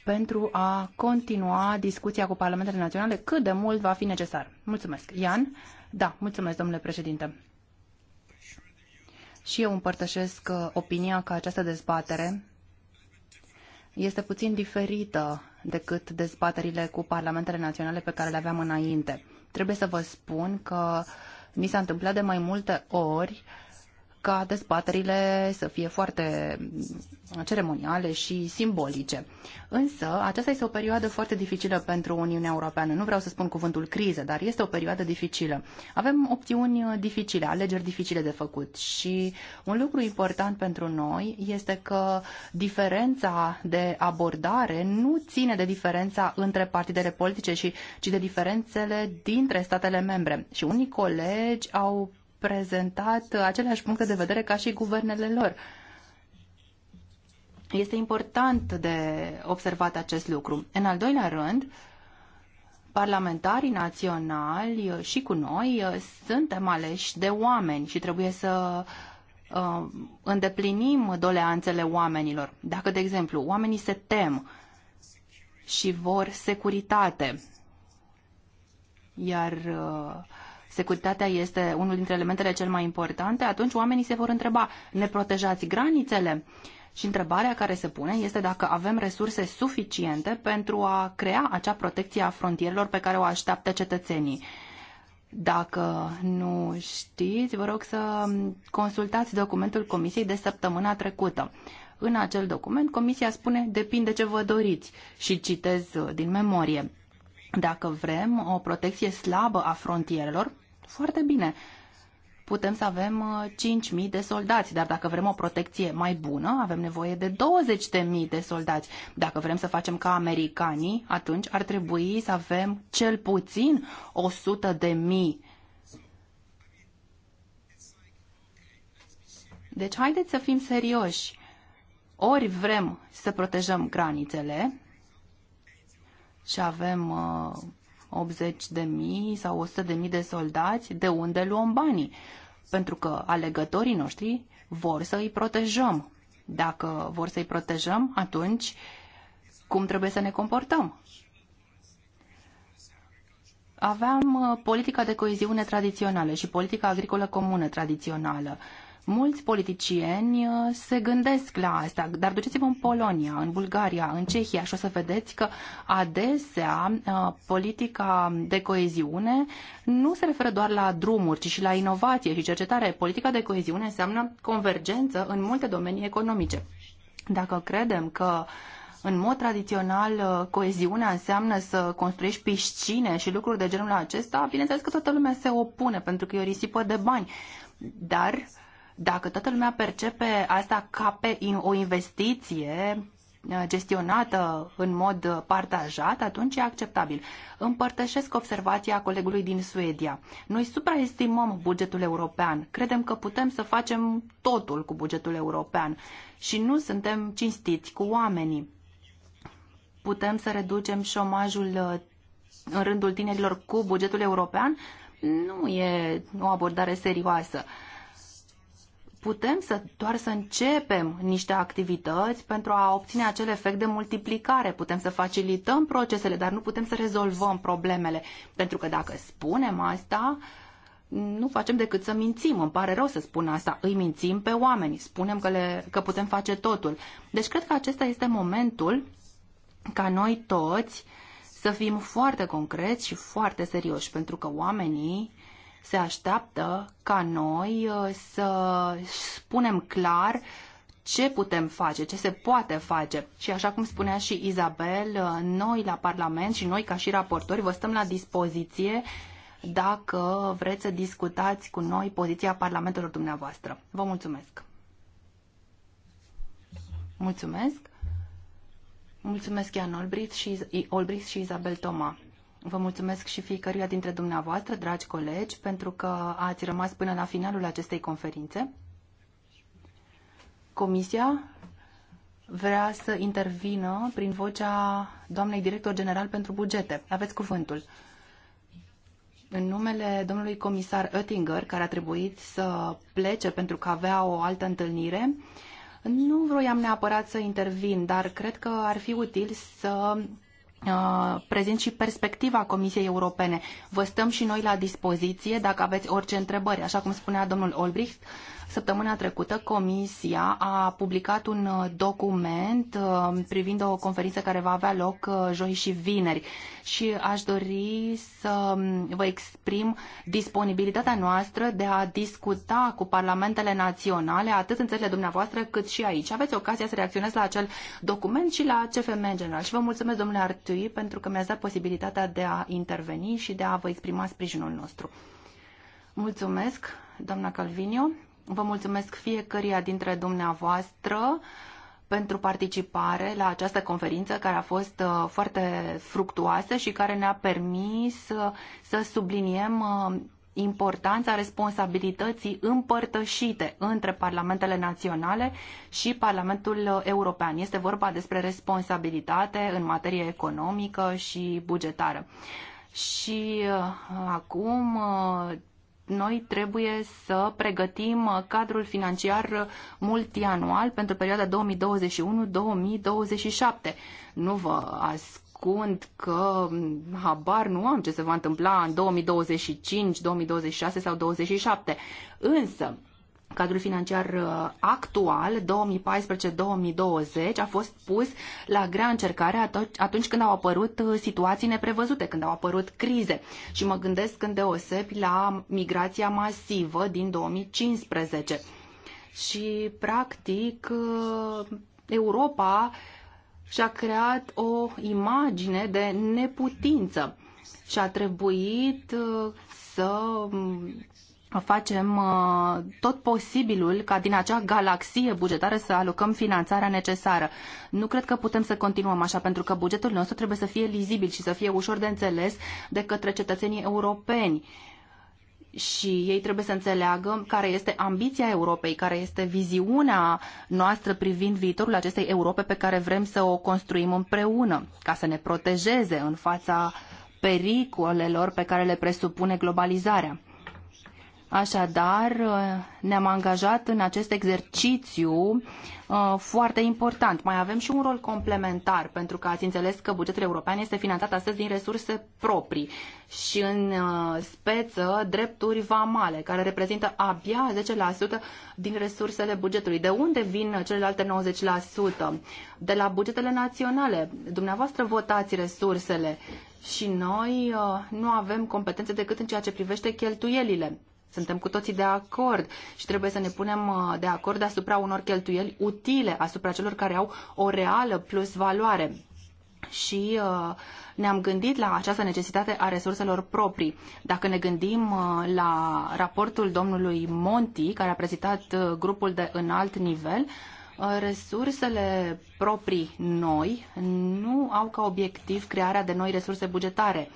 pentru a continua discuția cu parlamentele naționale cât de mult va fi necesar. Mulțumesc. Ian? Da, mulțumesc, domnule președinte. Și eu împărtășesc uh, opinia că această dezbatere este puțin diferită decât dezbaterile cu parlamentele naționale pe care le aveam înainte. Trebuie să vă spun că mi s-a întâmplat de mai multe ori uh, ca dezbaterile să fie foarte ceremoniale și simbolice. Însă, aceasta este o perioadă foarte dificilă pentru Uniunea Europeană. Nu vreau să spun cuvântul criză, dar este o perioadă dificilă. Avem opțiuni dificile, alegeri dificile de făcut și un lucru important pentru noi este că diferența de abordare nu ține de diferența între partidele politice, ci de diferențele dintre statele membre. Și unii colegi au prezentat aceleași puncte de vedere ca și guvernele lor. Este important de observat acest lucru. În al doilea rând, parlamentarii naționali și cu noi suntem aleși de oameni și trebuie să uh, îndeplinim doleanțele oamenilor. Dacă, de exemplu, oamenii se tem și vor securitate, iar uh, securitatea este unul dintre elementele cel mai importante, atunci oamenii se vor întreba, ne protejați granițele? Și întrebarea care se pune este dacă avem resurse suficiente pentru a crea acea protecție a frontierelor pe care o așteaptă cetățenii. Dacă nu știți, vă rog să consultați documentul Comisiei de săptămâna trecută. În acel document, Comisia spune depinde ce vă doriți și citez din memorie. Dacă vrem o protecție slabă a frontierelor, foarte bine. Putem să avem 5.000 uh, de soldați, dar dacă vrem o protecție mai bună, avem nevoie de 20.000 de soldați. Dacă vrem să facem ca americanii, atunci ar trebui să avem cel puțin 100.000 Deci haideți să fim serioși. Ori vrem să protejăm granițele și avem uh, 80 de mii sau 100 de mii de soldați, de unde luăm banii? Pentru că alegătorii noștri vor să îi protejăm. Dacă vor să îi protejăm, atunci cum trebuie să ne comportăm? Aveam uh, politica de coeziune tradițională și politica agricolă comună tradițională. Mulți politicieni uh, se gândesc la asta, dar duceți-vă în Polonia, în Bulgaria, în Cehia și o să vedeți că adesea uh, politica de coeziune nu se referă doar la drumuri, ci și la inovație și cercetare. Politica de coeziune înseamnă convergență în multe domenii economice. Dacă credem că în mod tradițional, uh, coeziunea înseamnă să construiești piscine și lucruri de genul acesta, bineînțeles că toată lumea se opune pentru că e o risipă de bani. Dar uh, dacă toată lumea percepe asta ca pe o investiție uh, gestionată în mod partajat, atunci e acceptabil. Împărtășesc observația colegului din Suedia. Noi supraestimăm bugetul european. Credem că putem să facem totul cu bugetul european și nu suntem cinstiți cu oamenii. Putem să reducem șomajul uh, în rândul tinerilor cu bugetul european? Nu e o abordare serioasă putem să doar să începem niște activități pentru a obține acel efect de multiplicare. Putem să facilităm procesele, dar nu putem să rezolvăm problemele. Pentru că dacă spunem asta, nu facem decât să mințim. Îmi pare rău să spun asta. Îi mințim pe oameni. Spunem că, le, că putem face totul. Deci cred că acesta este momentul ca noi toți să fim foarte concreți și foarte serioși, pentru că oamenii se așteaptă ca noi uh, să spunem clar ce putem face, ce se poate face. Și așa cum spunea și Izabel, uh, noi la Parlament și noi ca și raportori vă stăm la dispoziție dacă vreți să discutați cu noi poziția Parlamentelor dumneavoastră. Vă mulțumesc! Mulțumesc! Mulțumesc Ian Olbrich și, Olbrich și Isabel Toma. Vă mulțumesc și fiecăruia dintre dumneavoastră, dragi colegi, pentru că ați rămas până la finalul acestei conferințe. Comisia vrea să intervină prin vocea doamnei director general pentru bugete. Aveți cuvântul. În numele domnului comisar Oettinger, care a trebuit să plece pentru că avea o altă întâlnire, nu vroiam neapărat să intervin, dar cred că ar fi util să Uh, prezint și perspectiva Comisiei Europene. Vă stăm și noi la dispoziție dacă aveți orice întrebări. Așa cum spunea domnul Olbricht, săptămâna trecută Comisia a publicat un uh, document uh, privind o conferință care va avea loc joi și vineri și aș dori să um, vă exprim disponibilitatea noastră de a discuta cu parlamentele naționale, atât în țările dumneavoastră cât și aici. Aveți ocazia să reacționați la acel document și la CFM în general. Și vă mulțumesc, domnule Artur mulțumi pentru că mi-ați dat posibilitatea de a interveni și de a vă exprima sprijinul nostru. Mulțumesc, doamna Calvinio. Vă mulțumesc fiecăruia dintre dumneavoastră pentru participare la această conferință care a fost uh, foarte fructuoasă și care ne-a permis uh, să subliniem uh, importanța responsabilității împărtășite între parlamentele naționale și Parlamentul European. Este vorba despre responsabilitate în materie economică și bugetară. Și uh, acum uh, noi trebuie să pregătim cadrul financiar multianual pentru perioada 2021-2027. Nu vă ascult ascund că habar nu am ce se va întâmpla în 2025, 2026 sau 2027. Însă, cadrul financiar uh, actual, 2014-2020, a fost pus la grea încercare atunci când au apărut uh, situații neprevăzute, când au apărut crize. Și mă gândesc când deosebi la migrația masivă din 2015. Și, practic, uh, Europa și-a creat o imagine de neputință și a trebuit uh, să mm, facem uh, tot posibilul ca din acea galaxie bugetară să alocăm finanțarea necesară. Nu cred că putem să continuăm așa, pentru că bugetul nostru trebuie să fie lizibil și să fie ușor de înțeles de către cetățenii europeni și ei trebuie să înțeleagă care este ambiția Europei, care este viziunea noastră privind viitorul acestei Europe pe care vrem să o construim împreună, ca să ne protejeze în fața pericolelor pe care le presupune globalizarea. Așadar, uh, ne-am angajat în acest exercițiu uh, foarte important. Mai avem și un rol complementar, pentru că ați înțeles că bugetul european este finanțat astăzi din resurse proprii și în uh, speță drepturi vamale, care reprezintă abia 10% din resursele bugetului. De unde vin celelalte 90%? De la bugetele naționale. Dumneavoastră votați resursele și noi nu avem competențe decât în ceea ce privește cheltuielile suntem cu toții de acord și trebuie să ne punem uh, de acord asupra unor cheltuieli utile, asupra celor care au o reală plus valoare. Și uh, ne-am gândit la această necesitate a resurselor proprii. Dacă ne gândim uh, la raportul domnului Monti, care a prezentat uh, grupul de înalt nivel, uh, resursele proprii noi nu au ca obiectiv crearea de noi resurse bugetare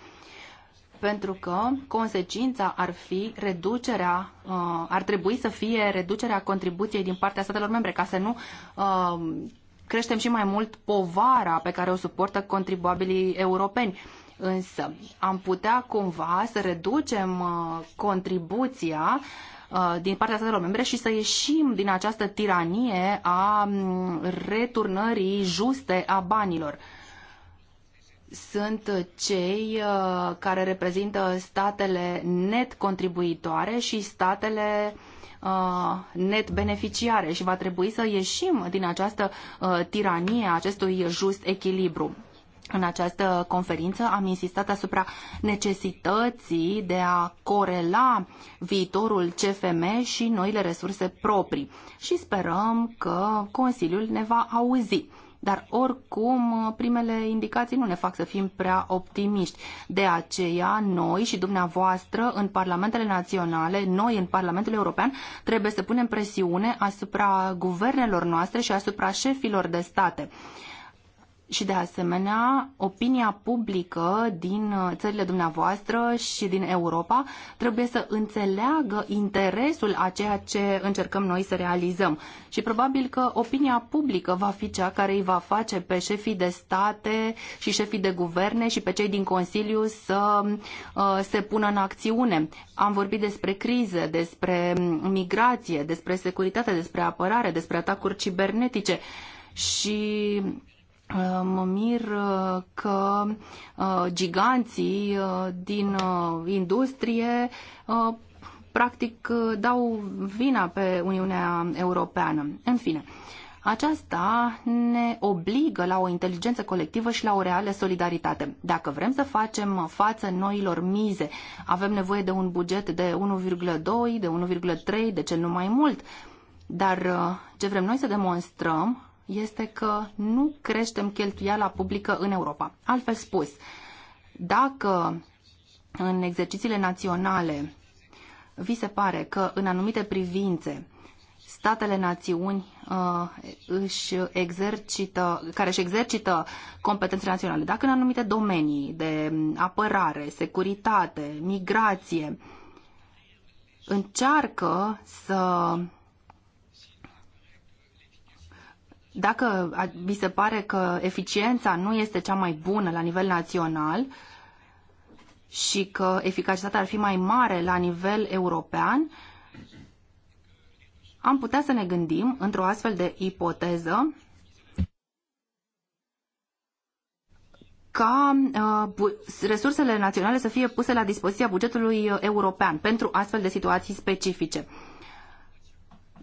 pentru că consecința ar fi reducerea, uh, ar trebui să fie reducerea contribuției din partea statelor membre, ca să nu uh, creștem și mai mult povara pe care o suportă contribuabilii europeni. Însă am putea cumva să reducem uh, contribuția din partea statelor membre și să ieșim din această tiranie a mm, returnării juste a banilor sunt cei uh, care reprezintă statele net contribuitoare și statele uh, net beneficiare și va trebui să ieșim din această uh, tiranie a acestui just echilibru. În această conferință am insistat asupra necesității de a corela viitorul CFM și noile resurse proprii și sperăm că Consiliul ne va auzi. Dar oricum, primele indicații nu ne fac să fim prea optimiști. De aceea, noi și dumneavoastră în parlamentele naționale, noi în Parlamentul European, trebuie să punem presiune asupra guvernelor noastre și asupra șefilor de state și de asemenea opinia publică din uh, țările dumneavoastră și din Europa trebuie să înțeleagă interesul a ceea ce încercăm noi să realizăm. Și probabil că opinia publică va fi cea care îi va face pe șefii de state și șefii de guverne și pe cei din Consiliu să uh, se pună în acțiune. Am vorbit despre crize, despre mm, migrație, despre securitate, despre apărare, despre atacuri cibernetice și Uh, mă mir uh, că uh, giganții din industrie practic dau vina pe Uniunea Europeană. În fine, aceasta ne obligă la o inteligență colectivă și la o reală solidaritate. Dacă vrem să facem față noilor mize, avem nevoie de un buget de 1,2, de 1,3, de cel nu mai mult. Dar ce vrem noi să demonstrăm este că nu creștem cheltuiala publică în Europa. Altfel spus, dacă în exercițiile naționale vi se pare că în anumite privințe statele națiuni uh, își exercită, care își exercită competențele naționale, dacă în anumite domenii de apărare, securitate, migrație, încearcă să Dacă vi se pare că eficiența nu este cea mai bună la nivel național și că eficacitatea ar fi mai mare la nivel european, am putea să ne gândim, într-o astfel de ipoteză, ca uh, resursele naționale să fie puse la dispoziția bugetului uh, european pentru astfel de situații specifice.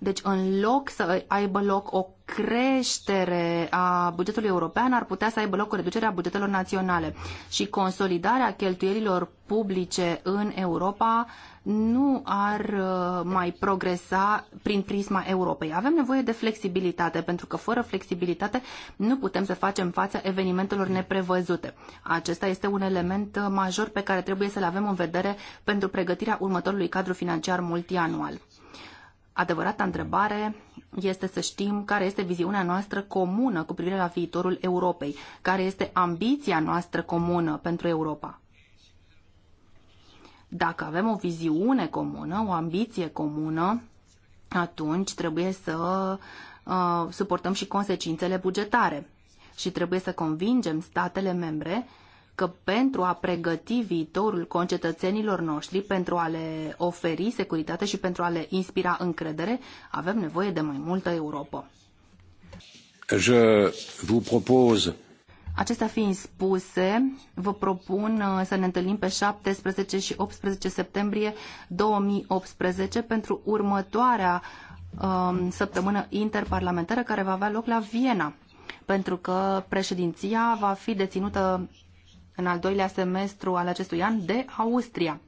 Deci, în loc să aibă loc o creștere a bugetului european, ar putea să aibă loc o reducere a bugetelor naționale. Și consolidarea cheltuielilor publice în Europa nu ar uh, mai progresa prin prisma Europei. Avem nevoie de flexibilitate, pentru că fără flexibilitate nu putem să facem față evenimentelor neprevăzute. Acesta este un element uh, major pe care trebuie să-l avem în vedere pentru pregătirea următorului cadru financiar multianual adevărata întrebare este să știm care este viziunea noastră comună cu privire la viitorul Europei, care este ambiția noastră comună pentru Europa. Dacă avem o viziune comună, o ambiție comună, atunci trebuie să uh, suportăm și consecințele bugetare și trebuie să convingem statele membre că pentru a pregăti viitorul concetățenilor noștri, pentru a le oferi securitate și pentru a le inspira încredere, avem nevoie de mai multă Europa. Je vous propose... Acestea fiind spuse, vă propun uh, să ne întâlnim pe 17 și 18 septembrie 2018 pentru următoarea um, săptămână interparlamentară care va avea loc la Viena pentru că președinția va fi deținută în al doilea semestru al acestui an de Austria.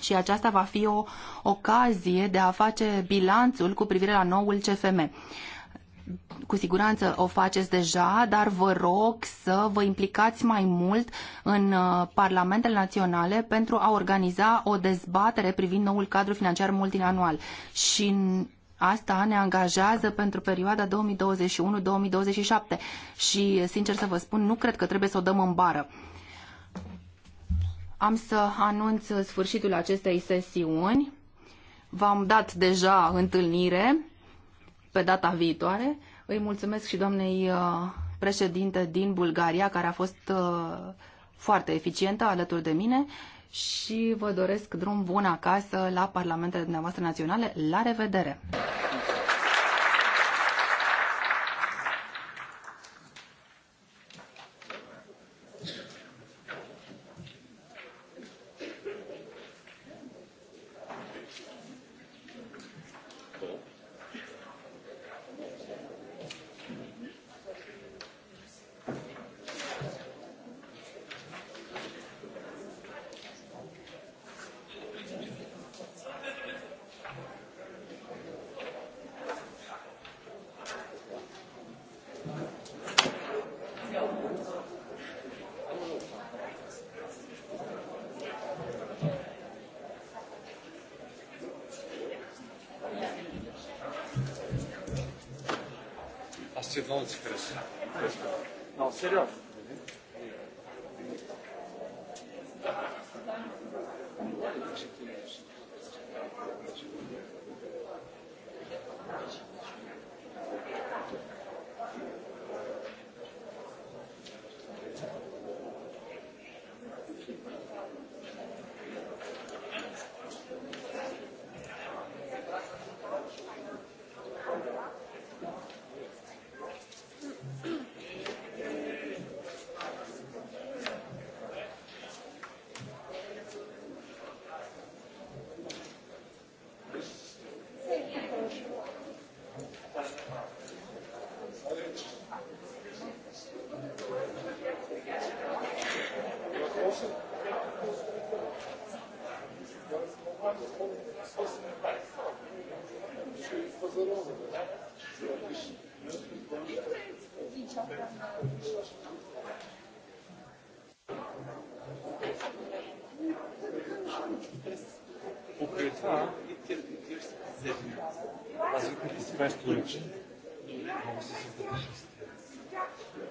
Și aceasta va fi o ocazie de a face bilanțul cu privire la noul CFM cu siguranță o faceți deja, dar vă rog să vă implicați mai mult în uh, parlamentele naționale pentru a organiza o dezbatere privind noul cadru financiar multianual. Și asta ne angajează pentru perioada 2021-2027 și, sincer să vă spun, nu cred că trebuie să o dăm în bară. Am să anunț sfârșitul acestei sesiuni. V-am dat deja întâlnire pe data viitoare. Îi mulțumesc și doamnei uh, președinte din Bulgaria, care a fost uh, foarte eficientă alături de mine și vă doresc drum bun acasă la parlamentele dumneavoastră naționale. La revedere! Thank you.